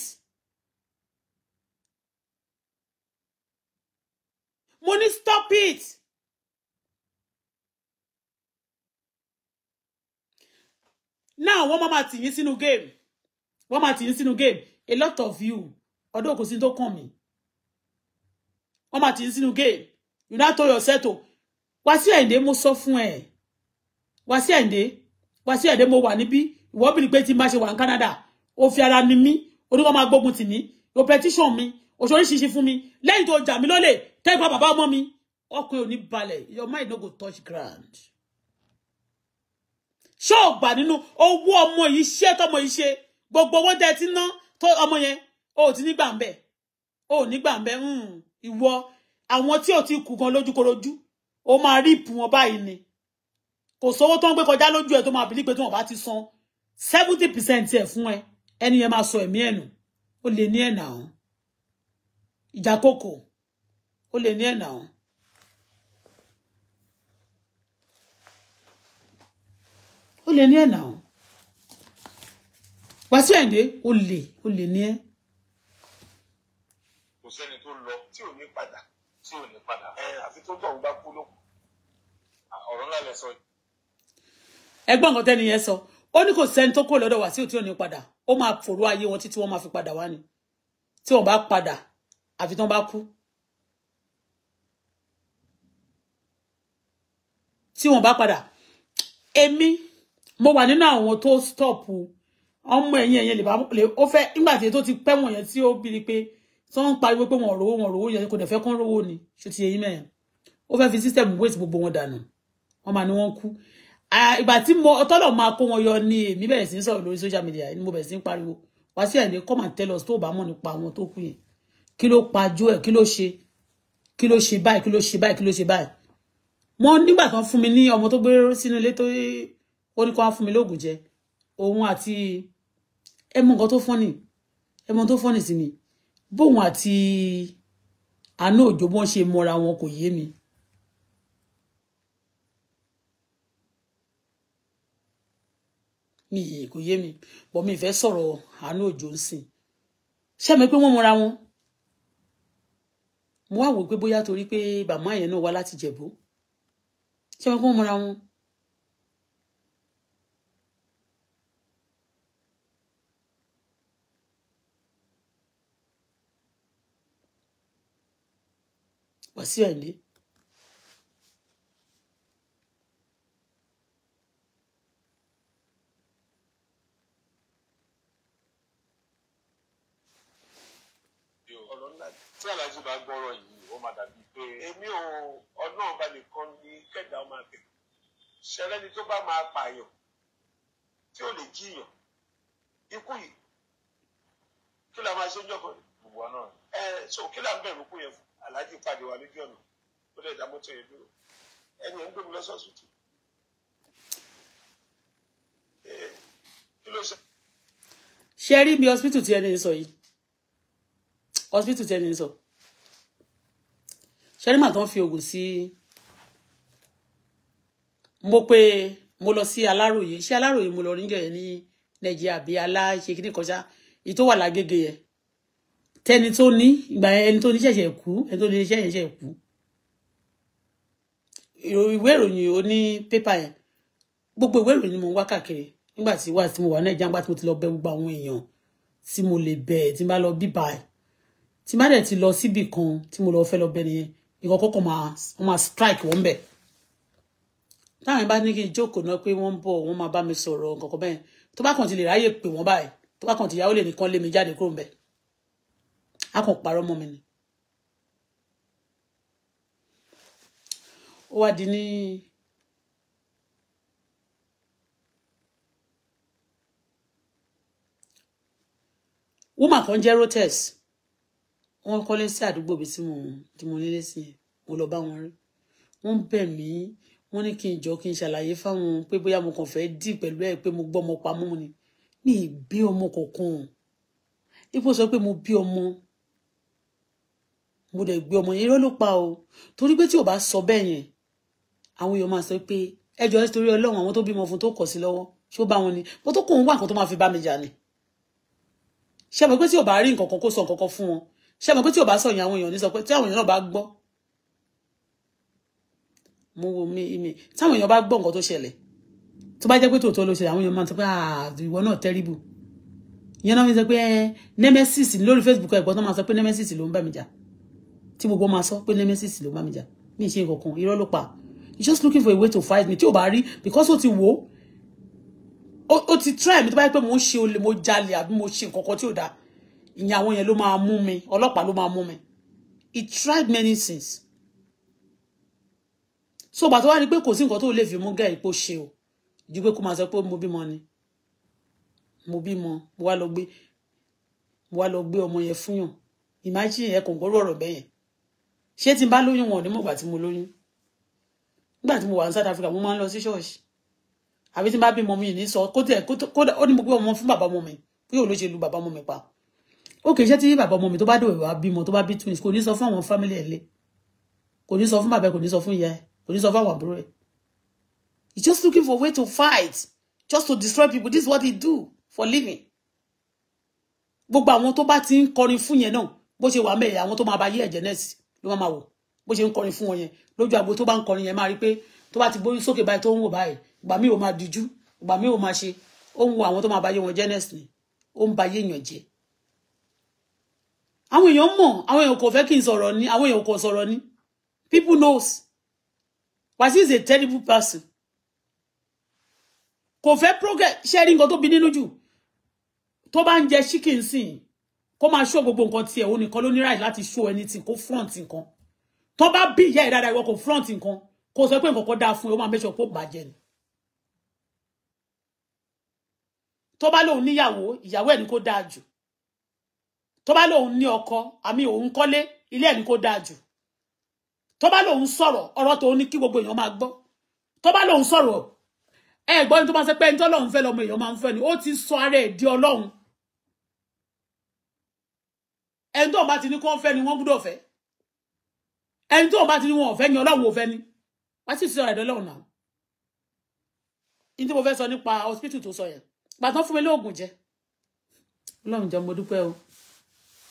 A: mo ní stop it now wọ́n máa tì yín sínú game wọ́n máa tì yín sínú game a lot of you ọdún òkú sí tó kàn mí wọ́n máa tì yín sínú game you now tell yourself to Wasiu Ayinde mo sọ fún ẹ Wasiu Ayinde Wasiu Ayinde mo wà níbí ìwọ bí ni pé tí n bá ṣe wà ní Canada ó fi ara ni mí oníwọ́n máa gbógun tì mí o petition mi òṣò oríṣiríṣi fún mi lẹ́yìn tó jà mí lólè tẹ́gbà bàbá ọmọ mi ọkùnrin ò ní your mind no go touch ground. ṣé ò gbà nínú owó ọmọ yìí ṣé tọmọ yìí ṣe gbogbo owó tẹ ti ná tó ọmọ yẹn o ò ti ní gbàǹbẹ o ò ní gbàǹbẹ hmm, ìwọ àwọn tí o ti kù gan lójúkorojú o máa rí ìpù wọn báyìí ni kò sówó tó ń gbé kọjá lójú ẹ tó máa bìlí pé tí ti san seventy percent ẹ̀ fún ẹ ẹni yẹn máa sọ ẹ̀mí ẹ̀ nù ó lè ní ẹ̀nà ọ̀hún ìjàkókò ó lè ní ẹ̀nà ọ̀hún. ó lè ní ẹ̀nà ọ̀hún wàásù ẹ̀ǹdẹ́ ó lè ó lè ní ẹ̀. kò sẹ́ni tó lọ tí ò ní padà tí ò ní padà ẹ àfi tó tọ̀ ń gbá kú lóko ọ̀rọ̀ ńlá lẹ sọ. ẹgbọ́n nǹkan tẹ́ni yẹn sọ ó ní kò sẹ́ni tó kó lọ́dọ̀ Wàsíù tí ò ní padà ó máa fòrò ayé wọn títí wọ́n máa fi padà wá ni tí wọ́n bá padà àfi tí wọ́n bá kú tí wọ́n bá padà èmi mo wà nínú àwọn tó stop ọmọ ẹ̀yìn ẹ̀yìn lè bá ó fẹ́ nígbà tí tó ti pẹ́ wọ̀n yẹn tí ó biri pé tí wọ́n ń pariwo pé wọ́n rówó wọ́n rówó yẹn kò dẹ̀ fẹ́ kán rówó ni ṣùtì èyí mẹ́rin ó fẹ́ fi system waste gbogbo wọn dànù wọ́n máa ní wọ́n kú Ah, ìgbà tí mo tọ́lọ̀ máa kó wọn yọ ni èmi bẹ̀rẹ̀ sí ń sọ̀rọ̀ lórí social media ni mo bẹ̀rẹ̀ sí ń pariwo wá sí ẹ̀ní come and tell us tó bá mọ̀ nípa àwọn tó kù yẹn kí ló pa Joel kí ló ṣe kí ló ṣe báyìí kí ló ṣe báyìí kí ló ṣe báyìí wọ́n nígbà kan fún mi ní ọmọ tó gbé sínú ilé tó ó ní kó wá fún mi lóògùn jẹ òun àti ẹ mọ nǹkan tó fọ́nì ẹ mọ tó fọ́nì sí mi bóun àti àánú òjò bọ́n ṣe mọ́ra wọn kò yé mi mi yìí kò yé mi bọ́ mi ìfẹ́ sọ̀rọ̀ àánú òjò ń sìn ṣé mi pé wọ́n mọra wọn mo wá wò pé bóyá torí pé bàmá yẹn náà wá láti jẹ̀bú ṣé mi pé wọ́n mọra wọn. Wàsíù Àyìndé tí aláàjì bá gbọ́rọ̀ yìí ó máa dàbí pé èmi ò ọdún ọba nìkan ni kẹ̀dá ọmọ àgbẹ̀ ṣẹlẹ́ni tó bá máa pààyàn tí ò lè jiyàn ikú yìí kí la máa ṣe jọkọ ni. gbogbo náà. ẹ so kí la ń bẹ̀rù kú yẹn fún aláàjì pàdé wa lójú ọ̀nà ó lè dá mọ́tò yẹn dúró ẹni ẹ̀ ń gbé mi lọ́sọ̀ọ̀sì tù. kí ló ṣe. ṣe rí mi hospital tí ẹni sọ yìí hospital tẹ́ mi sọ ṣẹ́rìmà tó ń fi oògùn sí mo pé mo lọ sí aláròye ṣé aláròye mo lọ níjọ yẹn ní nàìjíríà bí aláṣẹ kìíní kọjá èyí tó wà lágége yẹn tẹni tó ní ìgbà ẹni tó ní ṣẹ̀ṣẹ̀ kú ẹni tó ní ṣẹ̀ṣẹ̀ ṣẹ̀ṣẹ̀ kú ìwé ìròyìn oní pépà yẹn gbogbo ìwé ìròyìn ni mo ń wá káàkiri nígbà tí wà tí mo wà náà ìjàmbá tí mo ti lọ bẹ̀ gbogbo àwọn èèyàn tí mo lè bẹ̀ tí n bá lọ bíbá tí má dẹ̀ ti lọ síbì kan tí mo lọ fẹ́ lọ bẹ nìyẹn ìkọ̀kọ́ kan máa wọ́n máa strike wọ́n bẹ̀ táwọn bá ní kí n jókòó náà pé wọ́n ń bọ̀ wọ́n máa bá mi sọ̀rọ̀ nǹkan bẹ́ẹ̀ tó bá kàn ti lè ráyè pè wọ́n báyìí tó bá kàn ti yàwó lè nìkan lé mi jáde kúrò ńbẹ̀ á kàn parọ́ mọ́ mi ni. ó wá di ní woman kan jẹ́ rotes wọ́n kọ́lé sí àdúgbò bíi tí mo tí mo nílé sí mo lọ bá wọn rí wọ́n bẹ̀ mí wọ́n ní kí n jọ kí n ṣàlàyé fáwọn pé bóyá mo kàn fẹ́ dì pẹ̀lú ẹ̀ pé mo gbọ́ ọmọ pamọ́ ni ní ìbí ọmọ kọ̀ọ̀kan ipò sọ pé mo bí ọmọ mo dẹ̀ gbé ọmọ yẹn irọ́ ló pa o torí pé tí ò bá sọ bẹ́ẹ̀ yẹn àwọn èèyàn máa sọ pé ẹjọ́ nítorí ọlọ́run àwọn tó bímọ fún tó kọ̀ sí lọ́wọ́ ṣó bá wọn ni bó tó kóun wá nǹkan tó máa fi bá mi jà ni ṣé àbẹ̀ pé tí ò bá rí nǹkan kan kó sọ nǹkan kan fún wọn ṣé mo pé tí ò bá sọ̀yìn àwọn èèyàn ní sọ pé tí àwọn èèyàn náà bá gbọ́ mo wo mi mi táwọn èèyàn bá gbọ́ nǹkan tó ṣẹlẹ̀ tó bá jẹ́ pé tòótọ́ ló ṣẹlẹ̀ àwọn èèyàn máa ń sọ pé ah, ìwọ náà terrible ìyẹn náà mi sọ pé eh, nemesis lórí Facebook ẹ̀gbọ́n tó máa sọ pé nemesis ló ń bá mi jà tí gbogbo máa sọ pé nemesis ló ń bá mi jà mi ṣe kankan irọ́ ló pa you just looking for a way to fight me tí ò bá rí because ó ti wò ó ó ti try mi tó bá yẹ pé mo ń ṣe olè mo jalè àbí mo ṣe nǹkan kan tí ò dáa ìyẹn yẹn ló máa mú mi ọlọ́pàá ló máa mú mi he tried many things so bàtọ́ wá ní pé kò sí nǹkan tó lè fi mú gẹ́ẹ̀ ipò ṣe o ju pé kó máa sọ pé mo bímọ ni mo bímọ mo wá lọ gbé mo wá lọ gbé ọmọ yẹn fún yàn ìmájì yẹn kò gbọ́rọ̀ ọ̀rọ̀ bẹ́yẹn ṣé tí n bá lóyún wọn ò ní mọ̀ tí mo lóyún nígbà tí mo wà ní South Africa mo máa ń lọ sí ṣọ́ọ̀ṣì àbí tí n bá bímọ mi ní sọ kódà ó ní mo gbé ọmọ fún bàbá ọmọ mi pé òun ló ṣe lu bàbá ọmọ mi pa okay ṣé tí bàbá ọmọ mi tó bá dòwe wá bímọ tó bá bí twins kò ní sọ fún àwọn family ẹ̀ lé kò ní sọ fún bàbá kò ní sọ fún ìyá ẹ̀ kò ní sọ fún àwọn àbúrò ẹ̀ he's just looking for way to fight just to destroy people this is what he do for living gbogbo àwọn tó bá ti ń kọrin fún yẹn náà bó ṣe wà mẹ́rin àwọn tó máa ba yé ẹ̀jẹ̀ nẹ́ẹ̀sì ló máa máa wò bó ṣe ń kọrin fún wọn yẹn lójú àgbo tó bá ń kọrin yẹn máa rí pé tó bá ti bóyú sókè báyìí tó ń wò báyìí ìgbà míì ó máa dijú ìgbà míì ó máa ṣe ó ń wo àwọn tó máa ba yé wọn jẹ́ nẹ́ẹ̀sì ni ó ń ba yé èèyàn jẹ́ àwọn èèyàn mọ̀ àwọn èèyàn kò fẹ́ kí n sọ̀rọ̀ ni àwọn èèyàn kò sọ̀rọ̀ ni people knows Wasiu is a terrible person kò fẹ́ progress sharing nǹkan tó bí nínú jù tó bá ń jẹ chicken sìn kó máa show gbogbo nǹkan tiẹ̀ òun nìkan ló ní right láti show anything kó front nǹkan tó bá bí ìyá ẹ̀ dáadáa ìwọ kò front nǹkan kó sọ pé nǹkan kan dáa fún ẹ ó máa mẹ́sàn pé ó bàjẹ́ ni. tó bá lóun níyàwó ìyàwó ẹ̀ ni kó dáa jù tó bá lóun ní ọkọ àmì òun kọ́lé ilé ẹ̀ ní kó dáa jù tó bá lóun sọ̀rọ̀ ọ̀rọ̀ tó ní kí gbogbo èèyàn máa gbọ́ tó bá lóun sọ̀rọ̀ ẹ gbọ́ ní tó bá ṣe pé ẹni tó lóun fẹ́ lọ́mọ èèyàn máa ń fẹ́ ni ó ti sọ ara ẹ̀ di ọlọ́run ẹni tó bá ti ní kó ń ni wọ́n gbúdọ̀ fẹ́ ẹni tó bá ti ní wọn ò fẹ́ ni ọlọ́run ò fẹ́ ni wá sì sọ ẹ̀dọ́ lọ́run náà ní tí mo fẹ́ sọ nípa hospital tó sọ yẹn gbàtán fún mi lóògùn jẹ ọlọ́run jẹ́ mo dúpẹ́ o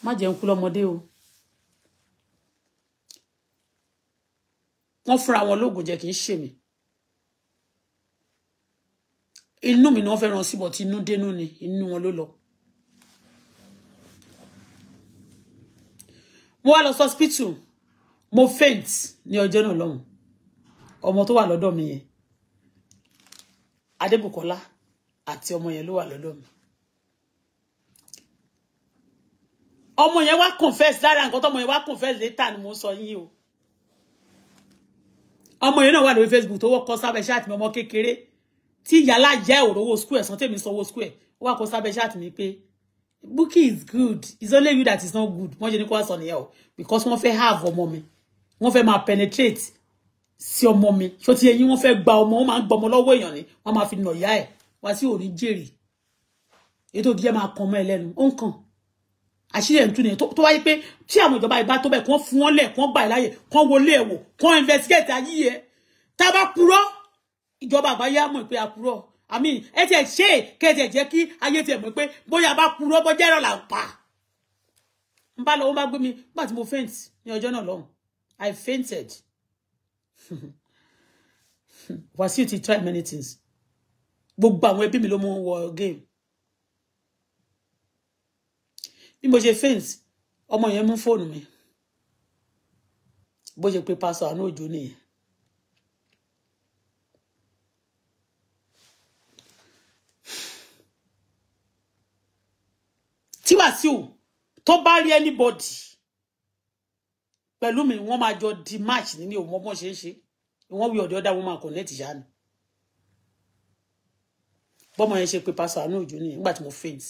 A: má jẹun kú lọ́mọdé o wọ́n fúnra wọn lóògùn jẹ kì í ṣe mí inú mi ni wọ́n fẹ́ràn síbọ̀ tí inú dénú ni inú wọn ló lọ. mo wá lọ sí hospital mo faint ní ọjọ́ náà lọ́hùn ọmọ tó wà lọ́dọ̀ mi yẹn Adébùkọ́lá àti ọmọ yẹn ló wà lọ́dọ̀ mi ọmọ yẹn wá confess lára nǹkan tọmọ yẹn wá confess later ni mo ń sọ yín o ọmọ yẹn náà wà lórí Facebook tó wọ́kọ́ sábẹ́ ṣáàtì mi ọmọ kékeré tí ìyálà jẹ́ òrówó square. ẹ̀sán tèmi sanwó school ẹ̀ ó wà kó sábẹ́ ṣáàtì mi pé Bukky is good it's only you that is not good wọ́n jẹ́ ní kó wá sọ nìyẹn o because wọ́n fẹ́ have ọmọ mi wọ́n fẹ́ máa penetrate sí ọmọ mi ṣó ti ẹyin wọ́n fẹ́ gba ọmọ wọ́n máa ń gbọmọ lọ́wọ́ èèyàn ni wọ́n máa fi nà ìyá ẹ̀ wá sí òní jèrè ètò ìdíyẹ máa kan ọmọ ẹ lẹ́nu ó ń kàn àṣírí ẹ̀ǹtú nìyẹn tó wáyé pé tí àwọn ìjọba ìbá tó bẹ̀ kán fún wọn lẹ̀ kán gbà láyè kán wọlé ẹ̀wò kán investigate ayé yẹ tá a bá purọ́ ìjọba àgbáyé á mọ̀ pé a purọ́ àmì ẹ tiẹ̀ ṣe kẹtẹ̀ jẹ́ kí ayé tiẹ̀ mọ̀ pé bóyá a bá purọ́ bọ́jẹ́ ẹ̀rọ là ń pa. n bá lọ́wọ́ bá gbé mi nígbà tí mo faint ní ọjọ́ náà lọ́hùn I fainted Wàsíù ti try many things gbogbo àwọn ẹbí mi ló mú wọ game bí mo ṣe faint ọmọ yẹn mú fóònù mi bó ṣe pé pásọ àánú òjò nìyẹn tí Wàsíù tó bá rí anybody pẹ̀lú mi wọ́n máa jọ di match nínú ìwọ̀n mọ́mọ́ ṣe é ṣe ìwọ̀n wí ọ̀dẹ́ ọ̀dà wọn máa connect yá ni bọ́mọ yẹn ṣe pé pásọ àánú òjò nìyẹn nígbà tí mo faint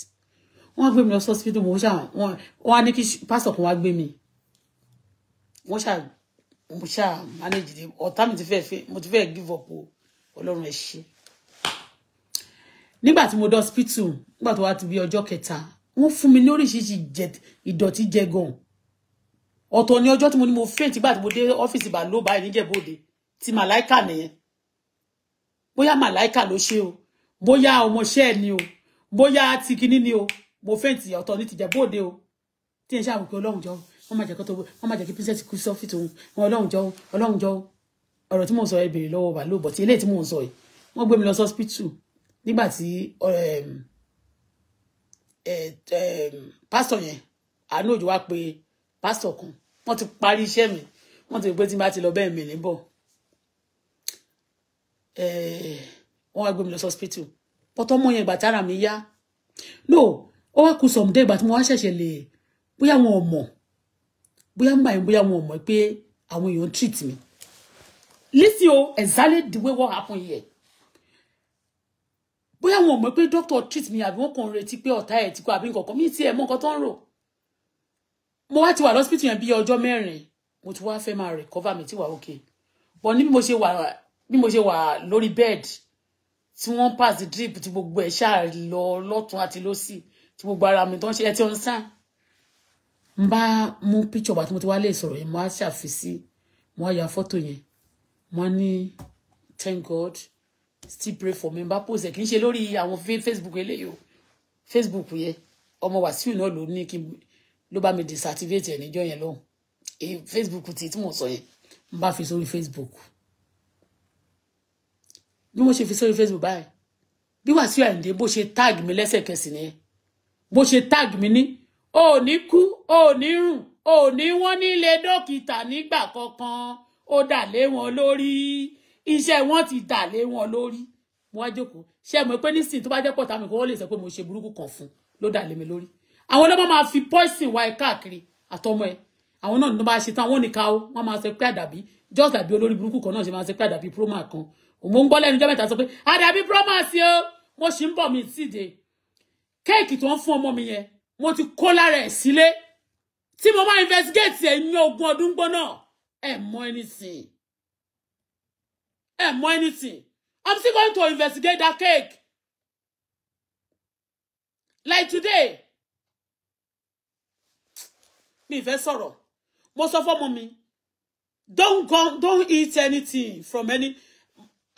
A: wọ́n gbé mi lọ sọ́sífítù mo ṣà wọ́n wá ní kí pásítọ̀ kan wá gbé mi wọ́n ṣà mo ṣà manage the ọ̀tá mi ti fẹ́ mo ti fẹ́ give up o ọlọ́run ẹ ṣe. nígbà tí mo dọ́ hospital nígbà tó wá ti bí ọjọ́ kẹta wọ́n fún mi ní oríṣiríṣi ìdọ̀tí jẹ gan ọ̀tọ̀ ni ọjọ́ tí mo ní mo faint nígbà tí mo dé ọ́fíìsì bá ló báyìí níjẹ̀bọ́dé ti màláìkà nìyẹn bóyá màláìkà ló ṣe o bóyá ọmọọṣẹ́ ni o bóyá ti ni o mo fẹ́ǹtì ọ̀tọ̀ ní tìjà bóde o tí n ṣàwùjọ ọlọ́run jọ wọ́n máa jẹ́ kó tó wọ́n máa jẹ́ kí princess kú sọ́fìtì òun wọn ọlọ́run jọ ọlọ́run jọ ọ̀rọ̀ tí mò ń sọ ẹ bèrè lọ́wọ́ bàálù bọ̀ tí eléyìí tí mò ń sọ yìí wọ́n gbé mi lọ sọ́spítù nígbà tí um, eh, um, pásítọ̀ yẹn àánú òjò wá pé pásítọ̀ kan wọ́n ti parí iṣẹ́ mi wọ́n ti pé tí n bá ti lọ bẹ́ẹ̀ mi níbọ̀ eh, wọ́n wá gbé mi lọ sọ́spítù pọ́tọ́mọ yẹn ìgbà tára mi yá no ó wá kù someday ìgbà tí mo wá ṣẹ̀ṣẹ̀ lè bóyá wọn ò mọ̀ bóyá ń gbà yín bóyá wọn ò mọ̀ pé àwọn èèyàn treat mi listen o exactly the way what happen here bóyá wọn ò mọ̀ pé doctor treat me? àbí wọn kàn ń retí pé ọ̀tá ẹ̀ ti kú àbí nǹkan kan mi ti ẹ̀ mọ̀ nǹkan tó ń rò mo wá ti wà lọ́sípítì yẹn bíi ọjọ́ mẹ́rin mo ti wá fẹ́ máa recover mi ti wà òkè bọ̀ ní bí mo ṣe wà lórí bed tí wọ́n pass the drip tí gbogbo ẹ̀ ṣáà lọ lọ́tún àti lọ́sì tí gbogbo ara mi tó ń ṣe ẹ ti ń sàn n bá mú píṣọ bàtí mo ti wá lè sọ̀rọ̀ yẹn mo á ṣàfisí mo á ya fọ́tò yẹn mo ní thank God still pray for me n bá pòsè kì í ṣe lórí àwọn Facebook eléyìí Facebook yẹn ọmọ Wàsíù náà ló ní kí ló bá mi disactivate ẹ níjọ́ yẹn lọ́hùn èyí Facebook ti tí mo sọ yẹn n bá fi sórí Facebook bí mo ṣe fi sórí Facebook báyìí bí Wàsíù Àyìndé bó ṣe tag mi lẹ́sẹ̀kẹsì nìyẹn bó ṣe tag mi ní o ò ní kú o ò ní rùn o ò ní wọ́n nílé dókítà nígbà kankan ó dà lé wọn lórí iṣẹ́ wọn ti dà lé wọn lórí mo wá jókòó ṣé ẹ mọ̀ pé nísìnyí tó bá jẹ́ pọ̀tà mi kò wọ́n lè sọ pé mo ṣe burúkú kan fún ló dà lé mi lórí àwọn ọlọ́mọ máa fi poison wa ẹ káàkiri àtọmọ ẹ àwọn náà ló bá ṣe tán àwọn nìka wọn máa ṣe pé àdàbí just àbí olórí burúkú kan náà ṣe máa ṣe pé àdàbí promax kan òun ń gbọ́ lẹ́nu jẹ́ mẹ́ta sọ pé àdàbí promax sí o mo sì ń bọ̀ mí síde kéèkì tó ń fún ọmọ mi yẹn mo ti kó lára ẹ̀ sílé tí mo máa investigate ẹ̀yìn ogún ọdún gbọ́nà ẹ̀ mọ anything ẹ̀ mọ anything I'm still going to investigate that cake like today mi ìfẹ́ sọ̀rọ̀ mo sọ fọ́mọ mi don't go don't eat anything from any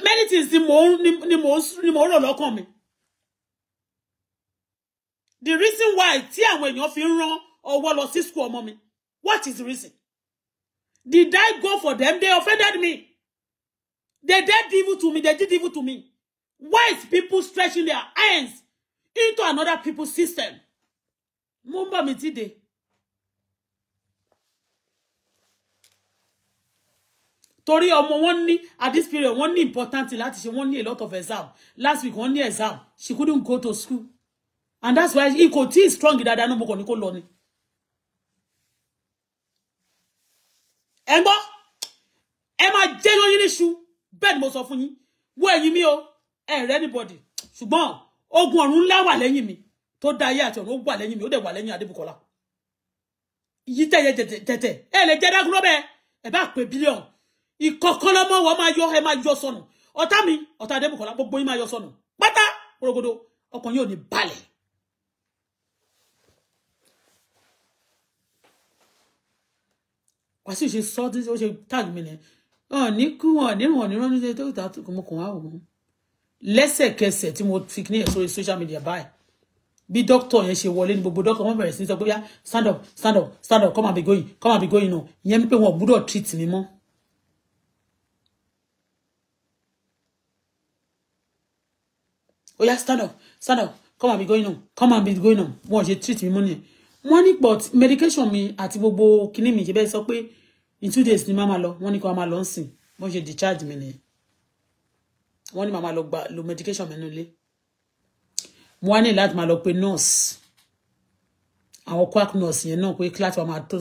A: many things ni mo ni mo ni mo rò lọ́kàn mi the reason why tí àwọn èèyàn fi ń rán ọwọ́ lọ sí school ọmọ mi what is the reason did I go for them they offended me they did evil to me they did evil to me why is people stretching their hands into another people's system Mumba ń bọ̀ mi ti dé. torí ọmọ wọn ní at this period wọn ní important láti ṣe wọn ní a lot of exam last week wọn ní exam she couldn't go to school and that's why ikọ̀ tí strong dáadáa ní bukọ̀ ní kò lọ ni. ẹ gbọ́ ẹ máa jẹ́ lóyún níṣu bẹ́ẹ̀ ni mo sọ fún yín wo ẹ̀yìn mi o ẹ rẹ́ anybody ṣùgbọ́n ogun ọ̀run ńlá wà lẹ́yìn mi tó dá ayé àti ọ̀run ó wà lẹ́yìn mi ó dẹ̀ wà lẹ́yìn Adébùkọ́lá yí tẹ̀yẹ tẹ̀tẹ̀ ẹ lè jẹ́ dákúrọ́ bẹ́ẹ̀ ẹ bá pè bílíọ̀n ìkọ̀kọ́lọ́mọ́ wọ́n máa yọ ẹ máa yọ sọnù ọ̀tá mi ọ̀tá Adébùkọ́lá gbogbo yín máa yọ sọnù pátá orogodo ọkàn yóò ní balẹ̀ wàásù ṣe sọ tí ó ṣe tag mi nìyẹn wọn ní kú wọn ní wọn ní rán níṣẹ tó ta mo kàn wá wò wọn lẹ́sẹ̀kẹsẹ̀ tí mo fi ní ẹ sórí social media báyìí bí dókítà yẹn ṣe wọlé ní gbogbo dókítà wọn bẹ̀rẹ̀ sí sọ pé yá stand up stand up stand up come and be going come and be going nù ìyẹn mi pé wọn ò gbúdọ̀ treat mi mọ́. oya stand up stand up come and be going on come and be going on wọn ò ṣe treat mi mọ́ nìyẹn wọ́n ní pọ̀ medication mi àti gbogbo kinní mi ṣe bẹ́ẹ̀ sọ pé in two days ni màmá lọ wọ́n ní kí wọ́n máa lọ ń sìn wọ́n ṣe discharge mi nìyẹn wọ́n ní màmá lọ gba lo medication mi nílé mo wá ní láti máa lọ pe nurse àwọn quack nurse yẹn náà pé class wa máa tó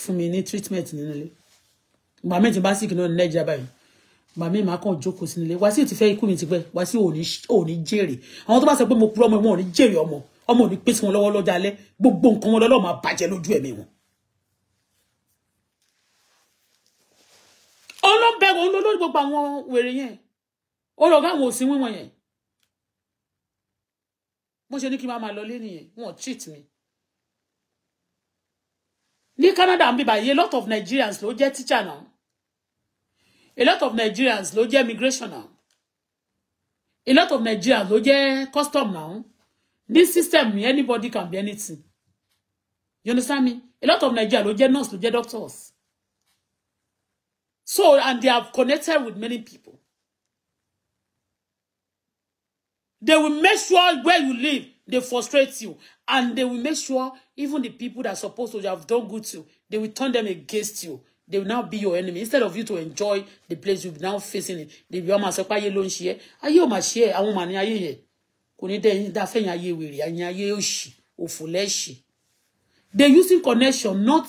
A: fún mi ní treatment nínú ilé ìgbà míì tí bá sì kí náà ní nàìjíríà báyìí ìgbà míì máa kàn jókòó sínú ilé Wàsíù ti fẹ́ ikú mi ti pẹ́ Wàsíù ò ní jèrè àwọn tó bá sọ pé mo purọ́ ọmọ ìwọ̀n ò ní jèrè ọmọ ọmọ ò ní pèsè wọn lọ́wọ́ lọ́jà alẹ́ gbogbo nǹkan wọn lọ́lọ́ máa bàjẹ́ lójú ẹ̀mí wọn ẹwọ olórí gbogbo àwọn wèrè yẹn olùkọ àwọn òsín wíwọn yẹn mo ṣe ní kí n máa lọ lé nìyẹn wọn cheat mi ní Canada ń bíbá yìí a lot of Nigerians ló jẹ́ teacher náà a lot of Nigerians ló jẹ́ immigration náà a lot of Nigerians ló jẹ́ custom náà ní system anybody can be anything you understand me a lot of Nigerians ló jẹ́ nurse ló jẹ́ doctors. So, and they have connected with many people. They will make sure where you live, they frustrate you. And they will make sure even the people that are supposed to have done good to you, they will turn them against you. They will now be your enemy. Instead of you to enjoy the place you're now facing they will máa sọ pé ayé ló ń ṣe ẹ́. Ayé ò máa ṣe ẹ́, àwọn máa ní ayé yẹn. They using connection, not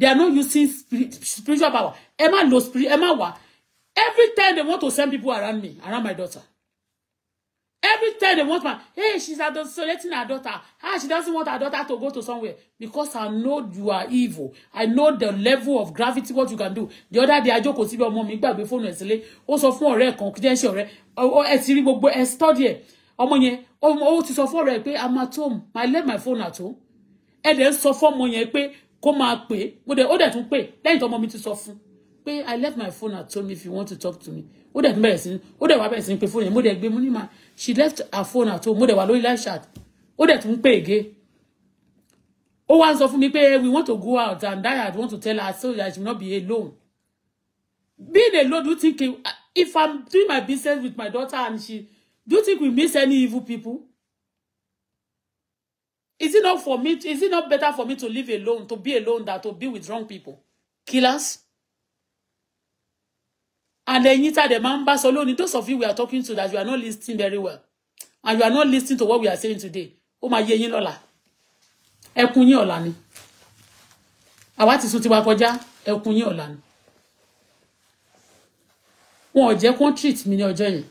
A: They are not using spiritual power. Emma no spirit, Emma wa. Every time they want to send people around me, around my daughter. Every time they want my, hey, she's isolating her daughter. Ah, she doesn't want her daughter to go to somewhere. Because I know you are evil. I know the level of gravity, what you can do. The other day, I just síbi ọmọ mi gbàgbé fóònù ẹ̀ sílé. Ó sọ fún ọ̀rẹ́ kan, kí jẹ́ ṣe ọ̀rẹ́. Ẹ study Oh, Ọmọ yẹn, ó ti sọ I'm at home. I left my phone at home. Ẹ then suffer sọ fún kó máa pè é mo dẹ̀ ó dẹ̀ tún pè lẹ́yìn tó ọmọ mi ti sọ fún pé i left my phone at home if you want to talk to me ó dẹ̀ tún bẹ̀rẹ̀ sí ó dẹ̀ wá bẹ̀rẹ̀ sí pé fóònù yẹn mo dẹ̀ gbé mu ní ma she left her phone at home mo dẹ̀ wà lórí live chat ó dẹ̀ tún pè again ó wá ń sọ fún mi pé we want to go out and I had want to tell her so that she will not be alone being alone do you think if i'm doing my business with my daughter and she do you think we miss any evil people Is it not for me? To, is it not better for me to live alone, to be alone, than to be with wrong people? Killers. And then you tell the man bass alone. Those of you we are talking to that you are not listening very well. And you are not listening to what we are saying today. Ó máa yé yín lọ́la. Ẹkún yín ọ̀la ni. Àwa ti sùn ti wa kọjá. Ẹkún yín ọ̀la treat mi ní ọjọ́ yẹn.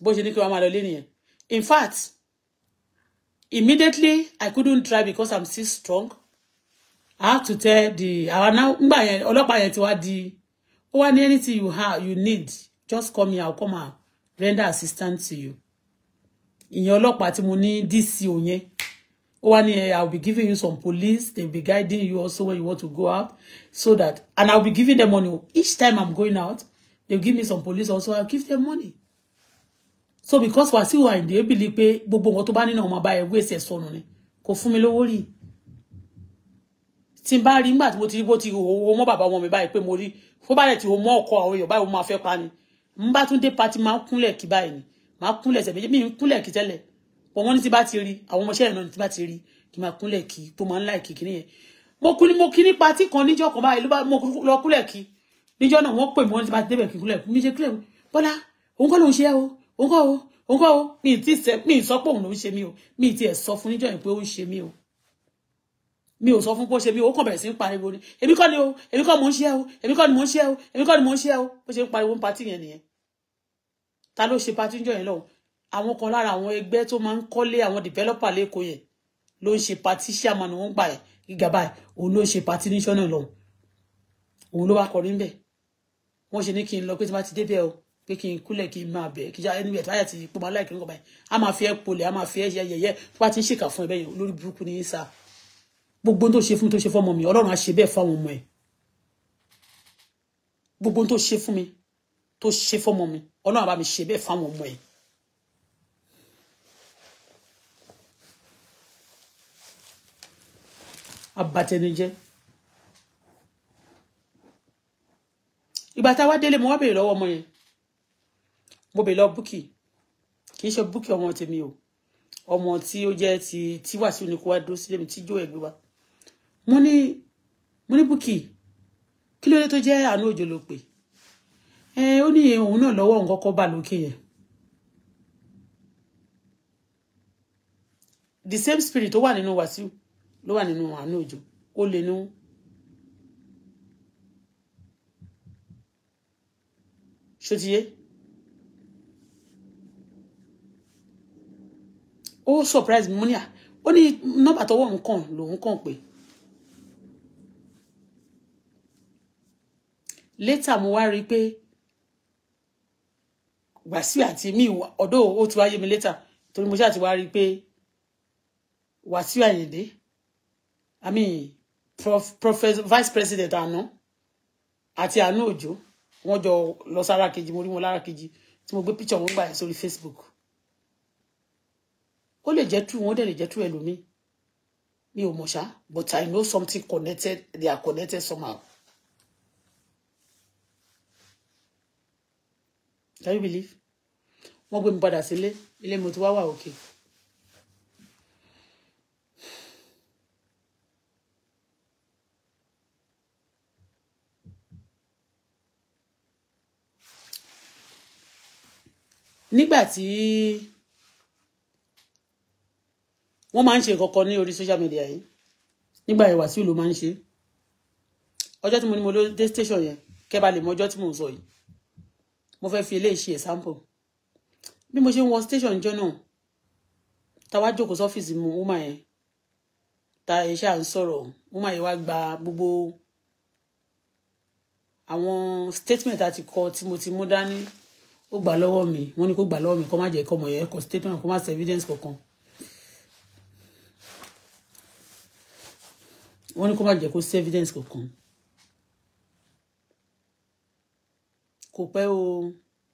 A: Bó ṣe ní kí wọ́n máa lọ In fact, immediately i couldn't drive because i'm still strong i have to tell the àwa now ngbà yẹn ọlọ́pàá yẹn ti wá di ó wá ní anything you have you need just call me i'll come and render assistance to you ìyẹn ọlọ́pàá tí mo ní dc òyìn ó wá ní eh, i'll be giving you some police they'll be guiding you also when you want to go out so that and i'll be giving them money each time i'm going out they'll give me some police also i'll give them money so because Wasiu Ayinde bìlí pé gbogbo nǹkan tó bá nínú ba ọba ẹ̀ wéṣẹ̀ sọnù ni kò fún mi lówó rí tí n bá rí nígbà tí mo ti rí ti owó mọ́ bàbá ọmọ mi báyìí pé mo rí fún bàlẹ̀ tí o mọ́ ọkọ àwọn èèyàn báyìí mo máa fẹ́ pa ni n bá tún dé pati máa ń kúnlẹ̀ kí ni ma kúnlẹ̀ se méjì mi ń kúnlẹ̀ kí tẹ́lẹ̀ pọ̀ wọ́n ní tí bá ti rí àwọn ọmọọṣẹ́ ìrìnà tí bá ti rí kí máa kúnlẹ̀ kí tó máa ń láì kí kí nìyẹn mo kú ni mo kí ní pati kan níjọ́ kan báyìí ló bá mo lọ kúnlẹ̀ kí níjọ́ náà wọ́n pè mí wọ́n ti ba ti débẹ̀ kí kúnlẹ̀ kí mi ṣe kúnlẹ̀ bọ́lá òun kọ́ lòun ṣe é o òun o òun o mi ì tí mi ì sọ pé òun ló ń o mi ì tí ẹ̀ sọ fún níjọ́ yẹn pé ó ń o mi ò sọ fún pé ó ṣe o ó kàn bẹ̀rẹ̀ sí ni èmi kọ́ ni o èmi kọ́ mò ń o èmi kọ́ ni mò ń o èmi kọ́ ni mò ń o bó ṣe ń pariwo ń patí yẹn ta ló ṣe patí níjọ́ yẹn lọ́wọ́ àwọn kan lára àwọn ẹgbẹ́ tó máa ń kọ́lé àwọn developer lẹ́kọ̀ọ́ yẹn ló ń ṣe patí ṣàmà ni wọ́n gbà ẹ̀ gíga báyìí òun ló ń ṣe patí níṣọ́ náà lọ́wọ́ òun ló wá kọrin bẹ́ẹ̀ wọ́n ṣe n lọ pé tí wọ́n ti débẹ̀ o pé kí n kúlẹ̀ kí n máa bẹ̀ kí n já ẹni bẹ̀ táyà ti pọ̀ máa láì kí n kọ̀ báyìí a máa fi ẹ́ polẹ̀ a máa fi ẹ́ ṣe yẹyẹ tó bá ti ń ṣèkà fún ẹ bẹ́yẹn olórí burúkú ní sá gbogbo tó ṣe fún mi tó ṣe fún ọmọ mi ọlọ́run á ṣe bẹ́ẹ̀ fáwọn ọmọ ẹ̀ gbogbo tó ṣe fún mi tó ṣe fọmọ mi ọlọ́run á mi ṣe bẹ́ẹ̀ fáwọn ọmọ ẹ̀ abatẹnijẹ́ ìgbà tá délé mo wá béèrè lọ́wọ́ ọmọ yẹn mo be lọ búkì kì í ṣe búkì ọmọ tèmi o ọmọ tí ó jẹ́ ti tí Wàsíù ní kó wá dúró sílé mi tí jó ẹ̀gbẹ́ wa mo ní mo ní búkì kí ló dé tó jẹ́ àánú òjò ló pè ẹ ó ní òun náà lọ́wọ́ òun kọ́kọ́ bà lókè yẹn the same spirit tó wà nínú Wàsíù ló wà nínú àánú òjò ó lè nú. ṣòtìyé ó surprise mi mo ní à ah, ó ní nọ́mbà tọwọ́ òun kàn lòun kàn pé létà mo wá rí i pé Wàsíù àti mi ọ̀dọ̀ ó ti wá yé mi létà torí mo ṣáà ti wá rí i pé Wàsíù Àyìndé I mean prof, professor vice president àná àti àánú òjò wọ́n jọ lọ sára kejì mo rí wọn lára kejì tí mo gbé picture wọn gbà sórí Facebook ó lè jẹ́ tú wọn ó dẹ̀ lè jẹ́ tú ẹlòmíì mi ò mọ̀ ṣá but I know something connected they are connected somehow. Can you believe? wọ́n gbé mi padà sílé ilé mi ò ti wá wà òkè. nígbà tí wọ́n máa ń ṣe nǹkan ní orí social media yìí nígbà yẹn Wàsíù ló máa ń ṣe ọjọ́ tí mo ní mo ló dé station yẹn kẹ́ bá lè mọ ọjọ́ tí mo ń sọ yìí mo fẹ́ fi eléyìí ṣe example bí mo ṣe ń wọ station jọ náà táwa jókòó sọ́fíìsì mu woman yẹn ta iṣẹ́ à ń sọ̀rọ̀ woman yẹn wá gba gbogbo àwọn statement àti kọ tí mo ti mú dání ó gbà lọ́wọ́ mi wọ́n ní kó gbà lọ́wọ́ mi kó má jẹ́ kọ́mọ yẹn kọ statement kó má ṣe evidence kankan wọ́n ní kó má jẹ́ kó sí evidence kankan kò pẹ́ o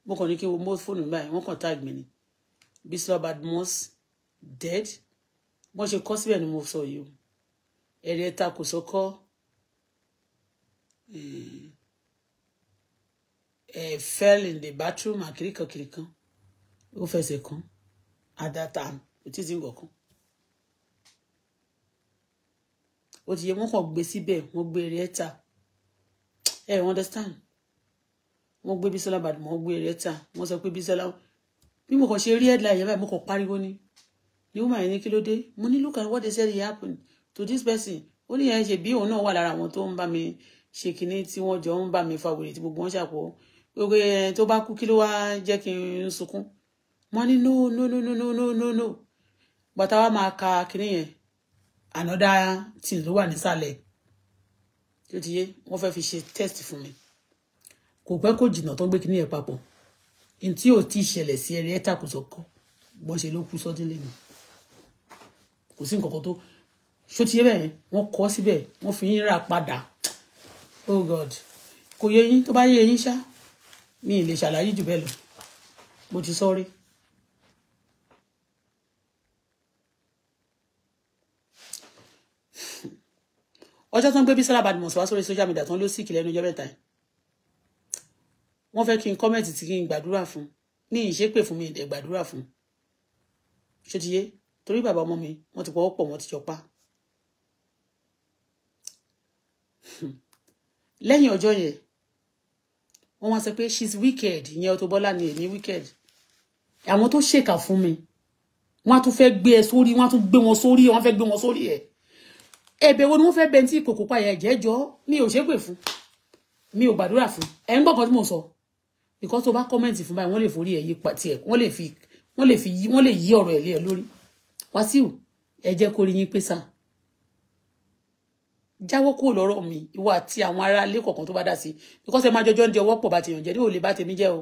A: mo kàn ní kí n wo mo fóònù báyìí wọ́n kàn tag mi ni Bísọ́lá Badmus dead wọ́n ṣe kọ́ síbẹ̀ ni mo sọ yìí o ẹ̀rẹ́ ta kò sọ́kọ́ ẹ̀ fell in the bathroom àkìríkan kìríkan ó fẹsẹ̀ kan àdàtà òtítì ń gọ̀kan ó ti yẹ wọ́n kàn gbé síbẹ̀ wọ́n gbé rẹ́ta ẹ understand wọ́n gbé Bísọ́lá Badmus wọ́n gbé rẹ́ta wọ́n sọ pé Bísọ́lá bí mo kàn ṣe rí headline yẹn báyìí mo kàn pariwo ni ni woman yẹn ní kí ló dé mo ní look at what they said it happened to this person ó ní yẹn ṣe bí òun náà wà lára àwọn tó ń bá mi ṣe kinní tí wọ́n jọ ń bá mi fa wèrè tí gbogbo wọn ṣàpọ gbogbo yẹn tó bá kú kí ló wá jẹ́ kí n sunkún wọ́n ní no no no no no no no bàtà wa máa ka kinní yẹn another thing ló wà nísàlẹ̀ tó ti yé wọ́n fẹ́ fi ṣe test fún mi kò pẹ́ kò jìnnà tó ń gbé kinní yẹn papọ̀ n tí ò tí ì ṣẹlẹ̀ sí ẹ̀rí ẹ̀ta kò sọ kọ́ bọ́n ṣe ló kú sọ́dínlé mi kò sí nǹkan kan tó ṣó ti yé bẹ́ẹ̀ wọ́n kọ́ síbẹ̀ wọ́n fi yín rà padà oh god kò yé yín tó bá yé yín ṣá mi ì lè ṣàlàyé jù bẹ́ẹ̀ mo ti sọ́rí. ọjọ́ tó ń gbé Bísọ́lá Badmus wá sórí social media tó ń lọ sí ìkìlẹ̀ ẹnu ọjọ́ mẹ́ta yìí wọ́n fẹ́ kí n kọ́mẹ̀tì tí kí n gbàdúrà fún ní ìṣépè fún mi ìdẹ̀ gbàdúrà fún ṣòtìyé torí bàbá ọmọ mi wọ́n ti pọ̀wọ́ pọ̀ wọ́n ti jọ pa. lẹ́yìn ọjọ́ yẹn wọ́n wá sọ pé she's wicked ìyẹn Auto Bola ni èmi wicked àwọn tó ṣèkà fún mi wọ́n á tún fẹ́ gbé ẹ sórí wọ́n á tún gbé wọn sórí ẹ wọ́n fẹ́ gbé wọn sórí ẹ̀ ẹ̀bẹ̀ wo ni wọ́n fẹ́ bẹ tí kòkó payà ẹ̀jẹ̀ jọ mi ò ṣépè fún mi ò gbàdúrà fún ẹ̀ ń gbọ́kàn tí mo sọ because tó bá kọ́mẹ̀ntì fún báyìí wọ́n lè forí ẹ̀yí tiẹ̀ wọ́n lè fi wọ́n lè fi wọ́n lè yí ọ̀rọ̀ ẹ̀ lé ẹ lórí Wàsíù ẹ jẹ́ kó rí yín pé sá jáwọ́ kúrò lọ́rọ̀ mi ìwọ àti àwọn ará ilé kọ̀ọ̀kan tó bá dá sí because ẹ máa jọjọ́ ń jẹ ọwọ́ pọ̀ bá ti yàn jẹ́ ní òòlè bá tèmi jẹ́ o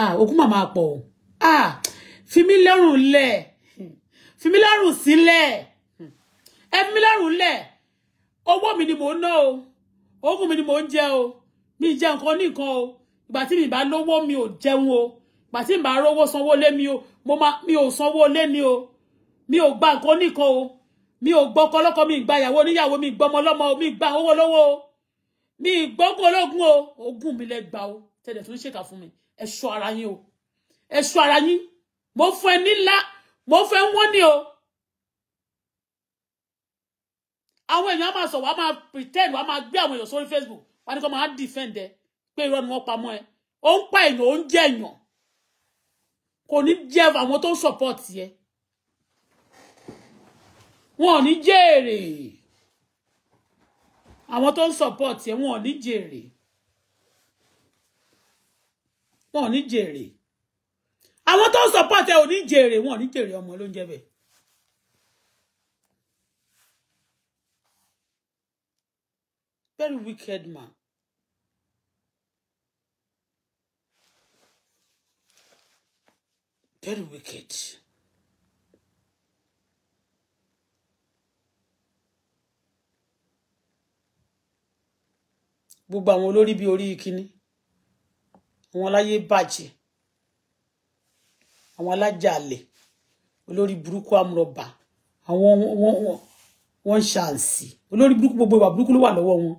A: ah ogún ah, màmá pọ̀ o ah fi mí lọ́rùn lẹ̀ fi mí lọ́rùn sílẹ̀. Si ẹ fi mí lọ́rùn lẹ̀ owó mi ni mò ń ná o oògùn mi ni mò ń jẹ o mi jẹ nǹkan ní nǹkan o ìgbà tí mi bá lówó mi ò jẹun o ìgbà tí mi bá rówó sanwó lé mi o mo ma mi ò sanwó lé ni o mi ò gba nǹkan nìkan o mi ò gbọ́ kọ́lọ́kọ́ mi gba ìyàwó oníyàwó mi gbọ́mọ lọ́mọ mi gba owó lówó o mi gbọ́kọ́ ológun o ogún mi lẹ gbà o tẹ̀lẹ̀ tó ń ṣèkà fún mi ẹ ara yín o ẹ ṣọ́ ara yín mo fún nílá mo fẹ́ wọ́n ní o àwọn èèyàn á máa sọ wàá máa pretend wàá máa gbé àwọn èèyàn sórí Facebook wàá ní kó máa defend ẹ pé irọ́ ni wọ́n pamọ́ ẹ ó ń pa èèyàn ó ń jẹ èèyàn kò ní jẹ àwọn tó ń support yẹ wọn ò ní jèrè àwọn tó ń support yẹ wọn ò ní jèrè wọn ò ní jèrè àwọn tó ń support yẹ ò ní jèrè wọn ò ní jèrè ọmọ ló ń jẹ bẹ́ẹ̀. very wicked man. Very wicked. gbogbo àwọn olórí bíi orí kínní àwọn aláyé bàjẹ́ àwọn alájàalẹ̀ olórí burúkú amúrọ̀bà àwọn wọn wọn wọn ṣàǹsì olórí burúkú gbogbo ìwà burúkú ló wà lọ́wọ́ wọn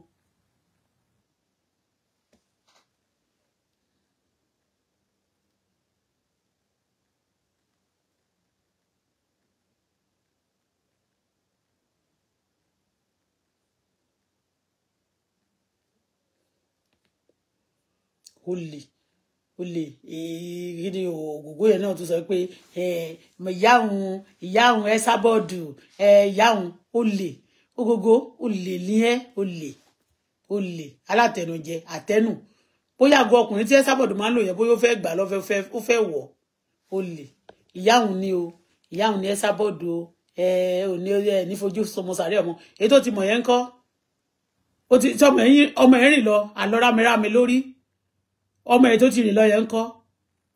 A: ó lè ó lè gidi ògògó yẹn náà tún sọ pé ìyá òun ìyá òun ẹ sábọọdù ìyá òun ó lè ògògó ó lè ní ẹ ó lè ó lè alátẹnujẹ àtẹnù bóyá àgọ ọkùnrin tí ẹ sábọọdù máa ń lò yẹn bóyá ó fẹ́ gbà lọ ó fẹ́ wọ ó lè ìyá òun ni o ìyá ni ẹ sábọọdù o ẹ ò ní ẹ nífojú sọmọ ọmọ èyí tó ti mọ yẹn ń kọ ó ti tí ọmọ yẹn rìn lọ àlọ rámẹrámẹ lórí ọmọ ẹ̀ tó ti rìn lọ yẹn ń kọ́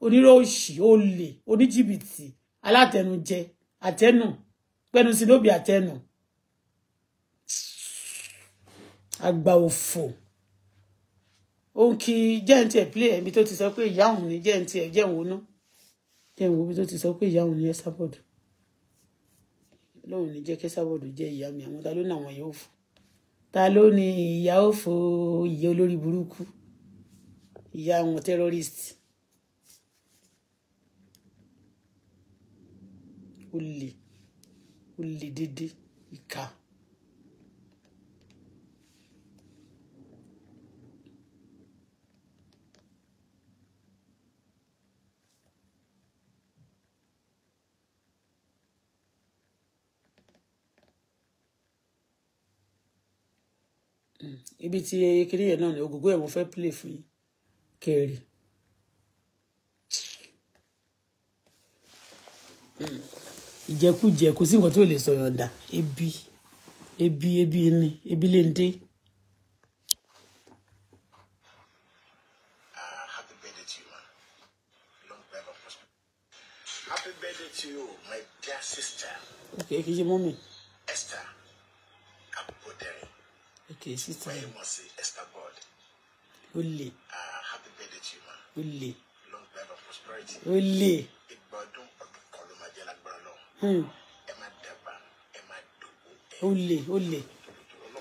A: oníròòṣì olè oníjìbìtì alátẹnujẹ àtẹnù pẹnusí lóbi àtẹnù àgbà òfò òun kì í jẹ́ǹtì ẹ̀ pílẹ̀ ẹ̀mí tó ti sọ pé ìyá òun ni jẹ́ǹtì ẹ̀ jẹ́ǹwó ná jẹ́ǹwó bí tó ti sọ pé ìyá òun ni ẹ sábọ̀dù lóun ní jẹ́ kí sábọ̀dù jẹ́ ìyá mi àwọn ta ló ní àwọn ìyá òfò ta ló ní ìyá òfò ìyá olórí burúkú ìyá àwọn terrorist olè olè dédé ìka. ibi tí kiri yẹn náà ni ògógó ẹ̀ mo fẹ́ play fún yín kẹrì. ìjẹkújẹ kò sí nǹkan tó lè sọyàn dà ebi ebi ebi ni ebi lè ń dé. Okay, kì í ṣe mọ́mì. Esther Okay, sister. Where you ó lè ó lè. Hmm. ó lè ó lè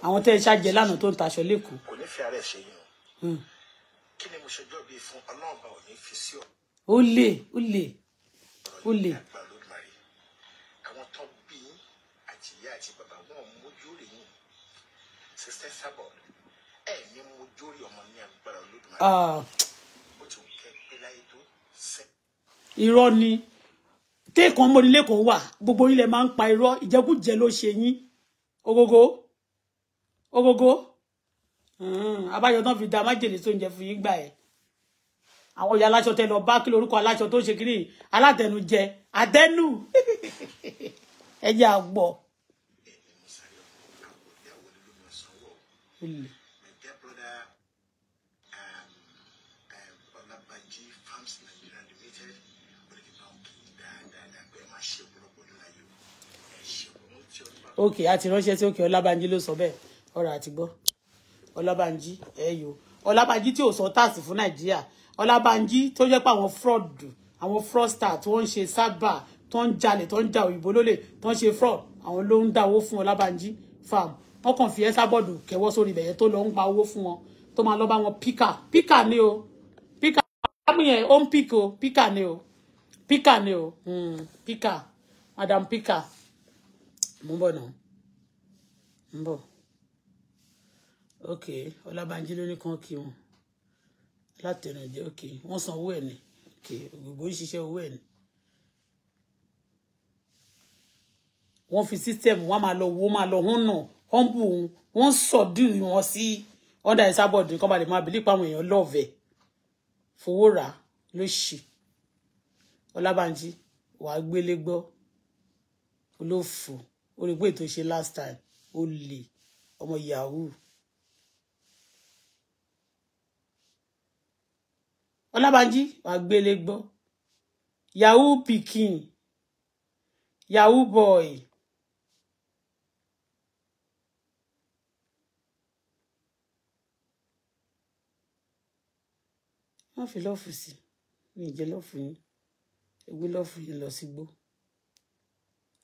A: àwọn tẹ́ ẹ ṣáàjẹ lánàá tó ń taṣọ lẹ́kọ̀ọ́. kò ní fi ara ẹ̀ ṣe yín o hmm. kí ni mo ṣe jọ́ bíi fún ọlọ́run bá fi sí ọ. ó lè ó lè ó irọ́ ni téèkàn mọ́ nílé kan wà gbogbo ilẹ̀ máa ń pa irọ́ ìjẹkújẹ ló ṣe yín ogogo ogogo abájọ tán fi da májèlé tó ń jẹ fún yín gbà ẹ àwọn ìyá aláṣọ tẹ lọ bá kí lórúkọ aláṣọ tó ṣe kiri alátẹnujẹ àtẹnu ẹjẹ àgbọ. òkè àti ránṣẹ́ sí òkè ọlábànjí ló sọ bẹ́ẹ̀ ọ̀rọ̀ àti gbọ́ ọlábànjí ẹ̀yọ́ ọlábànjí tí ò sọ táàsì fún nàìjíríà ọlábànjí tó jẹ́ pé àwọn fraud àwọn fraudster tí wọ́n ń ṣe sábà tó ń jalè tó ń ja òyìnbó lólè tó ń ṣe fraud àwọn ló ń dá owó fún ọlábànjí farm wọ́n kàn fi ẹ́sà bọ́ọ̀dù kẹwọ́ sórí ibẹ̀ yẹn tó lọ ń pa owó fún wọn tó máa lọ bá wọn píkà píkà ni o píkà yẹn ó ń píkò píkà ni o píkà ni o hmm, píkà madam píkà mo ń bọ̀ náà ń bọ̀ ok ọlábànjí ló ní kàn kí wọn látẹnujẹ ok wọ́n san owó ẹ̀ ni ok gbogbo ń ṣiṣẹ́ owó ẹ̀ ni wọ́n fi system wọ́n máa lọ wọ́n máa lọ hún nà humble òun wọ́n sọ̀dún wọn sí under ìsábọ̀dù nǹkan balẹ̀ máa bìlípà àwọn èèyàn lọ́ọ̀vẹ̀ fowó rà lóṣì ọlábànjí wàá gbélé gbọ́ olófò ó rí pé ètò ṣe last time ó lè ọmọ yahoo. ọlábànjí wàá gbélé gbọ́ yahoo pikin yahoo boy. wọ́n fi lọ́ọ̀fù sí mi ìjẹ́ lọ́ọ̀fù yín ewé lọ́ọ̀fù yín lọ sígbó. Si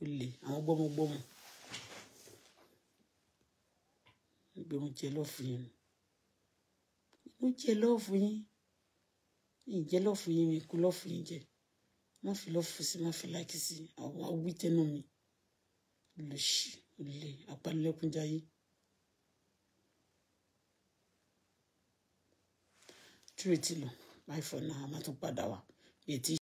A: olè àwọn gbọ́mọgbọ́mọ gbé oúnjẹ lọ́ọ̀fù yín oúnjẹ lọ́ọ̀fù yín ìjẹ́ lọ́ọ̀fù yín mi kú lọ́ọ̀fù yín jẹ má fi lọ́ọ̀fù sí má fi láìkì sí àwọn awí tẹnu mi lòṣì olè apanilẹ́kúnjayé. tírètì lọ báyìí fọ náà a máa tún padà wá bí ètí.